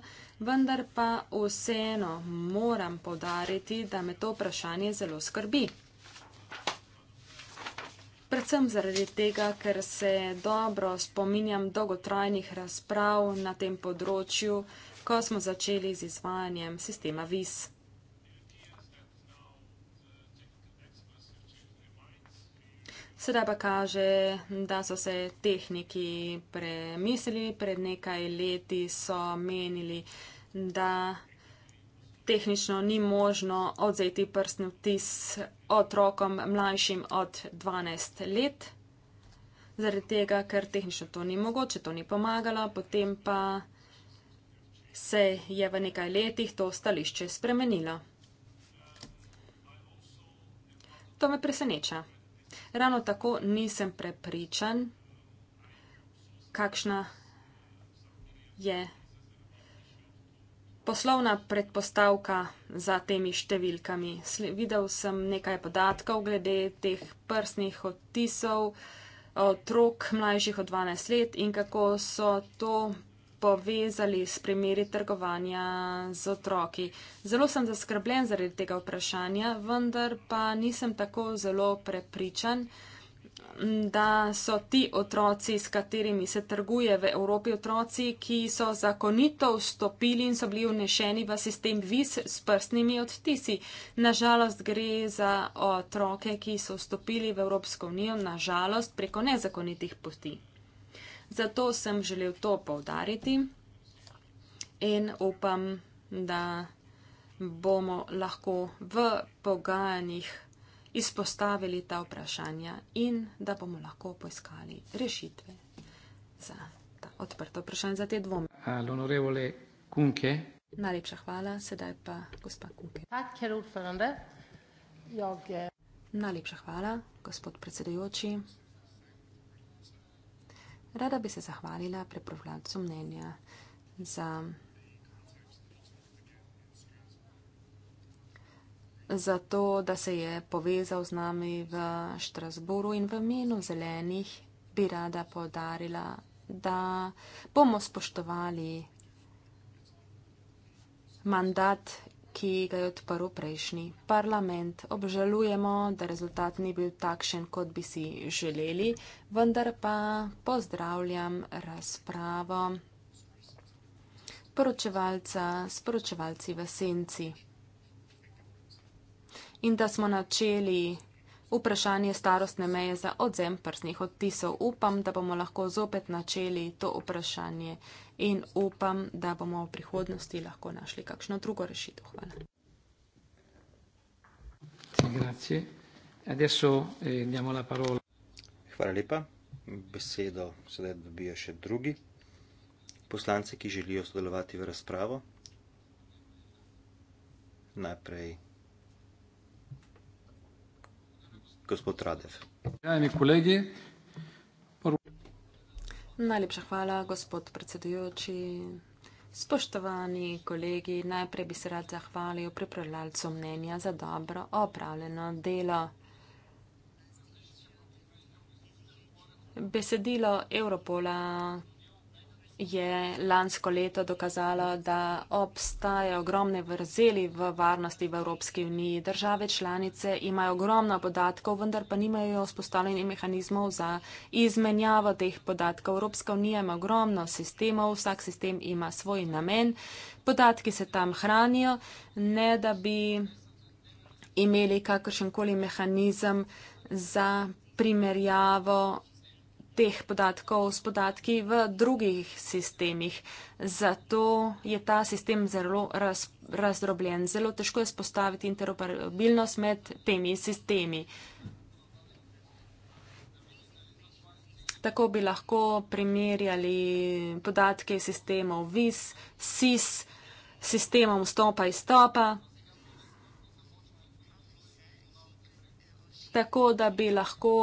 Speaker 2: vendar pa vseeno moram povdariti, da me to vprašanje zelo skrbi. Predvsem zaradi tega, ker se dobro spominjam dolgotrajnih razprav na tem področju, ko smo začeli z izvajanjem sistema VIS. Sedaj pa kaže, da so se tehniki premislili, pred nekaj leti so menili, da tehnično ni možno odzeti prstni vtis otrokom mlajšim od 12 let, zaradi tega, ker tehnično to ni mogoče, to ni pomagalo, potem pa se je v nekaj letih to stališče spremenilo. To me preseneča. Ravno tako nisem prepričan, kakšna je poslovna predpostavka za temi številkami. Videl sem nekaj podatkov glede teh prstnih odtisov otrok mlajših od 12 let in kako so to povezali s primeri trgovanja z otroki. Zelo sem zaskrbljen zaradi tega vprašanja, vendar pa nisem tako zelo prepričan, da so ti otroci, s katerimi se trguje v Evropi, otroci, ki so zakonito vstopili in so bili vnešeni v sistem vis s prstnimi odtisi. Nažalost gre za otroke, ki so vstopili v Evropsko unijo, nažalost preko nezakonitih poti. Zato sem želel to povdariti in upam, da bomo lahko v pogajanjih izpostavili ta vprašanja in da bomo lahko poiskali rešitve za
Speaker 1: ta odprto vprašanje, za te dvome. L'onorevole Kunke.
Speaker 2: Najlepša hvala, sedaj pa gospa Kunke. Eh, Najlepša hvala, gospod predsedujoči. Rada bi se zahvalila preprogramcu mnenja za, za to, da se je povezal z nami v Štrasburu in v imenu zelenih bi rada podarila, da bomo spoštovali mandat ki ga je odprl prejšnji parlament. Obžalujemo, da rezultat ni bil takšen, kot bi si želeli, vendar pa pozdravljam razpravo poročevalca s poročevalci v senci. In da smo načeli. Vprašanje starostne meje za odzem prsnih odtisov. Upam, da bomo lahko zopet načeli to vprašanje in upam, da bomo v prihodnosti lahko našli kakšno drugo rešitev. Hvala.
Speaker 1: Eh,
Speaker 4: Hvala lepa. Besedo sedaj dobijo še drugi poslanci, ki želijo sodelovati v razpravo. Najprej gospod Radev. Dajni kolegi,
Speaker 2: Najlepša hvala, gospod predsedujoči. Spoštovani kolegi, najprej bi se rad zahvalil pripravljalcu mnenja za dobro opravljeno delo. Besedilo Europola, je lansko leto dokazalo, da obstaja ogromne vrzeli v varnosti v Evropski uniji. Države članice imajo ogromno podatkov, vendar pa nimajo vzpostavljenih mehanizmov za izmenjavo teh podatkov. Evropska unija ima ogromno sistemov, vsak sistem ima svoj namen. Podatki se tam hranijo, ne da bi imeli kakršenkoli mehanizem za primerjavo teh podatkov s podatki v drugih sistemih. Zato je ta sistem zelo raz, razdrobljen. Zelo težko je spostaviti interoperabilnost med temi sistemi. Tako bi lahko primerjali podatke sistemov VIS, SIS, sistemom stopa in stopa. Tako da bi lahko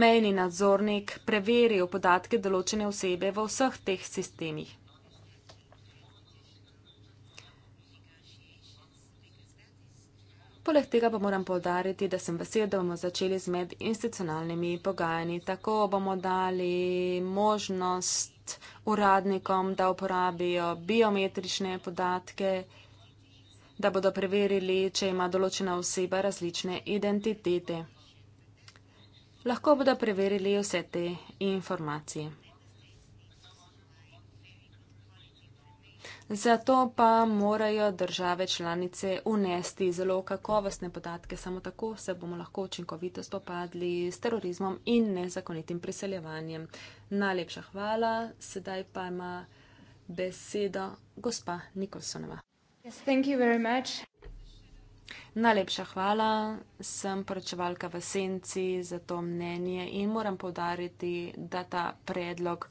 Speaker 2: mejni nadzornik preveril podatke določene osebe v vseh teh sistemih. Poleg tega pa moram povdariti, da sem vesel, da bomo začeli z med institucionalnimi pogajanji. Tako bomo dali možnost uradnikom, da uporabijo biometrične podatke, da bodo preverili, če ima določena oseba različne identitete lahko bodo preverili vse te informacije. Zato pa morajo države članice unesti zelo kakovostne podatke, samo tako se bomo lahko učinkovito spopadli s terorizmom in nezakonitim priseljevanjem. Najlepša hvala, sedaj pa ima besedo gospa Nikolsonova. Yes, Najlepša hvala. Sem poročevalka v senci za to mnenje in moram povdariti, da ta predlog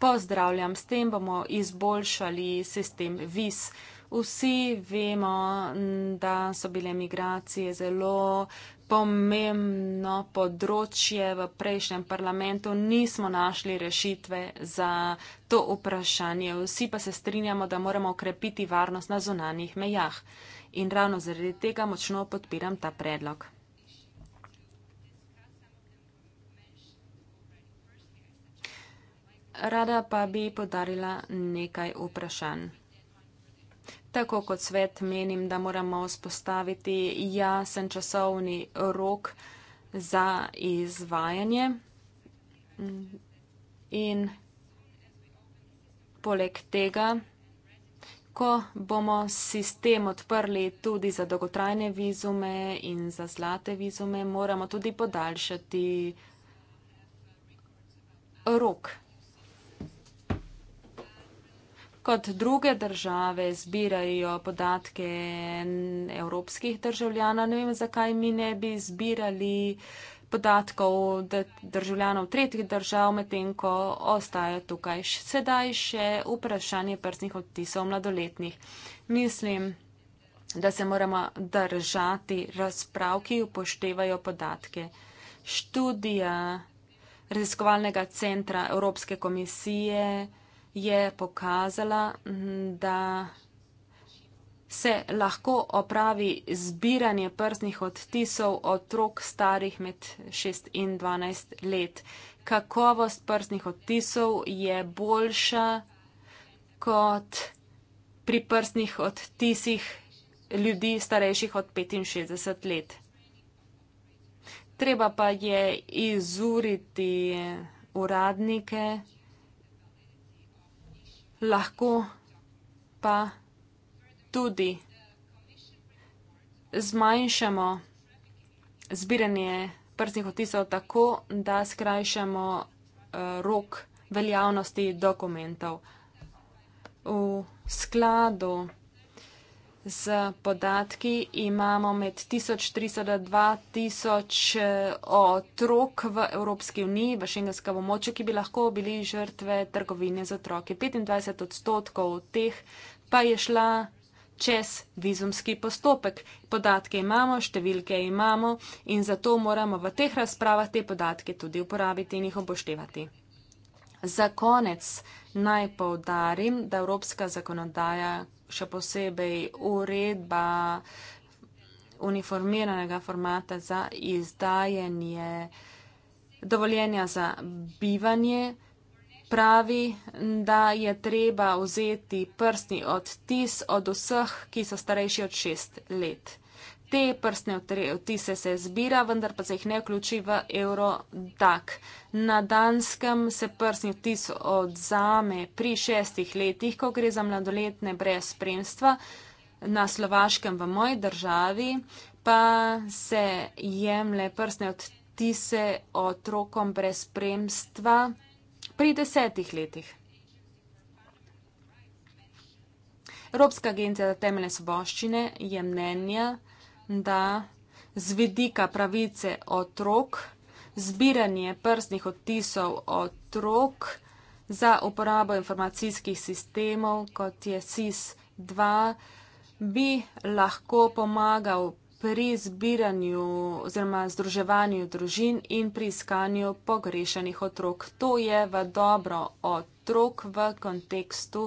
Speaker 2: pozdravljam. S tem bomo izboljšali sistem viz. Vsi vemo, da so bile migracije zelo pomembno področje v prejšnjem parlamentu. Nismo našli rešitve za to vprašanje. Vsi pa se strinjamo, da moramo okrepiti varnost na zunanjih mejah in ravno zaradi tega močno podpiram ta predlog. Rada pa bi podarila nekaj vprašanj. Tako kot svet menim, da moramo vzpostaviti jasen časovni rok za izvajanje in poleg tega, ko bomo sistem odprli tudi za dolgotrajne vizume in za zlate vizume, moramo tudi podaljšati rok. Kot druge države zbirajo podatke evropskih državljana, ne vem, zakaj mi ne bi zbirali uh, podatkov državljanov tretjih držav, medtem ko ostaja tukaj sedaj še vprašanje prstnih odtisov mladoletnih. Mislim, da se moramo držati razprav, ki upoštevajo podatke. Študija raziskovalnega centra Evropske komisije je pokazala, da se lahko opravi zbiranje prstnih odtisov otrok starih med 6 in 12 let. Kakovost prstnih odtisov je boljša kot pri prstnih odtisih ljudi starejših od 65 let. Treba pa je izuriti uradnike, lahko pa tudi zmanjšamo zbiranje prstnih otisov tako, da skrajšamo eh, rok veljavnosti dokumentov. V skladu z podatki imamo med 1300-2000 eh, otrok v Evropski uniji, v šengenska pomoč, ki bi lahko bili žrtve trgovine z otroki. 25 odstotkov teh pa je šla čez vizumski postopek. Podatke imamo, številke imamo in zato moramo v teh razpravah te podatke tudi uporabiti in jih oboštevati. Za konec naj povdarim, da evropska zakonodaja, še posebej uredba uniformiranega formata za izdajanje dovoljenja za bivanje, pravi, da je treba vzeti prstni odtis od vseh, ki so starejši od šest let. Te prstne odtise se zbira, vendar pa se jih ne vključi v Eurodac. Na Danskem se prstni odtis odzame pri šestih letih, ko gre za mladoletne brez spremstva. Na Slovaškem v moji državi pa se jemlje prstne odtise otrokom brez spremstva pri desetih letih. Evropska agencija za temeljne svoboščine je mnenja, da z vidika pravice otrok zbiranje prstnih odtisov otrok za uporabo informacijskih sistemov, kot je SIS-2, bi lahko pomagal pri zbiranju oziroma združevanju družin in pri iskanju pogrešenih otrok. To je v dobro otrok v kontekstu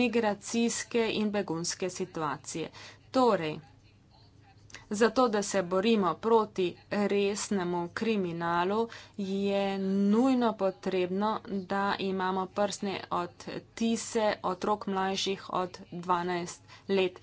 Speaker 2: migracijske in begunske situacije. Torej, zato, da se borimo proti resnemu kriminalu, je nujno potrebno, da imamo prsne odtise otrok mlajših od 12 let.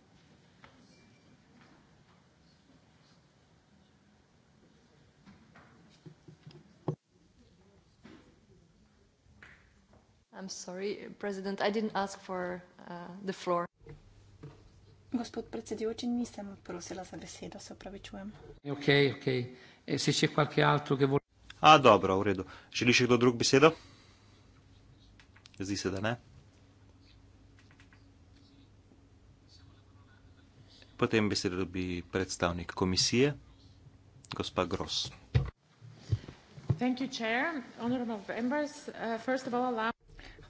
Speaker 3: I'm sorry, President, I didn't ask for uh, the floor. Gospod predsedujoči, nisem prosila za besedo, se pravi, čujem.
Speaker 4: Ok, ok. E, se še kakšne altro, ki vole. A, dobro, v redu. Želi še kdo drug besedo? Zdi se, da ne. Potem besedo dobi predstavnik komisije, gospa Gross.
Speaker 3: Thank you, Chair. Honorable members, uh, first of all, allow.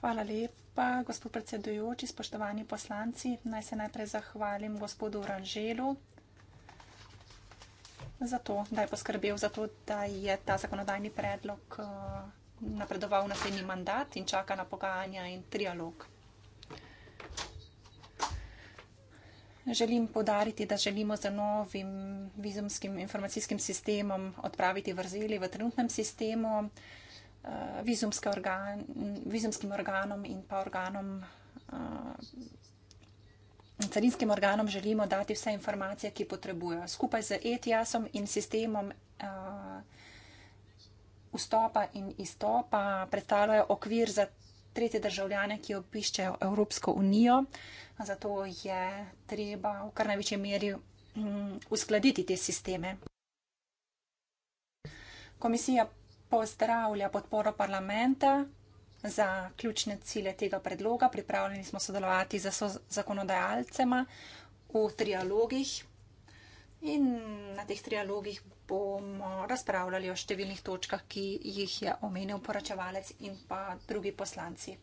Speaker 3: Hvala lepa, gospod predsedujoči, spoštovani poslanci. Naj se najprej zahvalim gospodu Ranželu za to, da je poskrbel za to, da je ta zakonodajni predlog eh, napredoval v naslednji mandat in čaka na pogajanja in trialog. Želim podariti, da želimo z novim vizumskim informacijskim sistemom odpraviti vrzeli v trenutnem sistemu. Eh, vizumske organ, vizumskim organom in pa organom, uh, carinskim organom želimo dati vse informacije, ki potrebujejo. Skupaj z ETIAS-om in sistemom uh, vstopa in izstopa predstavljajo okvir za tretje državljane, ki obiščejo Evropsko unijo. Zato je treba v kar največji meri mm, uskladiti te sisteme. Komisija pozdravlja podporo parlamenta za ključne cilje tega predloga. Pripravljeni smo sodelovati z zakonodajalcema v trialogih. In na teh trialogih bomo razpravljali o številnih točkah, ki jih je omenil poročevalec in pa drugi poslanci.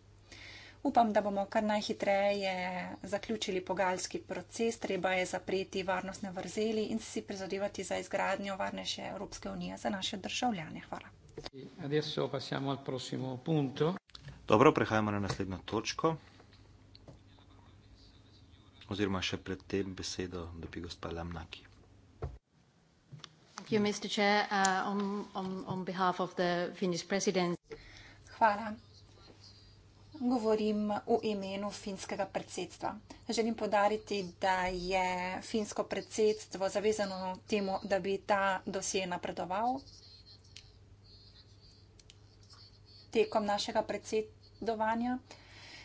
Speaker 3: Upam, da bomo kar najhitreje zaključili pogalski proces, treba je zapreti varnostne vrzeli in si prizadevati za izgradnjo varnejše Evropske unije za naše državljane. Hvala.
Speaker 1: E
Speaker 4: Dobro, prehajamo na naslednjo točko. Oziroma še pred tem besedo, da bi gospa Lamnaki. Uh,
Speaker 3: Hvala. Govorim v imenu finskega predsedstva. Želim podariti, da je finsko predsedstvo zavezano temu, da bi ta dosje napredoval tekom našega predsedovanja.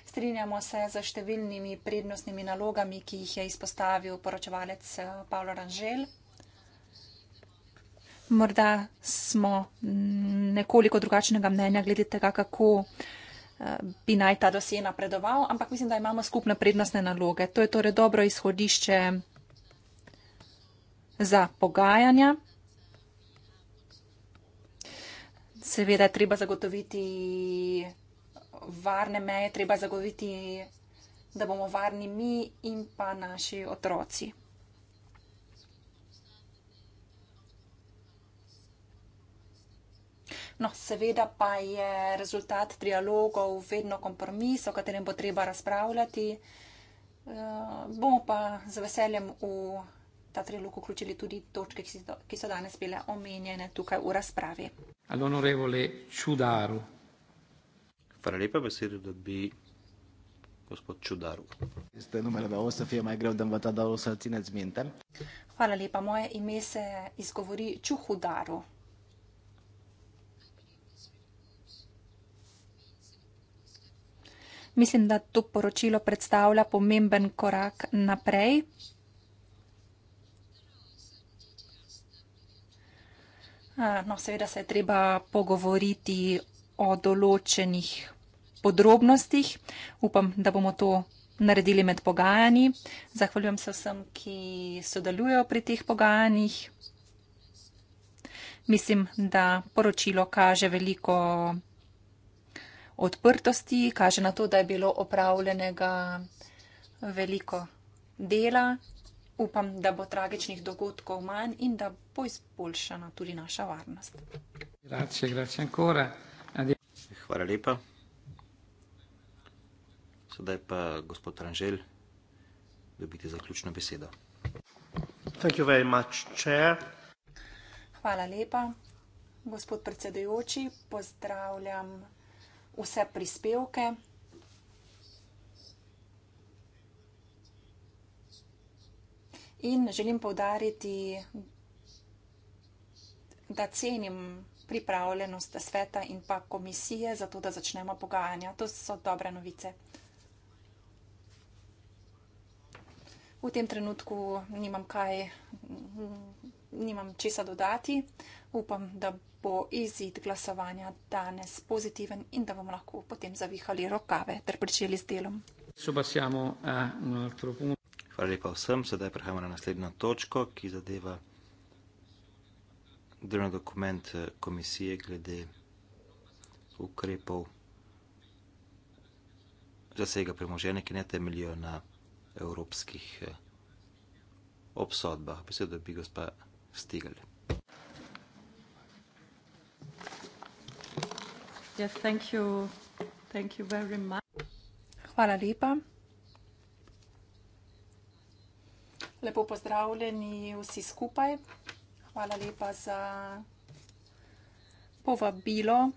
Speaker 3: Strinjamo se za številnimi prednostnimi nalogami, ki jih je izpostavil poročevalec eh, Pavlo Ranžel. Morda smo mm, nekoliko drugačnega mnenja glede tega, kako eh, bi naj ta dosje napredoval, ampak mislim, da imamo skupne prednostne naloge. To je torej dobro izhodišče za pogajanja. Seveda je treba zagotoviti varne meje, treba zagotoviti, da bomo varni mi in pa naši otroci. No, seveda pa je rezultat trialogov vedno kompromis, o katerem bo treba razpravljati. Uh, bomo pa z veseljem v ta trenutek vključili tudi točke, ki so, ki so danes bile omenjene tukaj v razpravi.
Speaker 4: Hvala lepa, besedo, da bi gospod Čudaru.
Speaker 3: Hvala lepa, moje ime se izgovori Čuhudaru. Mislim, da to poročilo predstavlja pomemben korak naprej. Eh, no, seveda se je treba pogovoriti o določenih podrobnostih. Upam, da bomo to naredili med pogajanji. Zahvaljujem se vsem, ki sodelujo pri teh pogajanjih. Mislim, da poročilo kaže veliko odprtosti, kaže na to, da je bilo opravljenega veliko dela Upam, da bo tragičnih dogodkov manj in da bo izboljšana tudi naša varnost.
Speaker 1: Grazie, grazie
Speaker 4: Hvala lepa. Sedaj pa gospod Ranžel, dobite zaključno besedo. Thank you very much, chair.
Speaker 3: Hvala lepa, gospod predsedujoči. Pozdravljam vse prispevke. In želim povdariti, da cenim pripravljenost sveta in pa komisije za to, da začnemo pogajanja. To so dobre novice. V tem trenutku nimam kaj, nimam česa dodati. Upam, da bo izid glasovanja danes pozitiven in da bomo lahko potem zavihali rokave ter pričeli z delom.
Speaker 4: Subasiamo, uh, Hvala lepa vsem. Sedaj prehajamo na naslednjo točko, ki zadeva delovni dokument eh, komisije glede ukrepov za sega premoženja, ki ne temeljijo na evropskih eh, obsodbah. Besedo bi gospa Stigl.
Speaker 3: Hvala lepa. Lepo pozdravljeni vsi skupaj. Hvala lepa za povabilo,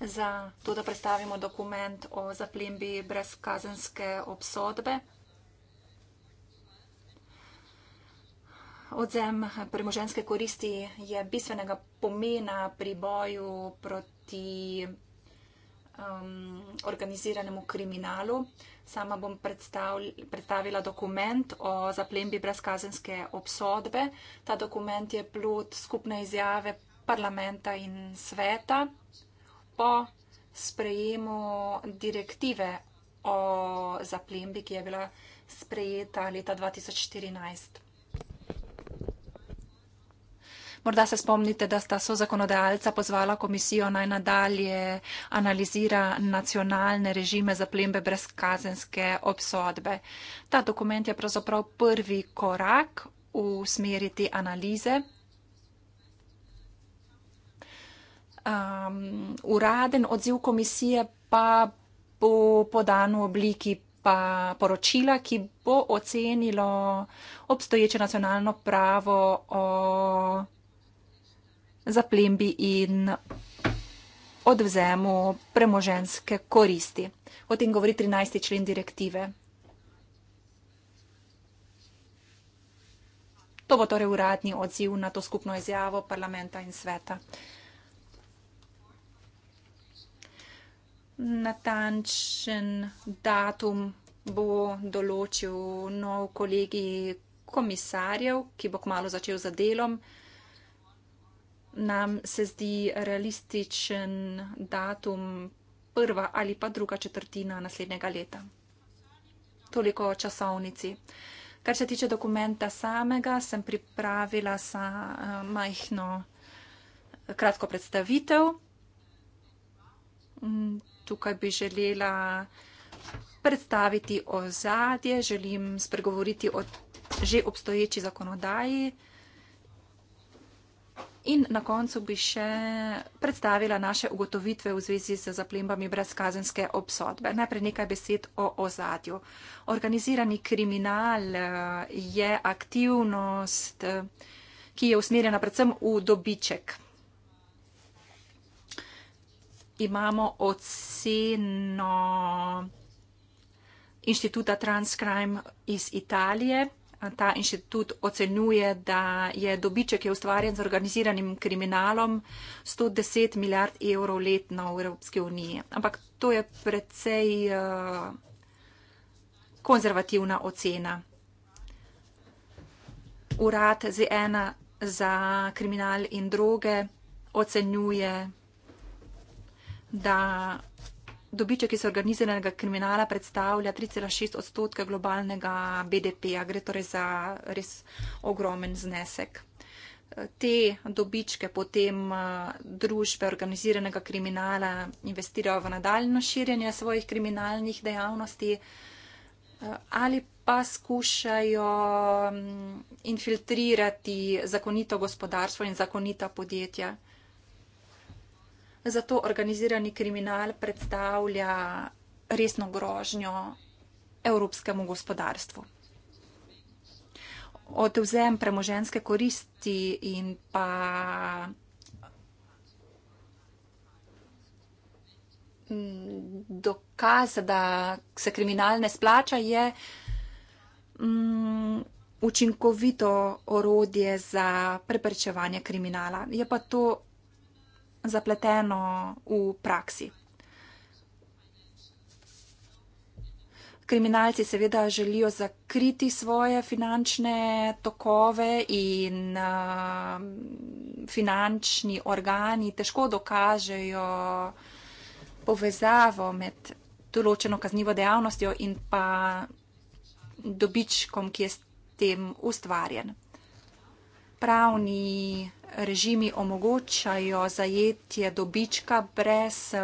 Speaker 3: za to, da predstavimo dokument o zaplembi brez kazenske obsodbe. Odzem premoženske koristi je bistvenega pomena pri boju proti um, organiziranemu kriminalu. Sama bom predstavila dokument o zaplembi brezkazenske obsodbe. Ta dokument je plod skupne izjave parlamenta in sveta po sprejemu direktive o zaplembi, ki je bila sprejeta leta 2014. Morda se spomnite, da sta so zakonodajalca pozvala komisijo naj nadalje analizira nacionalne režime za plembe brez kazenske obsodbe. Ta dokument je pravzaprav prvi korak v smeri te analize. Um, uraden odziv komisije pa bo podan v obliki pa poročila, ki bo ocenilo obstoječe nacionalno pravo o zaplembi in odvzemu premoženske koristi. O tem govori 13. člen direktive. To bo torej uradni odziv na to skupno izjavo parlamenta in sveta. Natančen datum bo določil nov kolegi komisarjev, ki bo kmalo začel za delom nam se zdi realističen datum prva ali pa druga četrtina naslednjega leta. Toliko o časovnici. Kar se tiče dokumenta samega, sem pripravila sa eh, majhno eh, kratko predstavitev. Mm, tukaj bi želela predstaviti ozadje, želim spregovoriti o že obstoječi zakonodaji, In na koncu bi še predstavila naše ugotovitve v zvezi z zaplembami brez kazenske obsodbe. Najprej nekaj besed o ozadju. Organizirani kriminal eh, je aktivnost, eh, ki je usmerjena predvsem v dobiček. Imamo oceno inštituta Transcrime iz Italije ta inštitut ocenjuje, da je dobiček, ki je ustvarjen z organiziranim kriminalom, 110 milijard evrov letno v Evropski uniji. Ampak to je precej eh, konzervativna ocena. Urad ZN za kriminal in droge ocenjuje, da dobiček iz organiziranega kriminala predstavlja 3,6 odstotka globalnega BDP-ja. Gre torej za res ogromen znesek. Te dobičke potem eh, družbe organiziranega kriminala investirajo v nadaljno širjenje svojih kriminalnih dejavnosti eh, ali pa skušajo mm, infiltrirati zakonito gospodarstvo in zakonita podjetja. Zato organizirani kriminal predstavlja resno grožnjo evropskemu gospodarstvu. Odvzem premoženske koristi in pa dokaz, da se kriminal ne splača, je mm, učinkovito orodje za preprečevanje kriminala. Je pa to zapleteno v praksi. Kriminalci seveda želijo zakriti svoje finančne tokove in uh, finančni organi težko dokažejo povezavo med določeno kaznivo dejavnostjo in pa dobičkom, ki je s tem ustvarjen. Pravni režimi omogočajo zajetje dobička brez eh,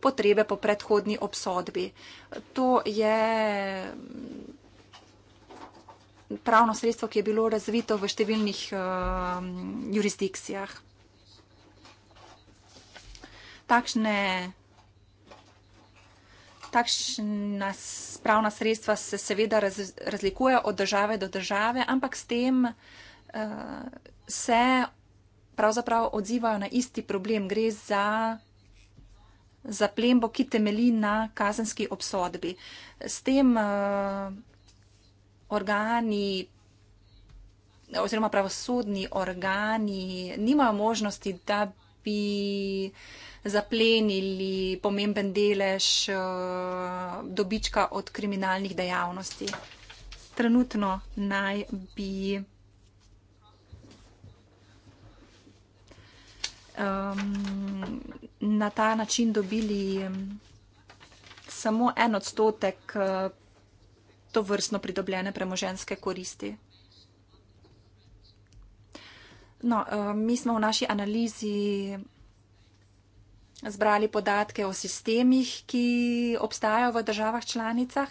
Speaker 3: potrebe po predhodni obsodbi. To je pravno sredstvo, ki je bilo razvito v številnih eh, jurisdikcijah. Takšne Takšna spravna sredstva se seveda raz, razlikujejo od države do države, ampak s tem uh, vse pravzaprav odzivajo na isti problem. Gre za zaplembo, ki temeli na kazenski obsodbi. S tem uh, organi oziroma pravosodni organi nimajo možnosti, da bi zaplenili pomemben delež uh, dobička od kriminalnih dejavnosti. Trenutno naj bi. um, na ta način dobili samo en odstotek uh, eh, to vrstno pridobljene premoženske koristi. No, um, mi smo v naši analizi zbrali podatke o sistemih, ki obstajajo v državah članicah.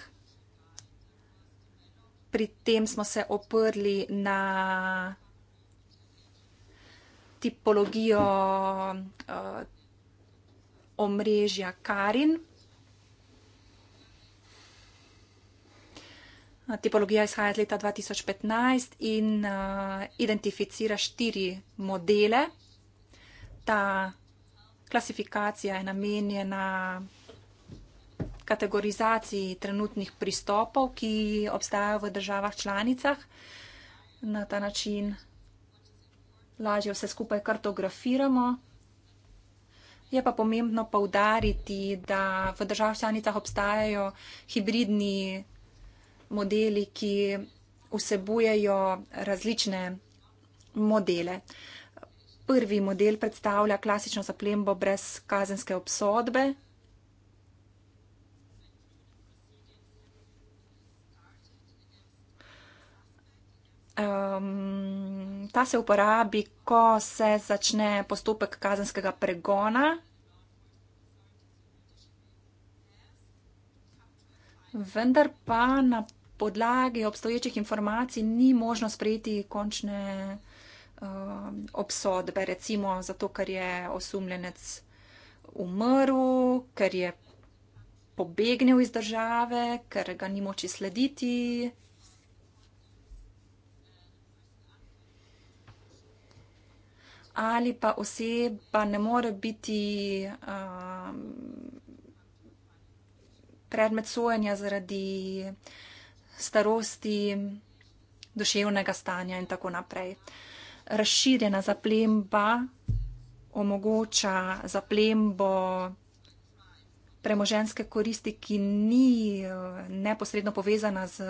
Speaker 3: Pri tem smo se oprli na tipologijo uh, omrežja Karin. Eh, tipologija izhaja iz leta 2015 in uh, identificira štiri modele. Ta klasifikacija je namenjena kategorizaciji trenutnih pristopov, ki obstajajo v državah članicah. Na ta način lažje vse skupaj kartografiramo. Je pa pomembno povdariti, da v državah članicah obstajajo hibridni modeli, ki vsebujejo različne modele. Prvi model predstavlja klasično zaplembo brez kazenske obsodbe. Um, ta se uporabi, ko se začne postopek kazenskega pregona. Vendar pa na podlagi obstoječih informacij ni možno sprejeti končne uh, obsodbe, recimo zato, ker je osumljenec umrl, ker je pobegnil iz države, ker ga ni moči slediti. ali pa oseba ne more biti um, predmet sojenja zaradi starosti, duševnega stanja in tako naprej. Razširjena zaplemba omogoča zaplembo premoženske koristi, ki ni uh, neposredno povezana z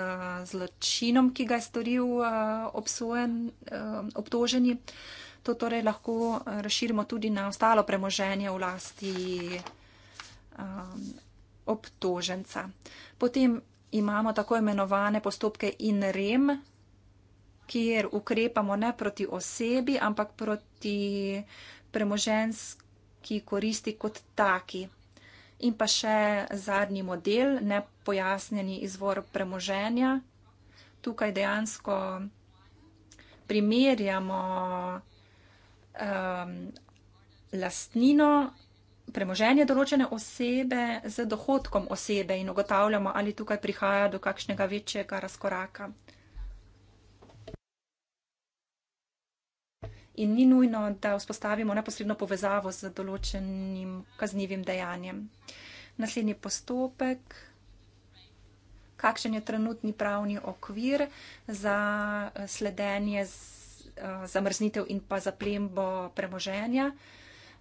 Speaker 3: zločinom, ki ga je storil uh, obsojen, uh, obtoženi to torej lahko eh, razširimo tudi na ostalo premoženje v lasti um, obtoženca. Potem imamo tako imenovane postopke in rem, kjer ukrepamo ne proti osebi, ampak proti premoženski koristi kot taki. In pa še zadnji model, nepojasnjeni izvor premoženja. Tukaj dejansko primerjamo Um, lastnino, premoženje določene osebe z dohodkom osebe in ugotavljamo, ali tukaj prihaja do kakšnega večjega razkoraka. In ni nujno, da vzpostavimo neposredno povezavo z določenim kaznivim dejanjem. Naslednji postopek. Kakšen je trenutni pravni okvir za sledenje Eh, zamrznitev in pa zaplembo premoženja.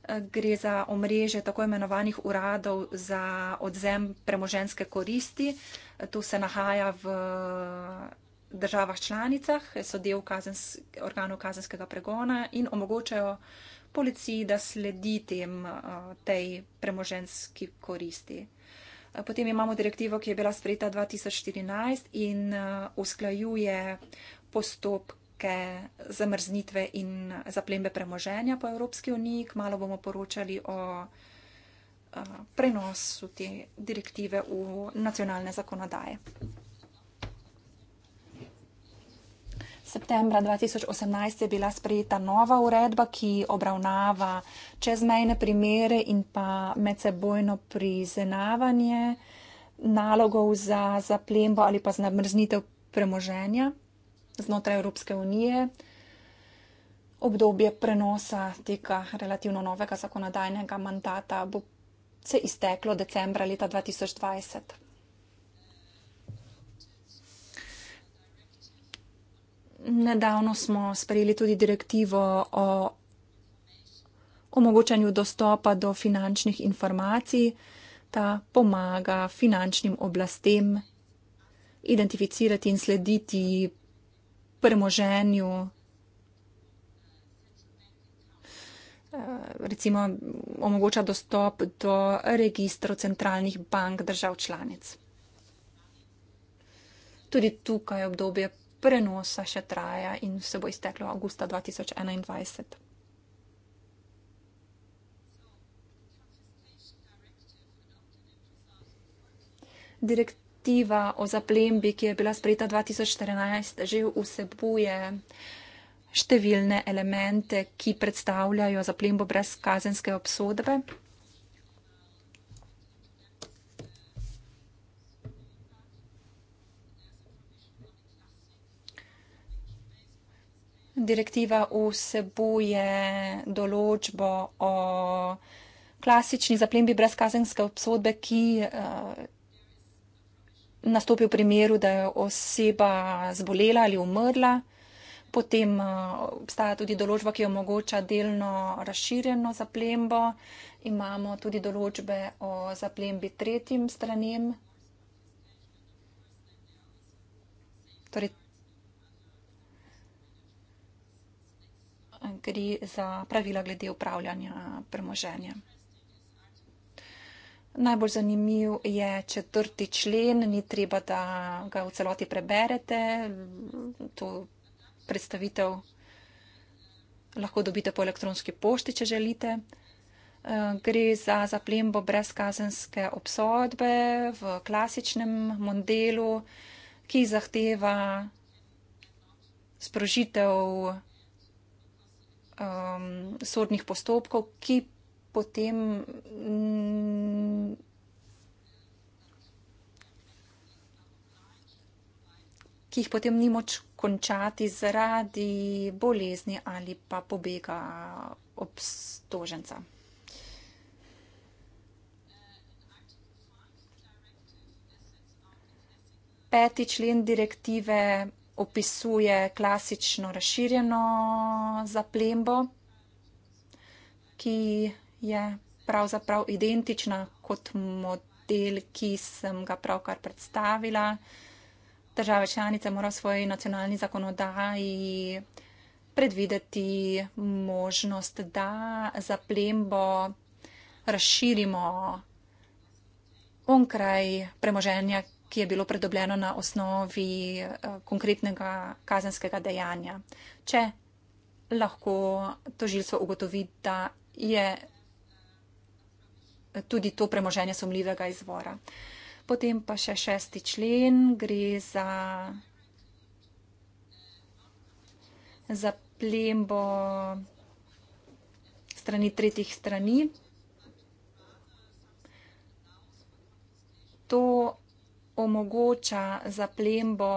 Speaker 3: Eh, gre za omrežje tako imenovanih uradov za odzem premoženske koristi. Eh, to se nahaja v državah članicah, so del kazens, organov kazenskega pregona in omogočajo policiji, da sledi tem tej premoženski koristi. Potem imamo direktivo, ki je bila sprejeta 2014 in usklajuje postopke velike zamrznitve in zaplembe premoženja po Evropski uniji. Kmalo bomo poročali o eh, prenosu te direktive v nacionalne zakonodaje. Septembra 2018 je bila sprejeta nova uredba, ki obravnava čezmejne primere in pa medsebojno priznavanje nalogov za zaplembo ali pa zamrznitev premoženja znotraj Evropske unije. Obdobje prenosa tega relativno novega zakonodajnega mandata bo se izteklo decembra leta 2020. Nedavno smo sprejeli tudi direktivo o omogočanju dostopa do finančnih informacij. Ta pomaga finančnim oblastem identificirati in slediti premoženju. Eh, recimo omogoča dostop do registrov centralnih bank držav članic. Tudi tukaj obdobje prenosa še traja in se bo izteklo avgusta 2021. Direkt, direktiva o zaplembi, ki je bila sprejeta 2014, že vsebuje številne elemente, ki predstavljajo zaplembo brez kazenske obsodbe. Direktiva vsebuje določbo o klasični zaplembi brez kazenske obsodbe, ki eh, nastopi v primeru, da je oseba zbolela ali umrla. Potem eh, obstaja tudi določba, ki omogoča delno razširjeno zaplembo. Imamo tudi določbe o zaplembi tretjim stranem. Torej, gre za pravila glede upravljanja premoženja. Najbolj zanimiv je četrti člen, ni treba, da ga v celoti preberete. To predstavitev lahko dobite po elektronski pošti, če želite. Eh, gre za zaplembo brez kazenske obsodbe v klasičnem modelu, ki zahteva sprožitev um, sodnih postopkov, ki potem. Mm, ki jih potem ni moč končati zaradi bolezni ali pa pobega obstoženca. Peti člen direktive opisuje klasično razširjeno zaplembo, ki je pravzaprav identična kot model, ki sem ga pravkar predstavila. Države članice morajo v svoji nacionalni zakonodaji predvideti možnost, da zaplembo razširimo onkraj premoženja, ki je bilo predobljeno na osnovi eh, konkretnega kazenskega dejanja. Če lahko tožilstvo ugotovi, da je tudi to premoženje sumljivega izvora. Potem pa še šesti člen gre za zaplembo strani tretjih strani. To omogoča zaplembo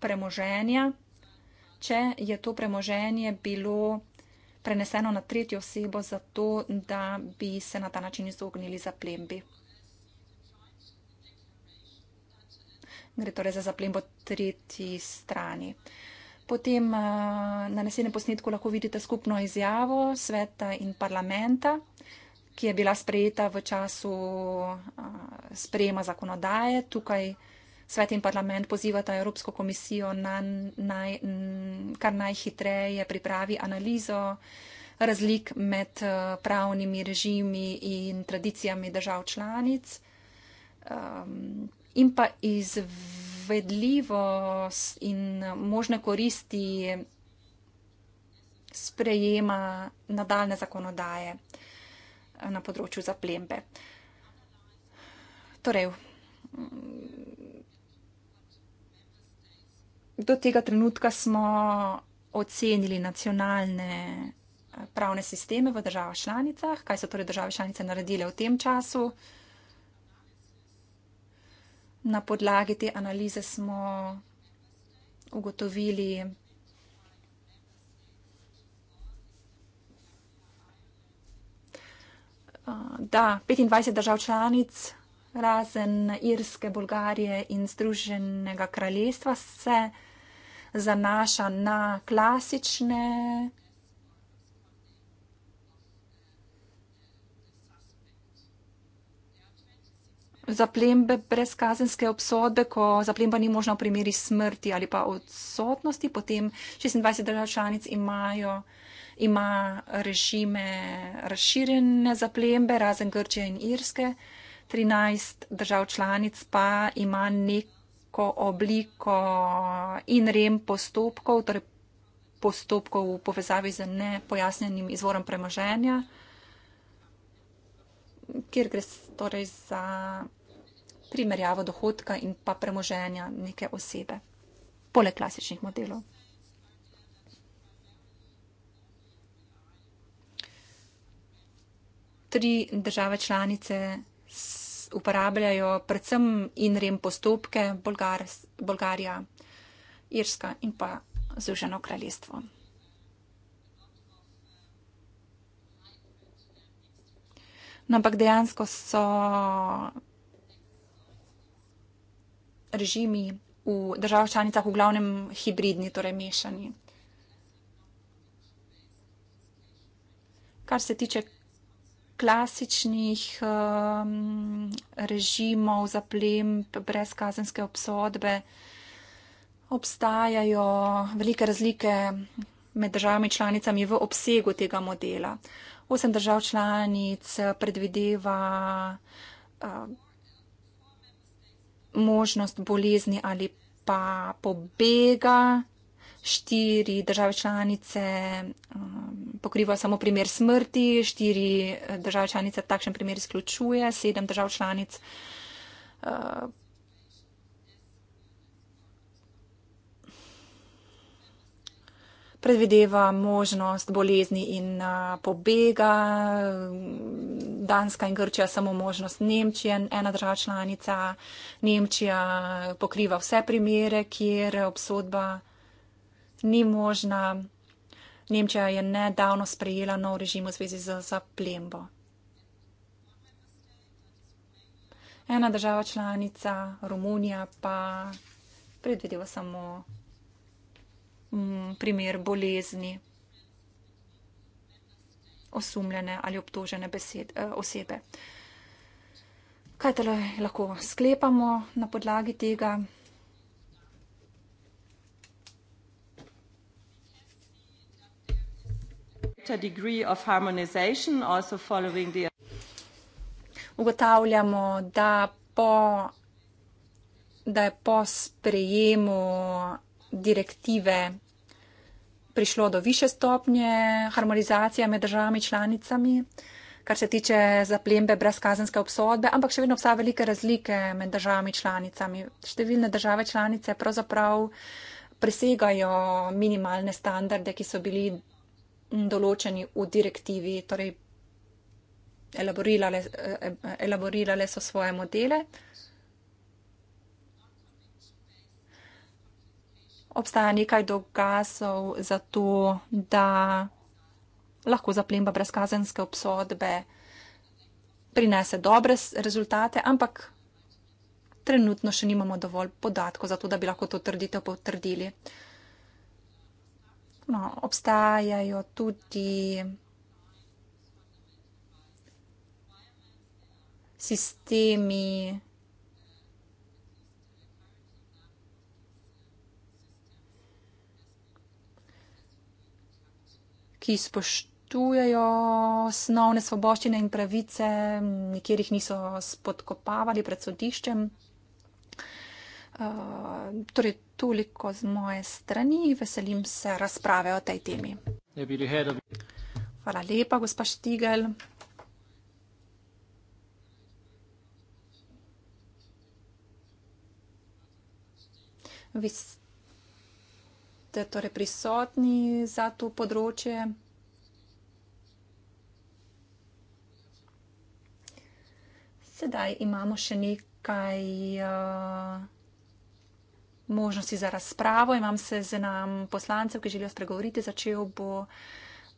Speaker 3: premoženja, če je to premoženje bilo preneseno na tretjo osebo, zato da bi se na ta način izognili zaplembi. Gre torej za zaplembo tretji strani. Potem eh, na naslednjem posnetku lahko vidite skupno izjavo sveta in parlamenta, ki je bila sprejeta v času eh, sprejema zakonodaje. Tukaj Svet in parlament pozivata Evropsko komisijo, na, naj, kar najhitreje pripravi analizo razlik med eh, pravnimi režimi in tradicijami držav članic in pa izvedljivost in možne koristi sprejema nadaljne zakonodaje eh, na področju zaplembe. Torej, do tega trenutka smo ocenili nacionalne eh, pravne sisteme v državah članicah, kaj so torej države članice naredile v tem času. Na podlagi te analize smo ugotovili, eh, da 25 držav članic, razen Irske, Bolgarije in Združenega kraljestva, se je zanaša na klasične zaplembe brez kazenske obsodbe, ko zaplemba ni možna v primeri smrti ali pa odsotnosti, potem 26 držav članic imajo, ima režime razširjene zaplembe, razen Grčije in Irske, 13 držav članic pa ima nek vsebinsko obliko in rem postopkov, torej postopkov v povezavi z nepojasnjenim izvorom premoženja, kjer gre torej za primerjavo dohodka in pa premoženja neke osebe, poleg klasičnih modelov. Tri države članice uporabljajo predvsem in-rem postopke Bolgar, Bolgarija, Irska in pa Združeno kraljestvo. No, ampak dejansko so režimi v državah članicah v glavnem hibridni, torej mešani. Kar se tiče klasičnih um, režimov za plem brez kazenske obsodbe obstajajo velike razlike med državami članicami v obsegu tega modela. Osem držav članic predvideva uh, možnost bolezni ali pa pobega štiri države članice um, pokriva samo primer smrti, štiri eh, države članice takšen primer izključuje, sedem držav članic eh, predvideva možnost bolezni in eh, pobega, Danska in Grčija samo možnost Nemčije, ena država članica, Nemčija pokriva vse primere, kjer obsodba ni možna. Nemčija je nedavno sprejela nov režim v zvezi z zaplembo. Ena država članica, Romunija, pa predvideva samo mm, primer bolezni osumljene ali obtožene besed, eh, osebe. Kaj tole lahko sklepamo na podlagi tega? greater degree of harmonization, also following the. Ugotavljamo, da, po, da je po sprejemu direktive prišlo do više stopnje harmonizacije med državami članicami, kar se tiče zaplembe brez kazenske obsodbe, ampak še vedno obstaja velike razlike med državami članicami. Številne države članice pravzaprav presegajo minimalne standarde, ki so bili določeni v direktivi, torej elaborirale, elaborirale so svoje modele. Obstaja nekaj dokazov za to, da lahko zaplemba brezkazenske obsodbe prinese dobre rezultate, ampak trenutno še nimamo dovolj podatkov za to, da bi lahko to trditev potrdili. No, obstajajo tudi sistemi ki spoštujejo osnovne svoboščine in pravice, nikjer jih niso spodkopavali pred sodiščem. Eh, torej toliko z moje strani, veselim se razprave o tej temi. Hvala lepa, gospa Štigel. Vi ste torej prisotni za to področje? Sedaj imamo še nekaj. Uh možnosti za razpravo. Imam se z nam poslancev, ki želijo spregovoriti. Začel bo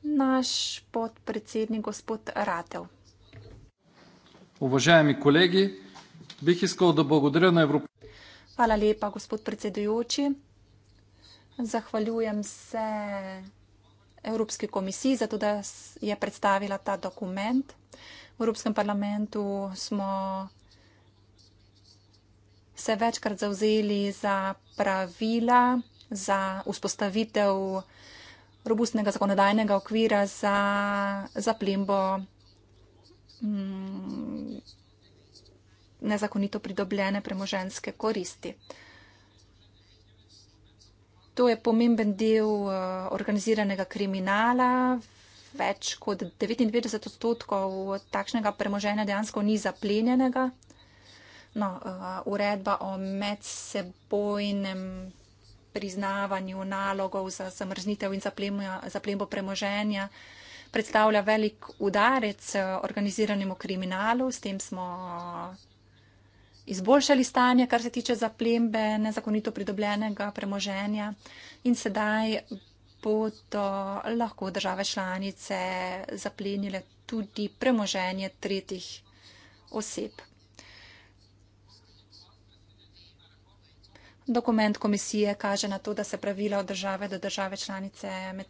Speaker 3: naš podpredsednik gospod Ratev.
Speaker 1: Uvaženi kolegi, bi iskal, da bo odrejen na Evropi.
Speaker 3: Hvala lepa, gospod predsedujoči. Zahvaljujem se Evropski komisiji za to, da je predstavila ta dokument. V Evropskem parlamentu smo se večkrat zauzeli za pravila, za vzpostavitev robustnega zakonodajnega okvira za zaplimbo mm, nezakonito pridobljene premoženske koristi. To je pomemben del eh, organiziranega kriminala, več kot 99 odstotkov takšnega premoženja dejansko ni zaplenjenega, no, uh, uredba o medsebojnem priznavanju nalogov za zamrznitev in zaplembo premoženja predstavlja velik udarec uh, organiziranemu kriminalu. S tem smo uh, izboljšali stanje, kar se tiče zaplembe nezakonito pridobljenega premoženja in sedaj bodo lahko države članice zaplenile tudi premoženje tretjih oseb. dokument komisije kaže na to, da se pravila od države do države članice med,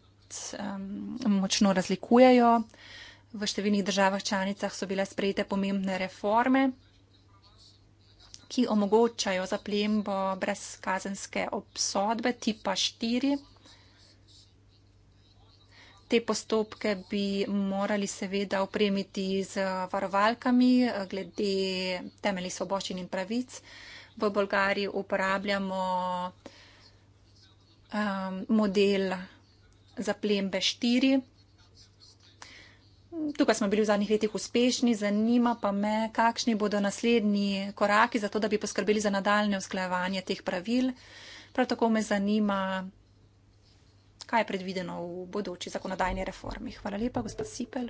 Speaker 3: um, močno razlikujejo. V številnih državah članicah so bile sprejete pomembne reforme, ki omogočajo zaplembo brez kazenske obsodbe tipa 4. Te postopke bi morali seveda opremiti z varovalkami eh, glede temeljih svoboščin in pravic v Bolgariji uporabljamo um, model za plembe 4. Tukaj smo bili v zadnjih letih uspešni, zanima pa me, kakšni bodo naslednji koraki za to, da bi poskrbeli za nadaljne usklajevanje teh pravil. Prav tako me zanima, kaj je predvideno v bodoči zakonodajni reformi. Hvala lepa, gospod Sipel.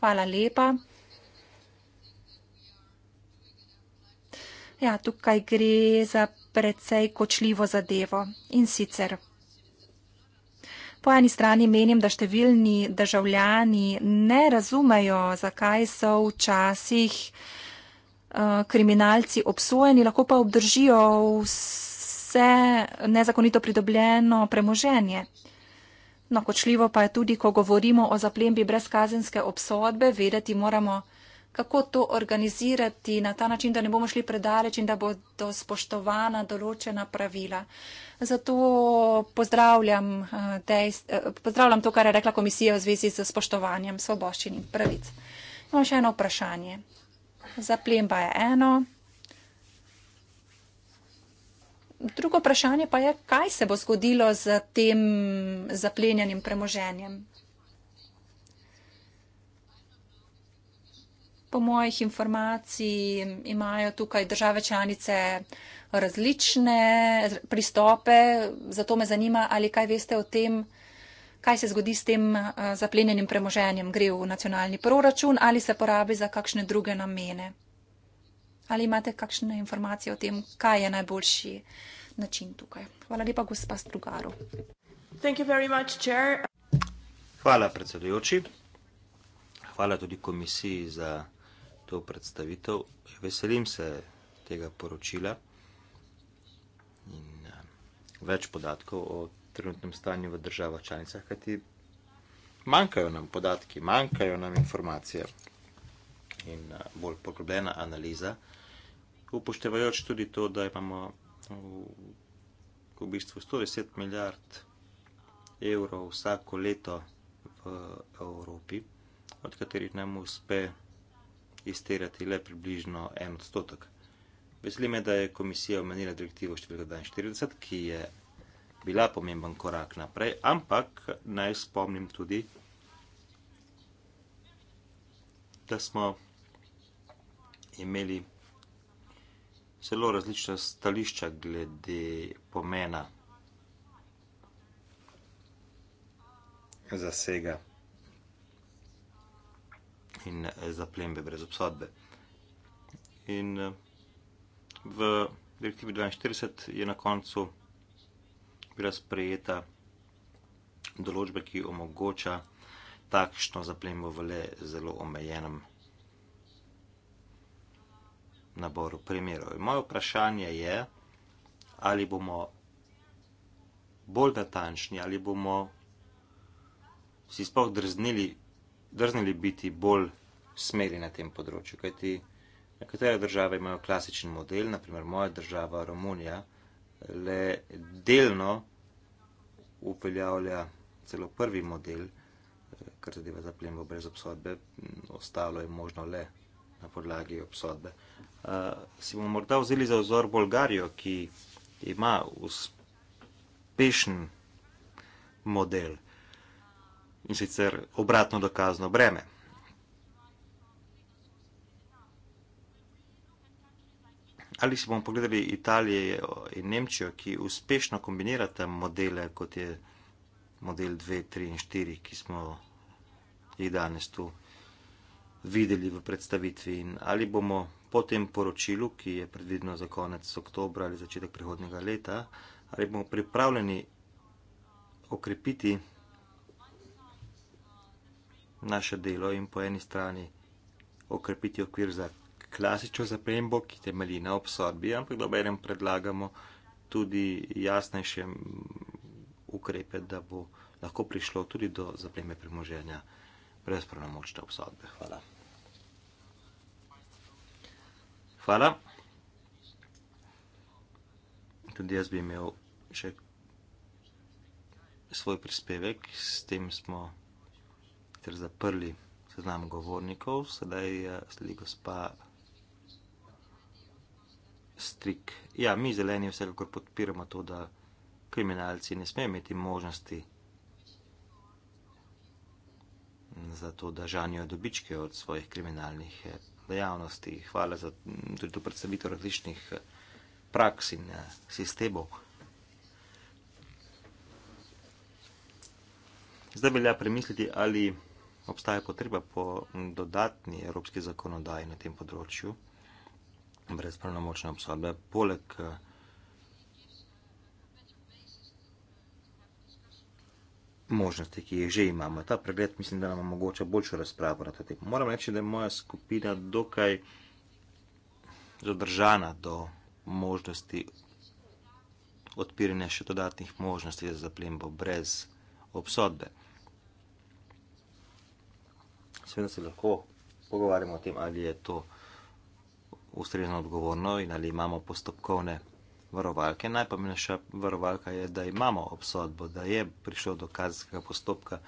Speaker 3: Hvala lepa. Ja, tukaj gre za precej kočljivo zadevo in sicer. Po eni strani menim, da številni državljani ne razumejo, zakaj so včasih eh, kriminalci obsojeni, lahko pa obdržijo vse nezakonito pridobljeno premoženje. No, kočljivo pa je tudi, ko govorimo o zaplembi brez kazenske obsodbe, vedeti moramo, kako to organizirati na ta način, da ne bomo šli predaleč in da bodo spoštovana določena pravila. Zato pozdravljam, eh, dejst, eh, pozdravljam to, kar je rekla komisija v zvezi z spoštovanjem svoboščin in pravic. Imam še eno vprašanje. Zaplemba je eno. Drugo vprašanje pa je, kaj se bo zgodilo z tem zaplenjanjem premoženjem. Po mojih informacij imajo tukaj države članice različne pristope, zato me zanima, ali kaj veste o tem, kaj se zgodi s tem eh, zaplenjenim premoženjem, gre v nacionalni proračun ali se porabi za kakšne druge namene. Ali imate kakšne informacije o tem, kaj je najboljši način tukaj? Hvala lepa, gospa Strugaru.
Speaker 4: Hvala predsedujoči. Hvala tudi komisiji za to predstavitev. Veselim se tega poročila in uh, več podatkov o trenutnem stanju v državah članicah, kajti manjkajo nam podatki, manjkajo nam informacije in uh, bolj poglobljena analiza, upoštevajoč tudi to, da imamo v, v bistvu 110 milijard evrov vsako leto v Evropi, od katerih nam uspe izterjati le približno en odstotek. Veseli me, da je komisija omenila direktivo 442, ki je bila pomemben korak naprej, ampak naj spomnim tudi, da smo imeli zelo različna stališča glede pomena zasega in eh, zaplembe brez obsodbe. In eh, v direktivi 42 je na koncu bila sprejeta določba, ki omogoča takšno zaplembo v le zelo omejenem naboru primerov. Moje vprašanje je, ali bomo bolj natančni, ali bomo si sploh drznili drznili biti bolj smeri na tem področju. Kajti nekatere države imajo klasičen model, naprimer moja država, Romunija, le delno upeljavlja celo prvi model, eh, kar zadeva zaplembo brez obsodbe, ostalo je možno le na podlagi obsodbe. Uh, si bomo morda vzeli za ozor Bolgarijo, ki ima uspešen model in sicer obratno dokazno breme. Ali si bomo pogledali Italijo in Nemčijo, ki uspešno kombinirata modele, kot je model 2, 3 in 4, ki smo jih danes tu videli v predstavitvi. In ali bomo po tem poročilu, ki je predvideno za konec oktobra ali začetek prihodnega leta, ali bomo pripravljeni okrepiti naše delo in po eni strani okrepiti okvir za klasično zapembo, ki temelji na obsodbi, ampak da berem predlagamo tudi jasnejše ukrepe, da bo lahko prišlo tudi do zapreme premoženja brez pravnomočne obsodbe. Hvala. Hvala. Tudi jaz bi imel še svoj prispevek, s tem smo sicer zaprli seznam govornikov, sedaj eh, sledi gospa Strik. Ja, mi zeleni vsekakor podpiramo to, da kriminalci ne smejo imeti možnosti za to, da žanijo dobičke od svojih kriminalnih eh, dejavnosti. Hvala za mm, tudi to predstavitev različnih eh, praks in sistemov. Zdaj velja premisliti, ali obstaja potreba po dodatni evropski zakonodaji na tem področju brez pravnomočne obsodbe, poleg eh, možnosti, ki jih že imamo. Ta pregled mislim, da nam omogoča boljšo razpravo na to temo. Moram reči, da je moja skupina dokaj zadržana do možnosti odpiranja še dodatnih možnosti za zaplembo brez obsodbe. Seveda se lahko pogovarjamo o tem, ali je to ustrezno odgovorno in ali imamo postopkovne varovalke. Najpomembnejša varovalka je, da imamo obsodbo, da je prišel do kazenskega postopka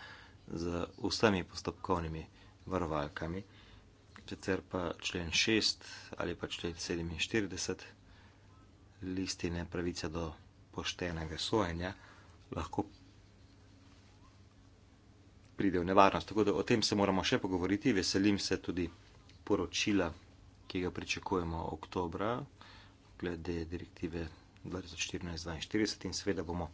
Speaker 4: z vsemi postopkovnimi varovalkami. Sicer pa člen 6 ali pa člen 47 listine pravice do poštenega sojenja lahko pride v nevarnost. Tako da o tem se moramo še pogovoriti. Veselim se tudi poročila, ki ga pričakujemo v oktobra, glede direktive 2014-42 in seveda bomo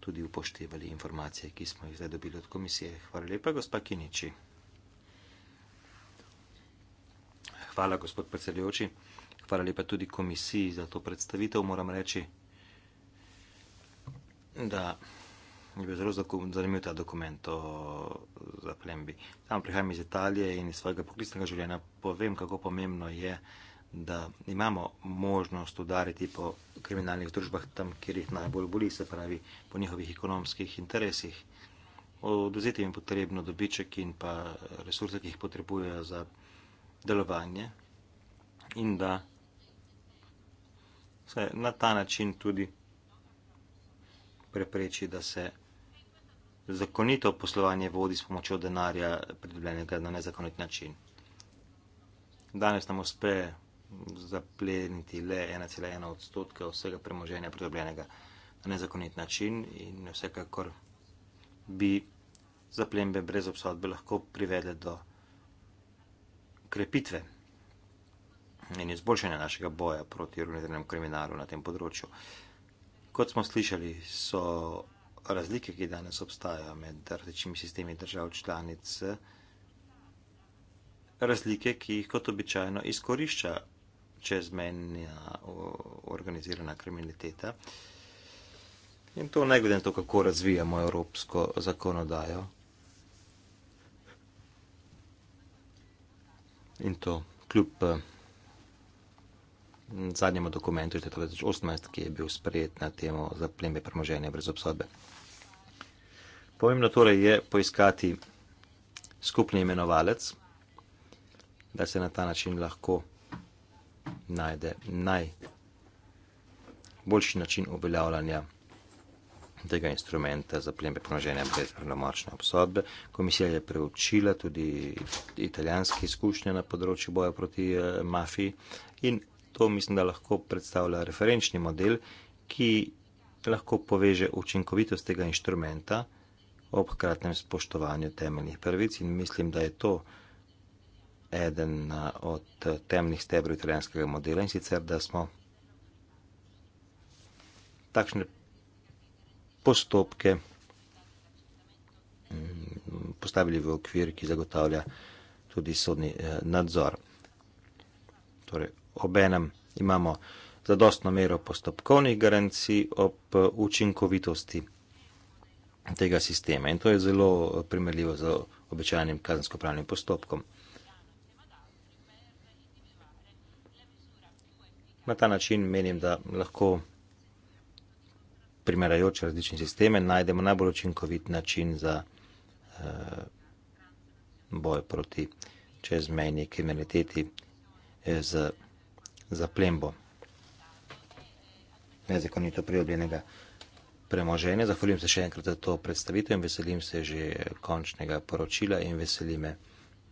Speaker 4: tudi upoštevali informacije, ki smo jih zdaj dobili od komisije. Hvala lepa, gospa Kiniči. Hvala, gospod predsedujoči. Hvala lepa tudi komisiji za to predstavitev. Moram reči, da je bil zelo zanimiv ta dokument o zaplembi. Sam prihajam iz Italije in iz svojega poklicnega življenja povem, kako pomembno je, da imamo možnost udariti po kriminalnih družbah tam, kjer jih najbolj boli, se pravi po njihovih ekonomskih interesih. Oduzeti jim potrebno dobiček in pa resurse, ki jih potrebujejo za delovanje in da se na ta način tudi prepreči, da se zakonito poslovanje vodi s pomočjo denarja, pridobljenega na nezakonit način. Danes nam uspe zapleniti le 1,1 odstotka vsega premoženja pridobljenega na nezakonit način in vsekakor bi zaplembe brez obsodbe lahko privedle do krepitve in izboljšanja našega boja proti organiziranemu kriminalu na tem področju. Kot smo slišali, so razlike, ki danes obstajajo med različnimi sistemi držav članic, razlike, ki jih kot običajno izkorišča čezmenja organizirana kriminaliteta. In to ne glede na to, kako razvijamo evropsko zakonodajo. In to kljub eh, zadnjemu dokumentu iz 2018, ki je bil sprejet na temo zaplembe premoženja brez obsodbe. Pomembno torej je poiskati skupni imenovalec, da se na ta način lahko najde najboljši način uveljavljanja tega instrumenta za plembe premoženja brez pravnomočne obsodbe. Komisija je preučila tudi italijanske izkušnje na področju boja proti eh, mafiji in To mislim, da lahko predstavlja referenčni model, ki lahko poveže učinkovitost tega inštrumenta ob hkratnem spoštovanju temeljnih prvic in mislim, da je to eden od temnih stebrov italijanskega modela in sicer, da smo takšne postopke mm, postavili v okvir, ki zagotavlja tudi sodni eh, nadzor. Torej, obenem imamo zadostno mero postopkovnih garancij ob učinkovitosti tega sistema. In to je zelo primerljivo z običajnim kazensko-pravnim postopkom. Na ta način menim, da lahko primerajoče različne sisteme najdemo najbolj učinkovit način za eh, boj proti čezmejni kriminaliteti eh, z eh, za plembo. Nezakonito pridobljenega premoženja. Zahvaljujem se še enkrat za to predstavitev in veselim se že končnega poročila in veselim me,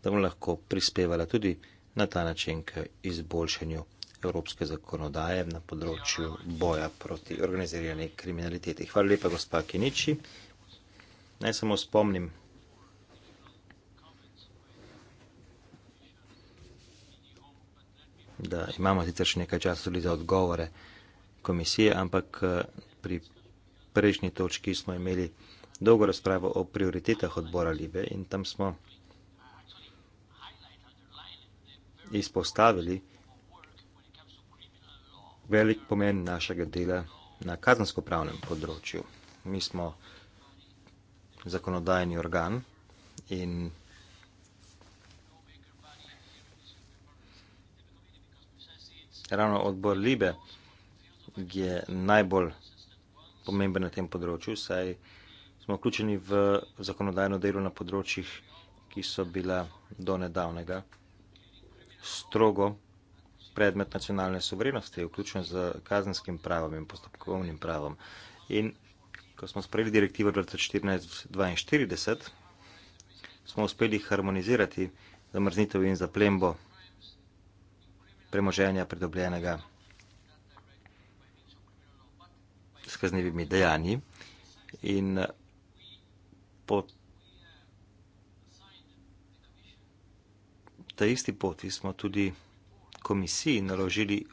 Speaker 4: da bom lahko prispevala tudi na ta način k izboljšanju evropske zakonodaje na področju boja proti organizirani kriminaliteti. Hvala lepa, gospa Kiniči. Naj samo spomnim da imamo sicer še nekaj časa tudi za odgovore komisije, ampak eh, pri prejšnji točki smo imeli dolgo razpravo o prioritetah odbora Libe in tam smo izpostavili velik pomen našega dela na kazansko-pravnem področju. Mi smo zakonodajni organ in Ravno odbor Libe je najbolj pomemben na tem področju, saj smo vključeni v zakonodajno delo na področjih, ki so bila do nedavnega strogo predmet nacionalne soverenosti, vključno z kazenskim pravom in postopkovnim pravom. In ko smo sprejeli direktivo 2014-42, smo uspeli harmonizirati zamrznitev in zaplembo premoženja pridobljenega s kaznevimi dejanji in eh, po ta isti poti smo tudi komisiji naložili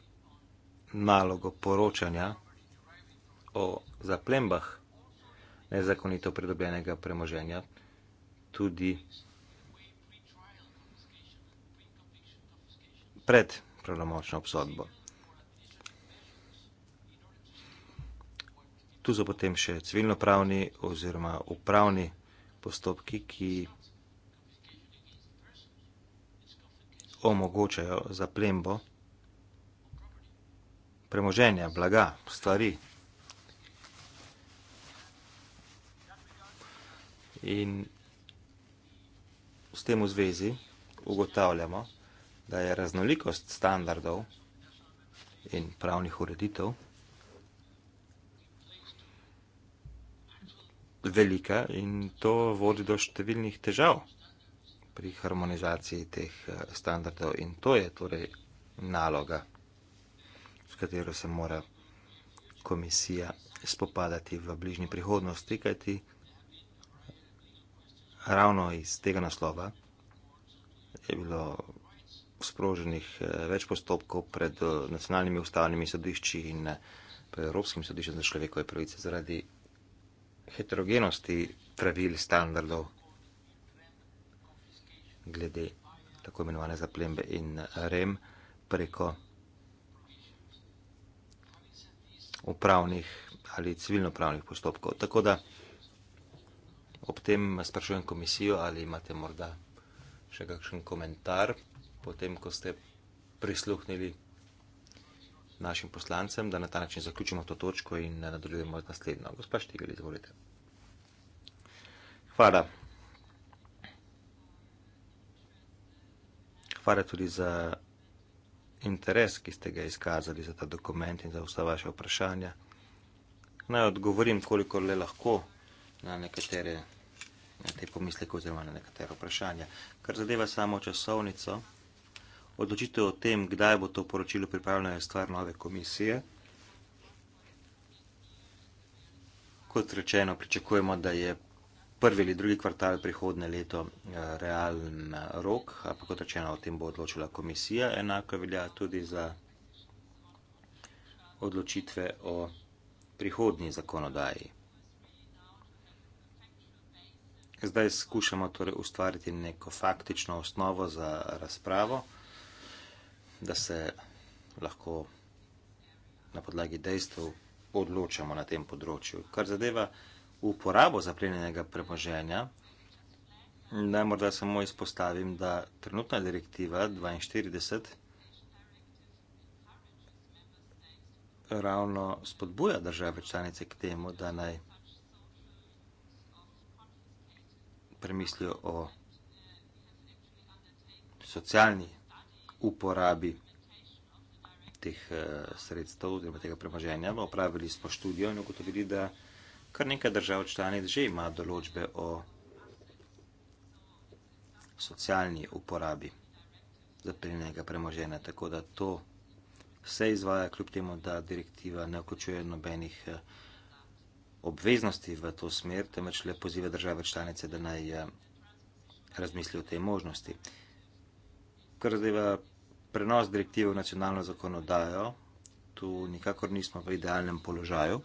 Speaker 4: nalogo poročanja o zaplembah nezakonito pridobljenega premoženja, tudi pred premoženja pravnomočno obsodbo. Tu so potem še civilno-pravni oziroma upravni postopki, ki omogočajo zaplembo premoženja, blaga, stvari. In s tem v zvezi ugotavljamo, da je raznolikost standardov in pravnih ureditev velika in to vodi do številnih težav pri harmonizaciji teh eh, standardov in to je torej naloga, s katero se mora komisija spopadati v bližnji prihodnosti, kajti ravno iz tega naslova je bilo sproženih eh, več postopkov pred eh, nacionalnimi ustavnimi sodišči in eh, pred Evropskim sodiščem za človekove pravice zaradi heterogenosti pravil, standardov glede tako imenovane zaplembe in rem preko upravnih ali civilnopravnih postopkov. Tako da ob tem sprašujem komisijo, ali imate morda še kakšen komentar potem, ko ste prisluhnili našim poslancem, da na ta način zaključimo to točko in nadaljujemo z naslednjo. Gospa Štigel, izvolite. Hvala. Hvala tudi za interes, ki ste ga izkazali za ta dokument in za vsa vaše vprašanja. Naj odgovorim, koliko le lahko na nekatere na te pomisleke oziroma na nekatere vprašanja. Kar zadeva samo časovnico, odločitev o tem, kdaj bo to poročilo pripravljeno, je stvar nove komisije. Kot rečeno, pričakujemo, da je prvi ali drugi kvartal prihodne leto eh, realen eh, rok, ampak kot rečeno, o tem bo odločila komisija. Enako velja tudi za odločitve o prihodnji zakonodaji. Zdaj skušamo torej ustvariti neko faktično osnovo za razpravo da se lahko na podlagi dejstev odločamo na tem področju. Kar zadeva uporabo zaplenjenega premoženja, naj morda samo izpostavim, da trenutna direktiva 42 ravno spodbuja države članice k temu, da naj premislijo o socialni uporabi teh eh, sredstev oziroma tega premoženja. No, opravili smo študijo in ugotovili, da kar nekaj držav članic že ima določbe o socialni uporabi zapeljenega premoženja. Tako da to vse izvaja, kljub temu, da direktiva ne vključuje nobenih eh, obveznosti v to smer, temveč le poziva države članice, da naj eh, razmisli o tej možnosti kar zadeva prenos direktive v nacionalno zakonodajo, tu nikakor nismo v idealnem položaju.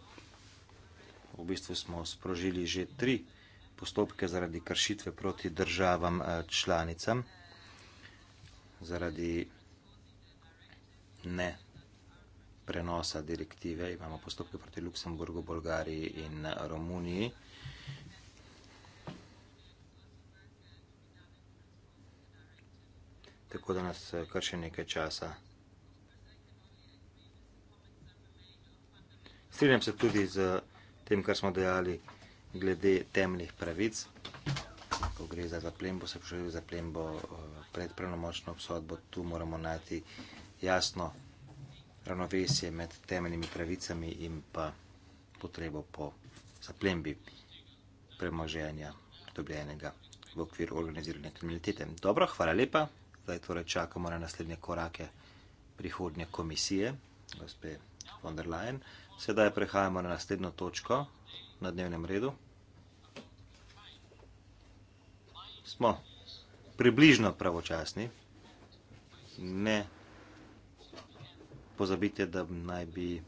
Speaker 4: V bistvu smo sprožili že tri postopke zaradi kršitve proti državam eh, članicam, zaradi ne prenosa direktive. Imamo postopke proti Luksemburgu, Bolgariji in eh, Romuniji. tako da nas eh, kar še nekaj časa. Strinjam se tudi z tem, kar smo dejali glede temnih pravic, ko gre za zaplembo, se pravi zaplembo eh, pred pravnomočno obsodbo, tu moramo najti jasno ravnovesje med temeljnimi pravicami in pa potrebo po zaplembi premoženja dobljenega v okviru organizirane kriminalitete. Dobro, hvala lepa zdaj torej čakamo na naslednje korake prihodnje komisije, gospe von der Leyen. Sedaj prehajamo na naslednjo točko na dnevnem redu. Smo približno pravočasni. Ne pozabite, da naj bi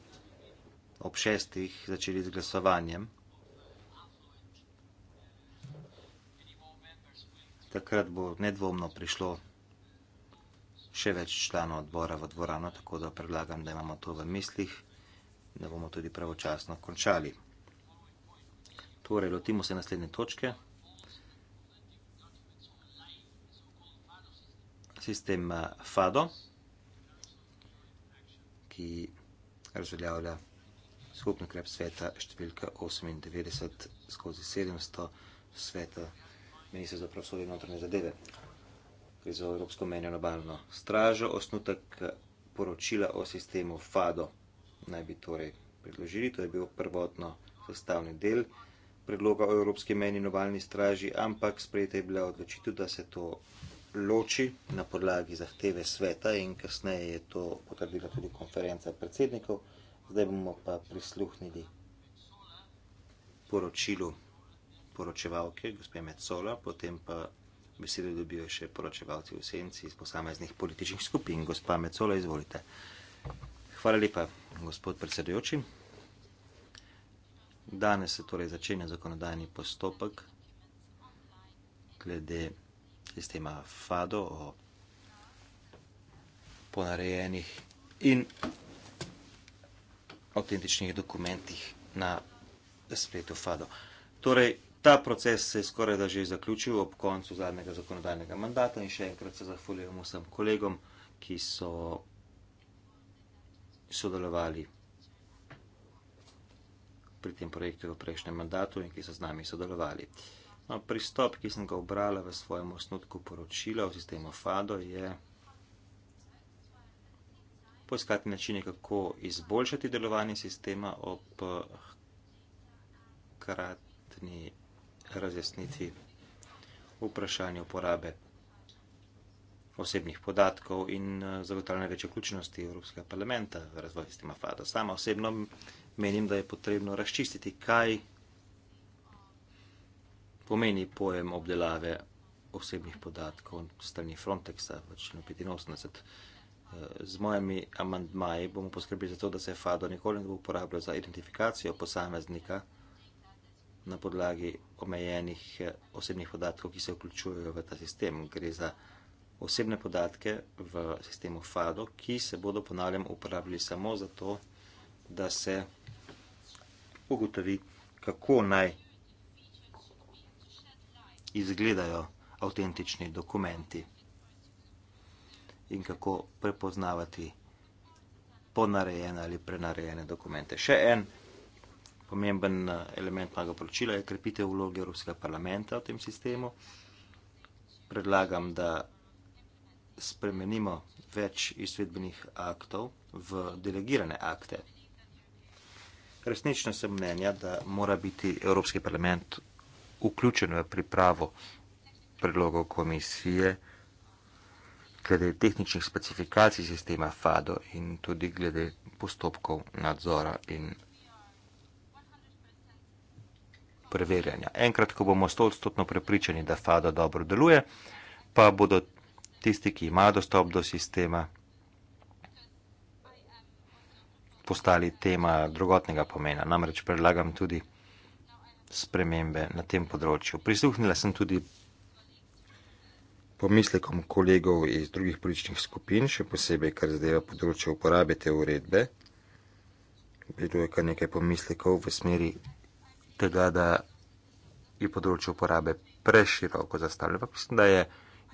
Speaker 4: ob šestih začeli z glasovanjem. Takrat bo nedvomno prišlo še več članov odbora v dvorano, tako da predlagam, da imamo to v mislih, da bomo tudi pravočasno končali. Torej, lotimo se naslednje točke. Sistem eh, FADO, ki razveljavlja skupni krep sveta številka 98 skozi 700 sveta ministra za pravosodje in notranje zadeve za Evropsko menjo nabalno stražo, osnutek poročila o sistemu FADO naj bi torej predložili, to je bil prvotno sestavni del predloga o Evropski meni in obalni straži, ampak sprejeta je bila odločitev, da se to loči na podlagi zahteve sveta in kasneje je to potrdila tudi konferenca predsednikov. Zdaj bomo pa prisluhnili poročilu poročevalke, gospe Metzola, potem pa besedo dobijo še poročevalci v senci iz posameznih političnih skupin. Gospa Mecola, izvolite. Hvala lepa, gospod predsedujoči. Danes se torej začenja zakonodajni postopek glede sistema FADO o ponarejenih in avtentičnih dokumentih na spletu FADO. Torej, Ta proces se je skoraj da že zaključil ob koncu zadnjega zakonodajnega mandata in še enkrat se zahvaljujem vsem kolegom, ki so sodelovali pri tem projektu v prejšnjem mandatu in ki so z nami sodelovali. No, pristop, ki sem ga obrala v svojem osnutku poročila v sistemu FADO, je poiskati načine, kako izboljšati delovanje sistema ob hkratni razjasniti vprašanje uporabe osebnih podatkov in eh, zagotavljanje večje vključenosti Evropskega parlamenta v razvoj sistema FADO. Sama osebno menim, da je potrebno razčistiti, kaj pomeni pojem obdelave osebnih podatkov strani Frontexa v členu 85. Eh, z mojimi amandmaji bomo poskrbeli za to, da se FADO nikoli ne bo uporabljal za identifikacijo posameznika, na podlagi omejenih eh, osebnih podatkov, ki se vključujejo v ta sistem. Gre za osebne podatke v sistemu FADO, ki se bodo, ponavljam, uporabili samo zato, da se ugotovi, kako naj izgledajo avtentični dokumenti in kako prepoznavati ponarejene ali prenarejene dokumente. Še en pomemben eh, element mojega poročila je krepitev vloge Evropskega parlamenta v tem sistemu. Predlagam, da spremenimo več izvedbenih aktov v delegirane akte. Resnično sem mnenja, da mora biti Evropski parlament vključen v pripravo predlogov komisije glede tehničnih specifikacij sistema FADO in tudi glede postopkov nadzora in preverjanja. Enkrat, ko bomo stotno prepričani, da FADO dobro deluje, pa bodo tisti, ki imajo dostop do sistema, postali tema drugotnega pomena. Namreč predlagam tudi spremembe na tem področju. Prisluhnila sem tudi pomislekom kolegov iz drugih političnih skupin, še posebej, kar zadeva področje uporabe te uredbe. Bilo je kar nekaj pomislekov v smeri tega, da je področje uporabe preširoko zastavljeno. Pa mislim, da je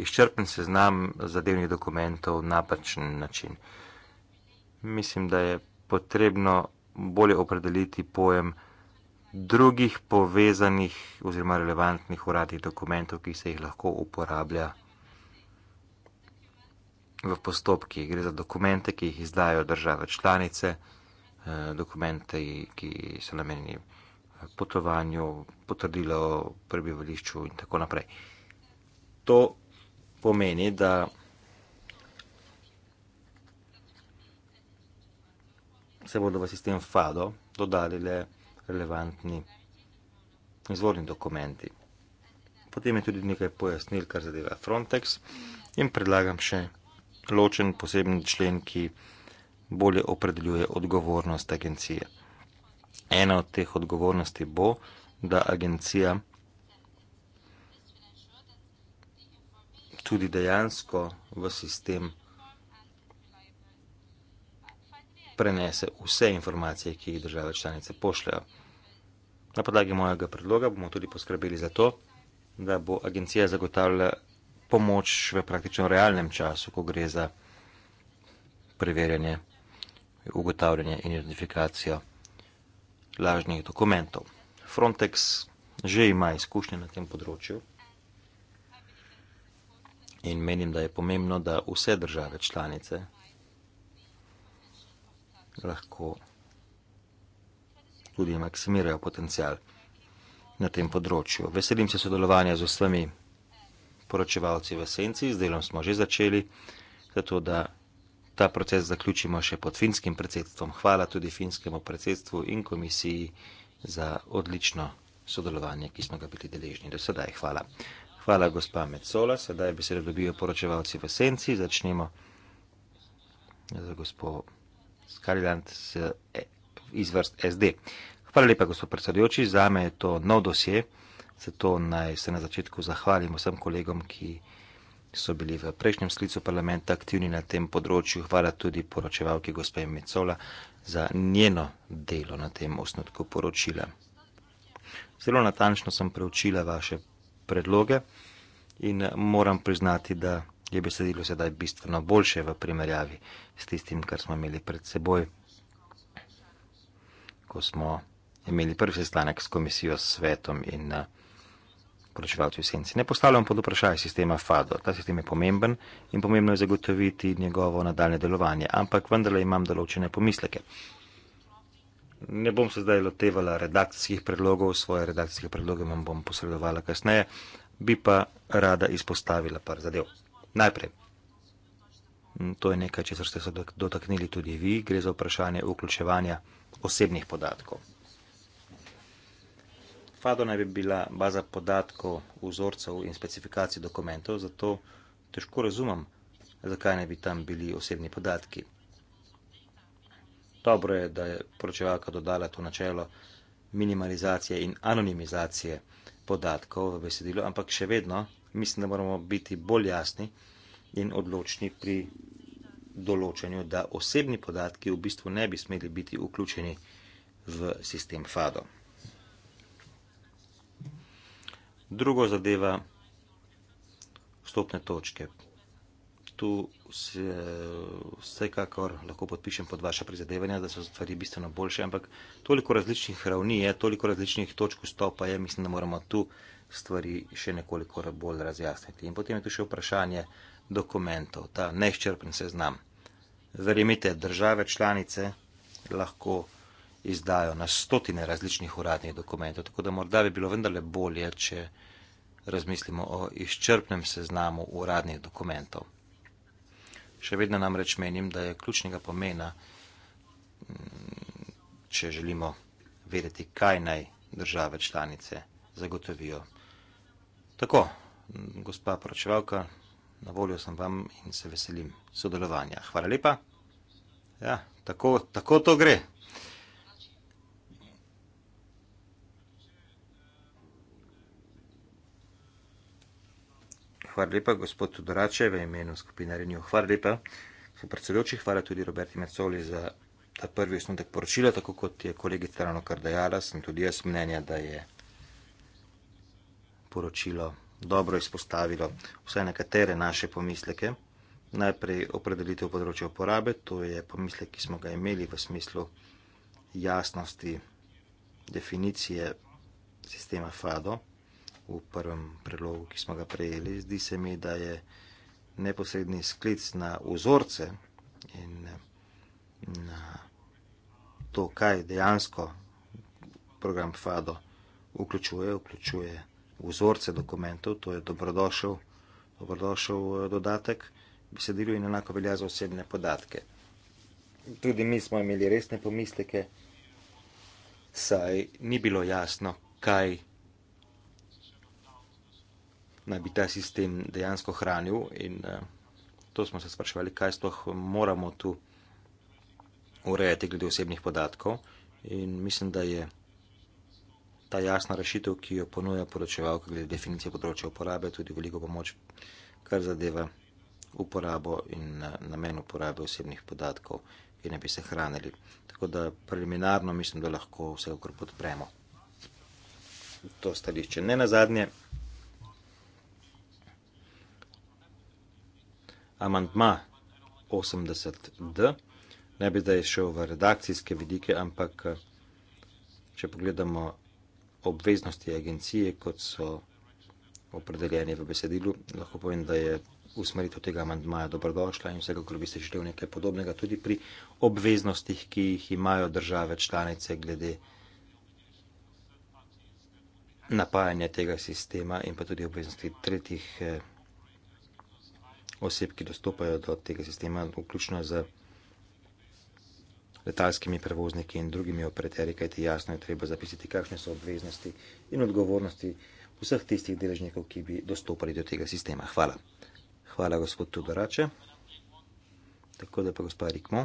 Speaker 4: izčrpen seznam zadevnih dokumentov na napačen način. Mislim, da je potrebno bolje opredeliti pojem drugih povezanih oziroma relevantnih uradnih dokumentov, ki se jih lahko uporablja v postopkih. Gre za dokumente, ki jih izdajo države članice, eh, dokumente, ki so namenjeni potovanju, potrdilo o prebivališču in tako naprej. To pomeni, da se bodo v sistem FADO dodali le relevantni izvorni dokumenti. Potem je tudi nekaj pojasnil, kar zadeva Frontex in predlagam še ločen posebni člen, ki bolje opredeljuje odgovornost agencije ena od teh odgovornosti bo, da agencija tudi dejansko v sistem prenese vse informacije, ki jih države članice pošljajo. Na podlagi mojega predloga bomo tudi poskrbeli za to, da bo agencija zagotavljala pomoč v praktično realnem času, ko gre za preverjanje, ugotavljanje in identifikacijo lažnih dokumentov. Frontex že ima izkušnje na tem področju in menim, da je pomembno, da vse države članice lahko tudi maksimirajo potencial na tem področju. Veselim se sodelovanja z vsemi poročevalci v Senci, z delom smo že začeli, zato da ta proces zaključimo še pod finskim predsedstvom. Hvala tudi finskemu predsedstvu in komisiji za odlično sodelovanje, ki smo ga bili deležni do sedaj. Hvala. Hvala, gospa Metzola. Sedaj besedo dobijo poročevalci v senci. Začnemo za gospo Skarjant e, iz vrst SD. Hvala lepa, gospod predsedujoči. Za me je to nov dosje, zato naj se na začetku zahvalim vsem kolegom, ki so bili v prejšnjem sklicu parlamenta aktivni na tem področju. Hvala tudi poročevalki gospe Mecola za njeno delo na tem osnutku poročila. Zelo natančno sem preučila vaše predloge in moram priznati, da je besedilo sedaj bistveno boljše v primerjavi s tistim, kar smo imeli pred seboj, ko smo imeli prvi sestanek s komisijo, svetom in uh, poročevalci v senci. Ne postavljam pod vprašanje sistema FADO. Ta sistem je pomemben in pomembno je zagotoviti njegovo nadaljne delovanje, ampak vendarle imam določene pomisleke. Ne bom se zdaj lotevala redakcijskih predlogov, svoje redakcijske predloge vam bom posredovala kasneje, bi pa rada izpostavila par zadev. Najprej, to je nekaj, če ste se dotaknili tudi vi, gre za vprašanje vključevanja osebnih podatkov. Fado naj bi bila baza podatkov, vzorcev in specifikacij dokumentov, zato težko razumem, zakaj naj bi tam bili osebni podatki. Dobro je, da je poročevalka dodala to načelo minimalizacije in anonimizacije podatkov v besedilo, ampak še vedno mislim, da moramo biti bolj jasni in odločni pri določanju, da osebni podatki v bistvu ne bi smeli biti vključeni v sistem FADO. Drugo zadeva vstopne točke. Tu se vsekakor lahko podpišem pod vaše prizadevanja, da so stvari bistveno boljše, ampak toliko različnih ravni je, toliko različnih točk vstopa je, mislim, da moramo tu stvari še nekoliko bolj razjasniti. In potem je tu še vprašanje dokumentov, ta neščrpen seznam. Verjemite, države članice lahko izdajo na stotine različnih uradnih dokumentov, tako da morda bi bilo vendarle bolje, če razmislimo o izčrpnem seznamu uradnih dokumentov. Še vedno nam reč menim, da je ključnega pomena, mm, če želimo vedeti, kaj naj države članice zagotovijo. Tako, gospa poročevalka, na voljo sem vam in se veselim sodelovanja. Hvala lepa. Ja, tako, tako to gre. Hvala lepa, gospod Tudorače, v imenu skupine Renew. Hvala lepa, gospod predsedujoči. Hvala tudi Roberti Mecoli za ta prvi osnutek poročila, tako kot je kolegica ravno kar dejala. Sem tudi jaz mnenja, da je poročilo dobro izpostavilo vse nekatere naše pomisleke. Najprej opredelitev področja uporabe, to je pomislek, ki smo ga imeli v smislu jasnosti definicije sistema FADO v prvem prelogu, ki smo ga prejeli. Zdi se mi, da je neposredni sklic na vzorce in na to, kaj dejansko program FADO vključuje, vključuje vzorce dokumentov, to je dobrodošel, dobrodošel eh, dodatek, bi se delil in enako velja za osebne podatke. Tudi mi smo imeli resne pomisleke, saj ni bilo jasno, kaj naj bi ta sistem dejansko hranil. In uh, to smo se sprašvali, kaj sploh moramo tu urejati glede osebnih podatkov. In mislim, da je ta jasna rešitev, ki jo ponuja poročevalka glede definicije področja uporabe, tudi veliko pomoč, kar zadeva uporabo in eh, namen uporabe osebnih podatkov, ki ne bi se hranili. Tako da preliminarno mislim, da lahko vse okrog podpremo to stališče. Ne na zadnje, amantma 80D, ne bi da je šel v redakcijske vidike, ampak če pogledamo obveznosti agencije, kot so opredeljeni v besedilu, lahko povem, da je usmeritev tega amantmaja dobrodošla in vsekakor bi se želel nekaj podobnega tudi pri obveznostih, ki jih imajo države članice glede napajanja tega sistema in pa tudi obveznosti tretjih članic. Eh, oseb, ki dostopajo do tega sistema, vključno z letalskimi prevozniki in drugimi operaterji, kajti jasno je treba zapisati, kakšne so obveznosti in odgovornosti vseh tistih deležnikov, ki bi dostopali do tega sistema. Hvala. Hvala, gospod Tudorače. Tako da pa gospa Rikmo.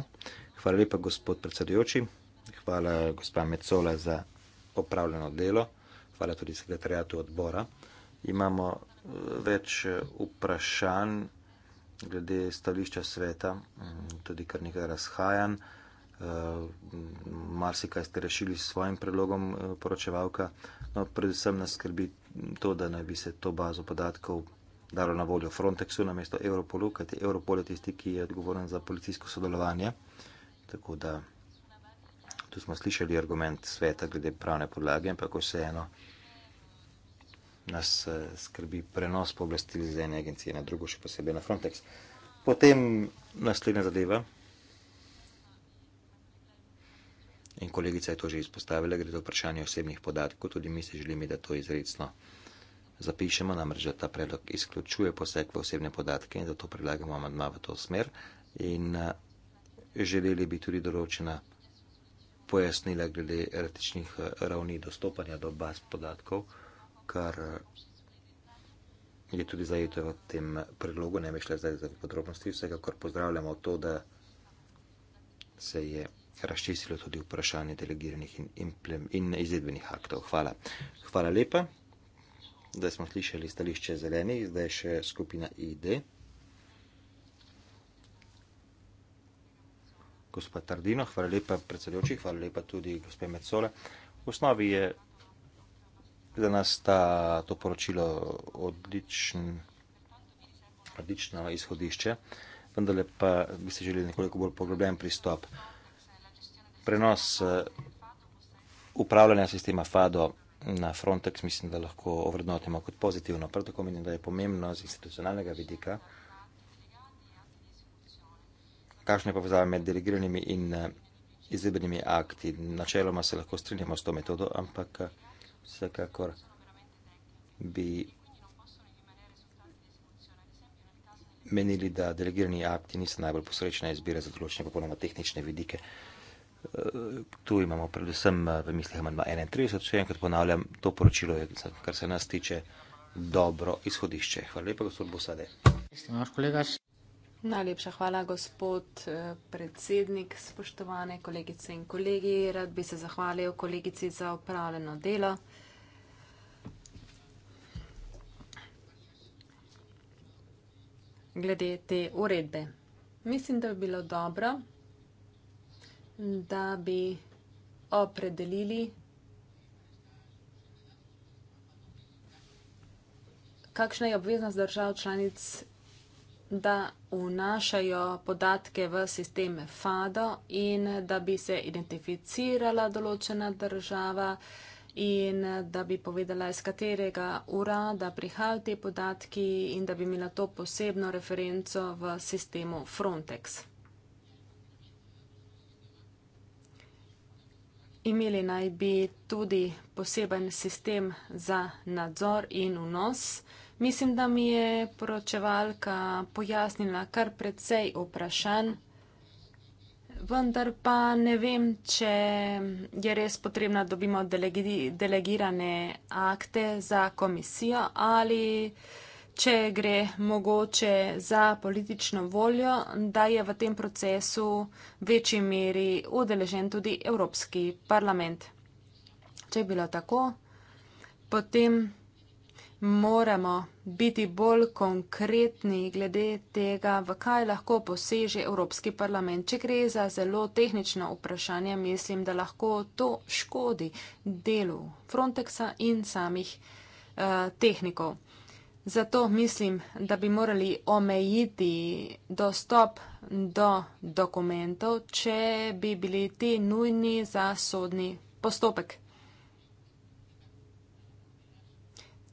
Speaker 4: Hvala lepa, gospod predsedujoči. Hvala, gospa Mecola, za opravljeno delo. Hvala tudi sekretarjatu odbora. Imamo eh, več eh, vprašanj glede stališča sveta, mm, tudi kar nekaj razhajan. Eh, marsikaj ste rešili s svojim predlogom eh, poročevalka. No, predvsem nas skrbi to, da naj bi se to bazo podatkov dalo na voljo Frontexu na mesto Europolu, kajti Europol je tisti, ki je odgovoren za policijsko sodelovanje. Tako da tu smo slišali argument sveta glede pravne podlage, ampak vseeno nas eh, skrbi prenos pooblastil iz ene agencije na drugo, še posebej na Frontex. Potem naslednja zadeva. In kolegica je to že izpostavila, gre za vprašanje osebnih podatkov, tudi mi se želimo, da to izredno zapišemo, namreč da ta predlog izključuje poseg v osebne podatke in zato predlagamo amadma v to smer. In eh, želeli bi tudi določena pojasnila glede etičnih eh, ravni dostopanja do baz podatkov kar je tudi zajeto v tem predlogu, ne bi šla zdaj za podrobnosti, vsekakor pozdravljamo to, da se je razčistilo tudi vprašanje delegiranih in, implem, in izvedbenih aktov. Hvala. Hvala lepa, da smo slišali stališče zelenih, zdaj še skupina ID. Gospod Tardino, hvala lepa predsedujoči, hvala lepa tudi gospod Metsola. V osnovi je za nas sta to poročilo odličen, odlično izhodišče, vendar pa bi se želeli nekoliko bolj poglobljen pristop. Prenos eh, upravljanja sistema FADO na Frontex mislim, da lahko ovrednotimo kot pozitivno. Prav tako menim, da je pomembno z institucionalnega vidika, kakšne povezave med delegiranimi in eh, izvedbenimi akti. Načeloma se lahko strinjamo s to metodo, ampak eh, vsekakor bi menili, da delegirani akti niso najbolj posrečna izbira za določene popolnoma tehnične vidike. Eh, tu imamo predvsem eh, v mislih manj 31, še enkrat ponavljam, to poročilo je, kar se nas tiče, dobro izhodišče. Hvala lepa, gospod Bosade.
Speaker 2: Najlepša hvala, gospod eh, predsednik, spoštovane kolegice in kolegi. Rad bi se zahvalil kolegici za upravljeno delo. glede te uredbe. Mislim, da bi bilo dobro, da bi opredelili, kakšna je obveznost držav članic, da vnašajo podatke v sisteme FADO in da bi se identificirala določena država in eh, da bi povedala, iz katerega urada prihajajo te podatki in da bi imela to posebno referenco v sistemu Frontex. Imeli naj bi tudi poseben sistem za nadzor in vnos. Mislim, da mi je poročevalka pojasnila kar precej vprašanj vendar pa ne vem, če je res potrebno, da dobimo delegi, delegirane akte za komisijo ali če gre mogoče za politično voljo, da je v tem procesu v večji meri udeležen tudi Evropski parlament. Če je bilo tako, potem moramo biti bolj konkretni glede tega, v kaj lahko poseže Evropski parlament. Če gre za zelo tehnično vprašanje, mislim, da lahko to škodi delu Frontexa in samih eh, tehnikov. Zato mislim, da bi morali omejiti dostop do dokumentov, če bi bili ti nujni za sodni postopek.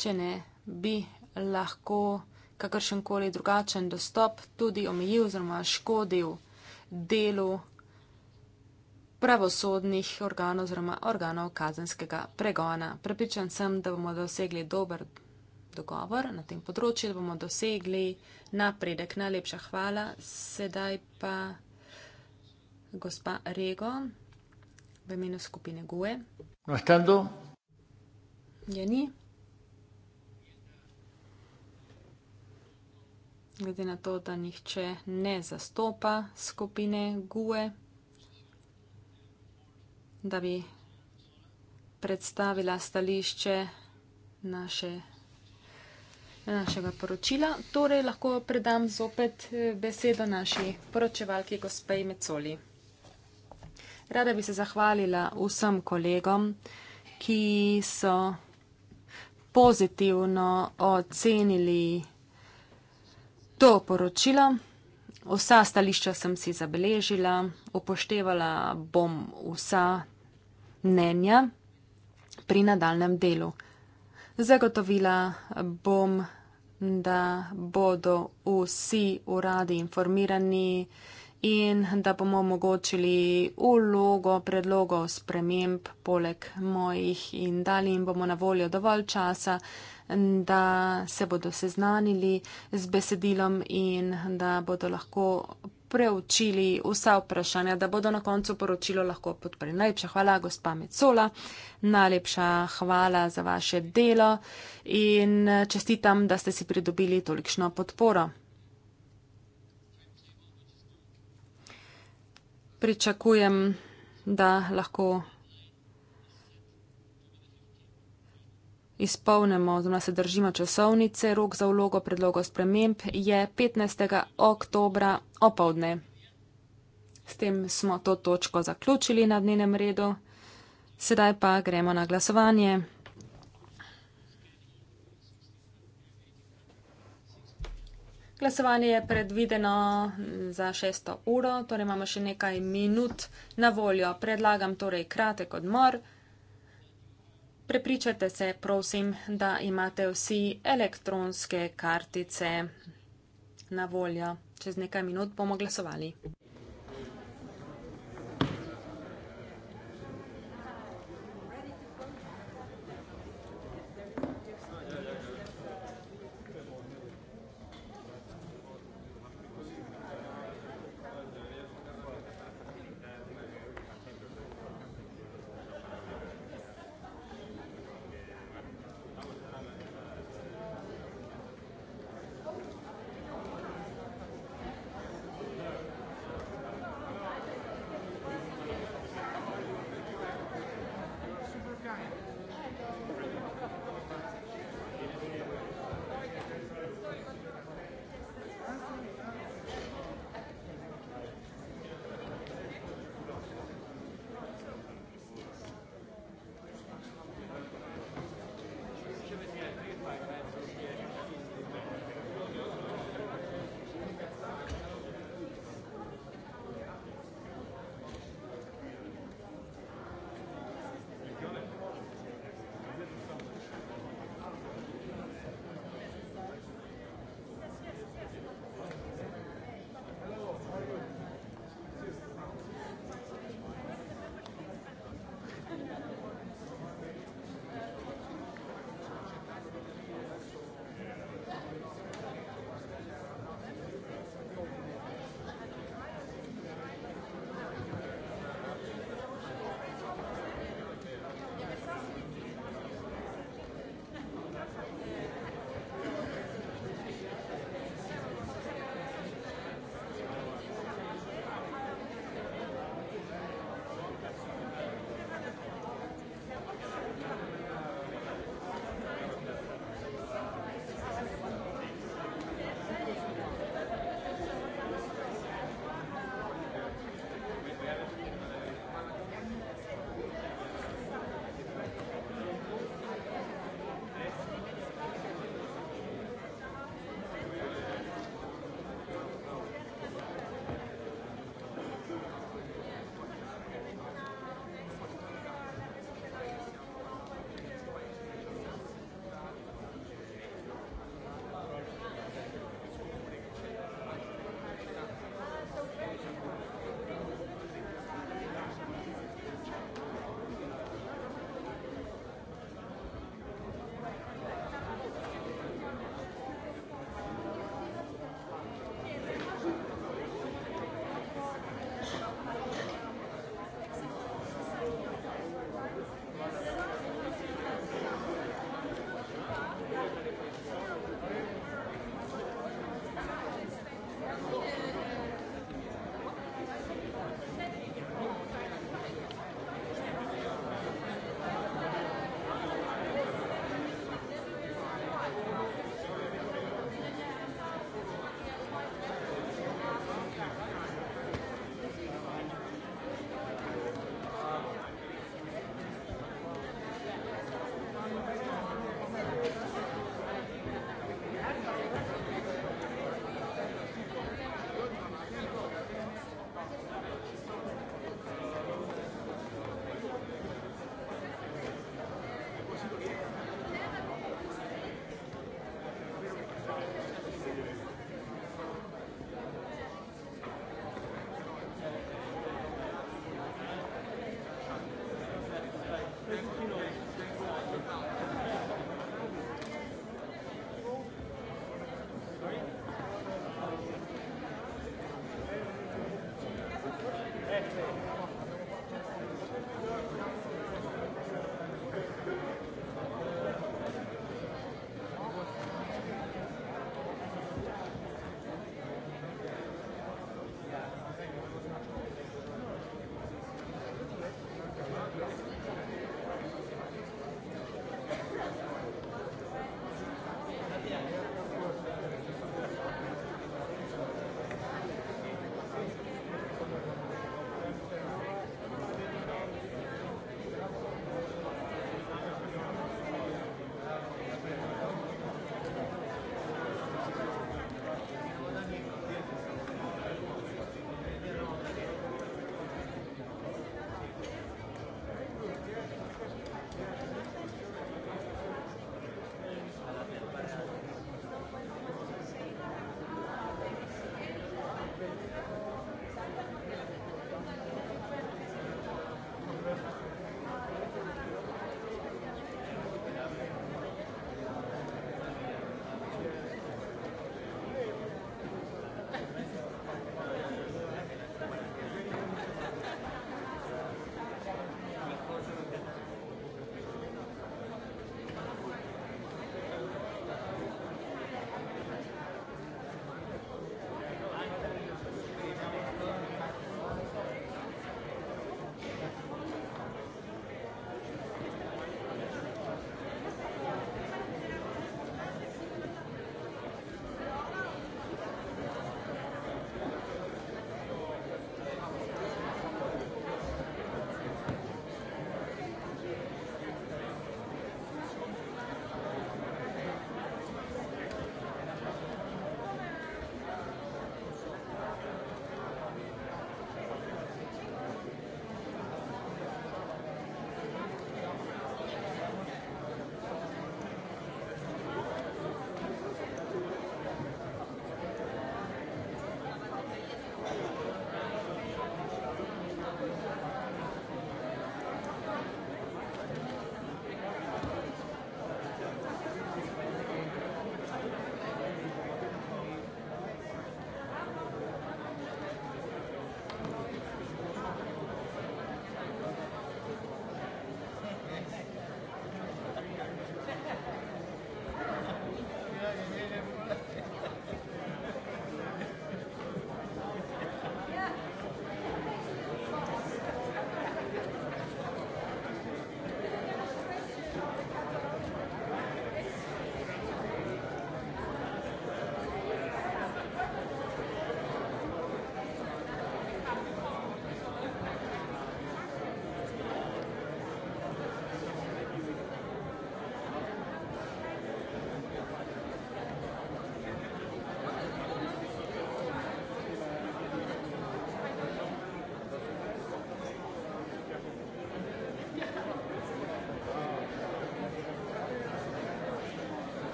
Speaker 2: če ne bi lahko kakršen koli drugačen dostop tudi omejil oziroma škodil delu pravosodnih organov oziroma organov kazenskega pregona. Prepričan sem, da bomo dosegli dober dogovor na tem področju, da bomo dosegli napredek. Najlepša hvala. Sedaj pa gospa Rego v imenu skupine GUE. No, Je ni? glede na to, da nihče ne zastopa skupine GUE, da bi predstavila stališče naše, našega poročila. Torej lahko predam zopet eh, besedo naši poročevalki gospej Mecoli. Rada bi se zahvalila vsem kolegom, ki so pozitivno ocenili to poročilo. Vsa stališča sem si zabeležila, upoštevala bom vsa mnenja pri nadaljem delu. Zagotovila bom, da bodo vsi uradi informirani in da bomo omogočili ulogo predlogov sprememb poleg mojih in dali jim bomo na voljo dovolj časa, da se bodo seznanili z besedilom in da bodo lahko preučili vsa vprašanja, da bodo na koncu poročilo lahko podprli. Najlepša hvala, gospa Mecola, najlepša hvala za vaše delo in čestitam, da ste si pridobili tolikšno podporo. pričakujem, da lahko izpolnimo oziroma se držimo časovnice. Rok za vlogo predlogov sprememb je 15. oktobra opovdne. S tem smo to točko zaključili na dnevnem redu. Sedaj pa gremo na glasovanje. Glasovanje je predvideno mm, za šesto uro, torej imamo še nekaj minut na voljo. Predlagam torej kratek odmor. Prepričajte se, prosim, da imate vsi elektronske kartice na voljo. Čez nekaj minut bomo glasovali.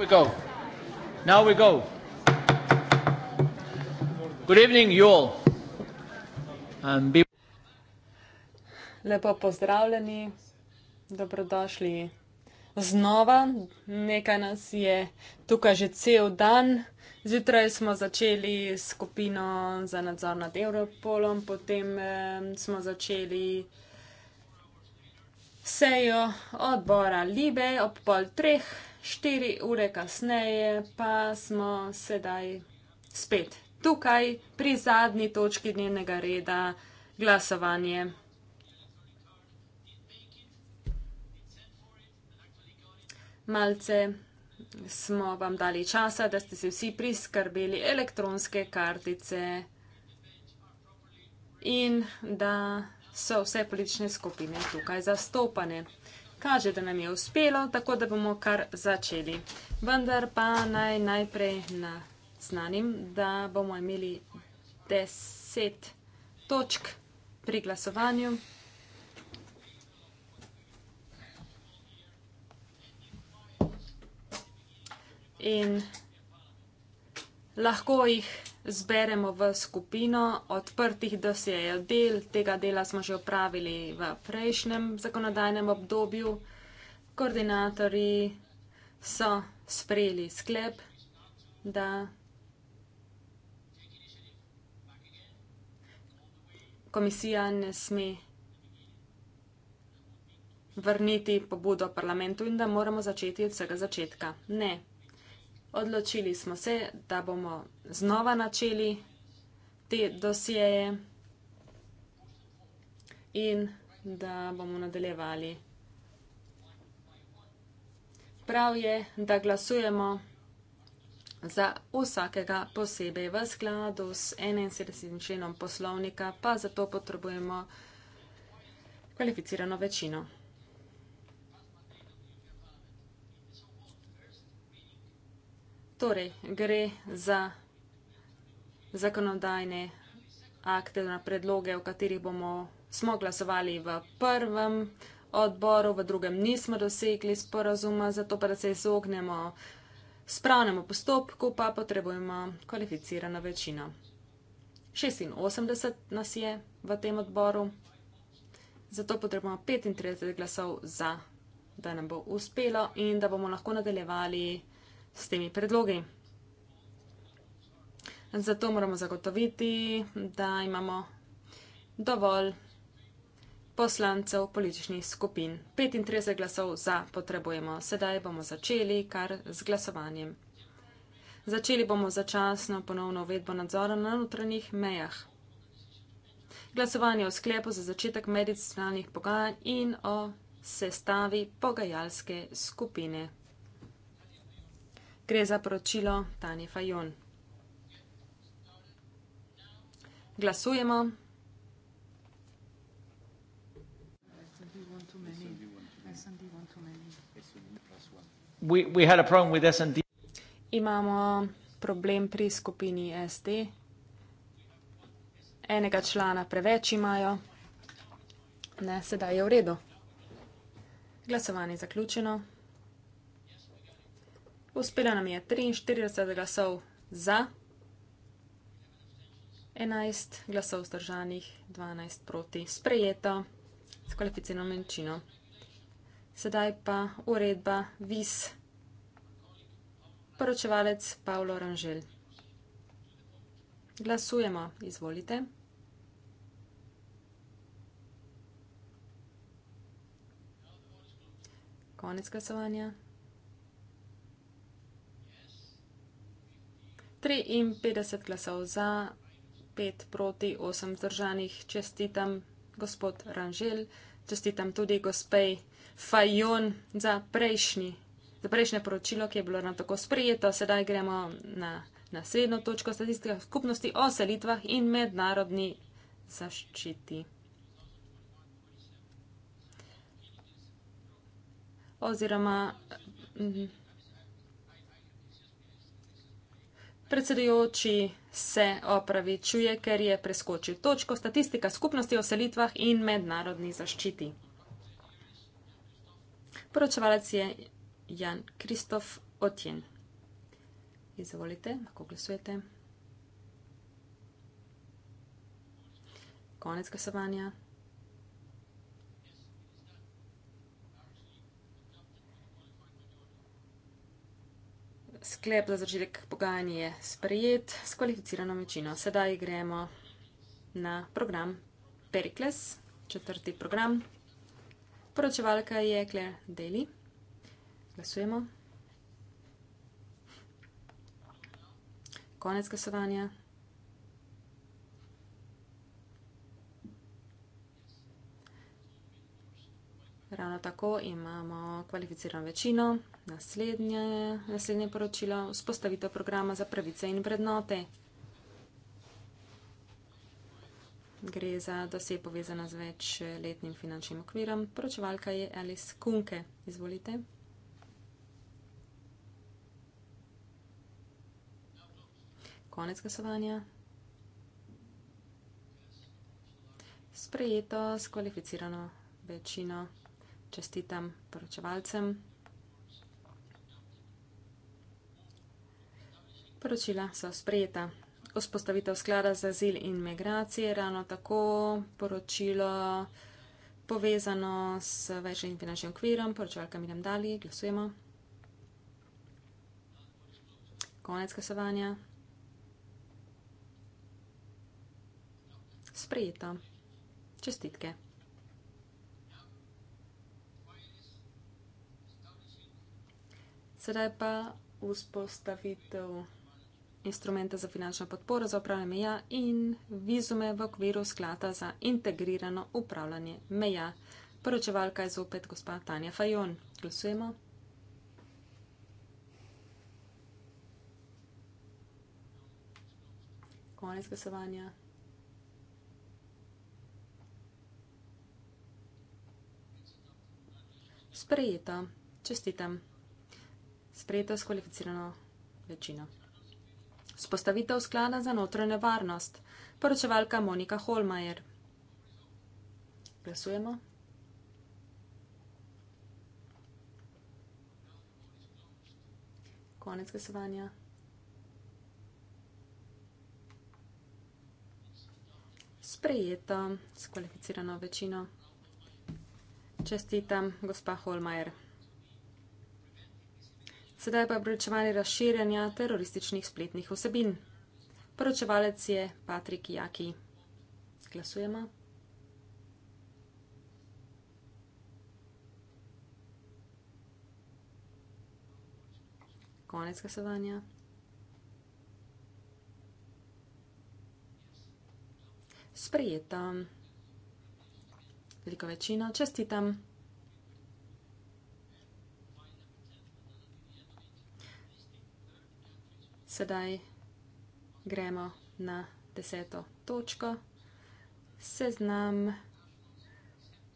Speaker 1: we go. Now we go. Good evening, you all. Um, be...
Speaker 2: Lepo pozdravljeni, dobrodošli znova. Nekaj nas je tukaj že cel dan. Zjutraj smo začeli s skupino za nadzor nad Europolom, potem eh, smo začeli sejo odbora Libe ob pol treh. Štiri ure kasneje pa smo sedaj spet tukaj pri zadnji točki dnevnega reda glasovanje. Malce smo vam dali časa, da ste se vsi priskrbeli elektronske kartice in da so vse politične skupine tukaj zastopane kaže, da nam je uspelo, tako da bomo kar začeli. Vendar pa naj najprej naznanim, da bomo imeli deset točk pri glasovanju. In lahko jih zberemo v skupino odprtih dosjejev del. Tega dela smo že opravili v prejšnjem zakonodajnem obdobju. Koordinatori so sprejeli sklep, da komisija ne sme vrniti pobudo parlamentu in da moramo začeti od vsega začetka. Ne odločili smo se, da bomo znova načeli te dosjeje in da bomo nadaljevali. Prav je, da glasujemo za vsakega posebej v skladu s 71. členom poslovnika, pa zato potrebujemo kvalificirano večino. Torej, gre za zakonodajne akte na predloge, v katerih bomo smo glasovali v prvem odboru, v drugem nismo dosegli sporazuma, zato pa da se izognemo spravnemu postopku, pa potrebujemo kvalificirano večino. 86 nas je v tem odboru, zato potrebujemo 35 glasov za, da nam bo uspelo in da bomo lahko nadaljevali s temi predlogi. Zato moramo zagotoviti, da imamo dovolj poslancev političnih skupin. 35 glasov za potrebujemo. Sedaj bomo začeli kar z glasovanjem. Začeli bomo začasno ponovno uvedbo nadzora na notranjih mejah. Glasovanje o sklepu za začetek medicinalnih pogajanj in o sestavi pogajalske skupine. Gre za poročilo Tani Fajon. Glasujemo. We, we Imamo problem pri skupini SD. Enega člana preveč imajo. Ne, sedaj je v redu. Glasovanje zaključeno. Uspela nam je 43 glasov za, 11 glasov zdržanih, 12 proti. Sprejeto s kvalificirano menjčino. Sedaj pa uredba VIS. Poročevalec Paolo Ranžel. Glasujemo, izvolite. Konec glasovanja. 53 glasov za, 5 proti, 8 vzdržanih. Čestitam gospod Ranžel, čestitam tudi gospej Fajon za, prejšnji, za prejšnje poročilo, ki je bilo nam tako sprejeto. Sedaj gremo na naslednjo točko statistika skupnosti o selitvah in mednarodni zaščiti. Oziroma. Mhm, predsedujoči se opravičuje, ker je preskočil točko statistika skupnosti o selitvah in mednarodni zaščiti. Poročevalec je Jan Kristof Otjen. Izvolite, lahko glasujete. Konec glasovanja. sklep za začetek pogajanja je sprejet s kvalificirano večino. Sedaj gremo na program Perikles, četrti program. Poročevalka je Claire Daly. Glasujemo. Konec glasovanja. ravno tako imamo kvalificirano večino. Naslednje, naslednje poročilo je vzpostavitev programa za pravice in vrednote. Gre za dosej povezana z večletnim finančnim okvirom. Poročevalka je Alice Kunke. Izvolite. Konec glasovanja. Sprejeto s kvalificirano večino čestitam poročevalcem. Poročila so sprejeta. Vzpostavitev sklada za zil in migracije, ravno tako poročilo povezano s večjim finančnim okvirom, poročevalka mi nam dali, glasujemo. Konec glasovanja. Sprejeta. Čestitke. Sedaj pa vzpostavitev instrumenta za finančno podporo za upravljanje meja in vizume v okviru sklada za integrirano upravljanje meja. Poročevalka je zopet gospa Tanja Fajon. Glasujemo. Konec glasovanja. Sprejeta. Čestitam sprejeta s kvalificirano večino. Spostavitev sklada za notranjo varnost, poročevalka Monika Holmajer. Glasujemo. Konec glasovanja. Sprejeta s kvalificirano večino. Čestitam, gospa Holmajer sedaj pa preučevanje razširjanja terorističnih spletnih vsebin. Poročevalec je Patrik Jaki. Glasujemo. Konec glasovanja. Sprejeta. Veliko večino. Čestitam. sedaj gremo na deseto točko. Seznam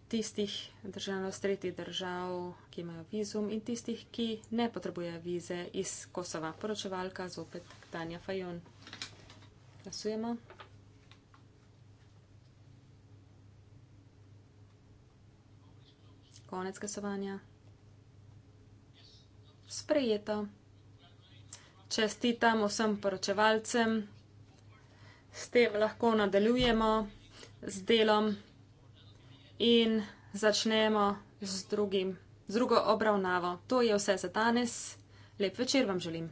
Speaker 2: tistih državljanov z tretjih držav, ki imajo vizum in tistih, ki ne potrebujejo vize iz Kosova. Poročevalka zopet Tanja Fajon. Glasujemo. Konec glasovanja. Sprejeto čestitam vsem poročevalcem. S tem lahko nadaljujemo z delom in začnemo z, drugim, z drugo obravnavo. To je vse za danes. Lep večer vam želim.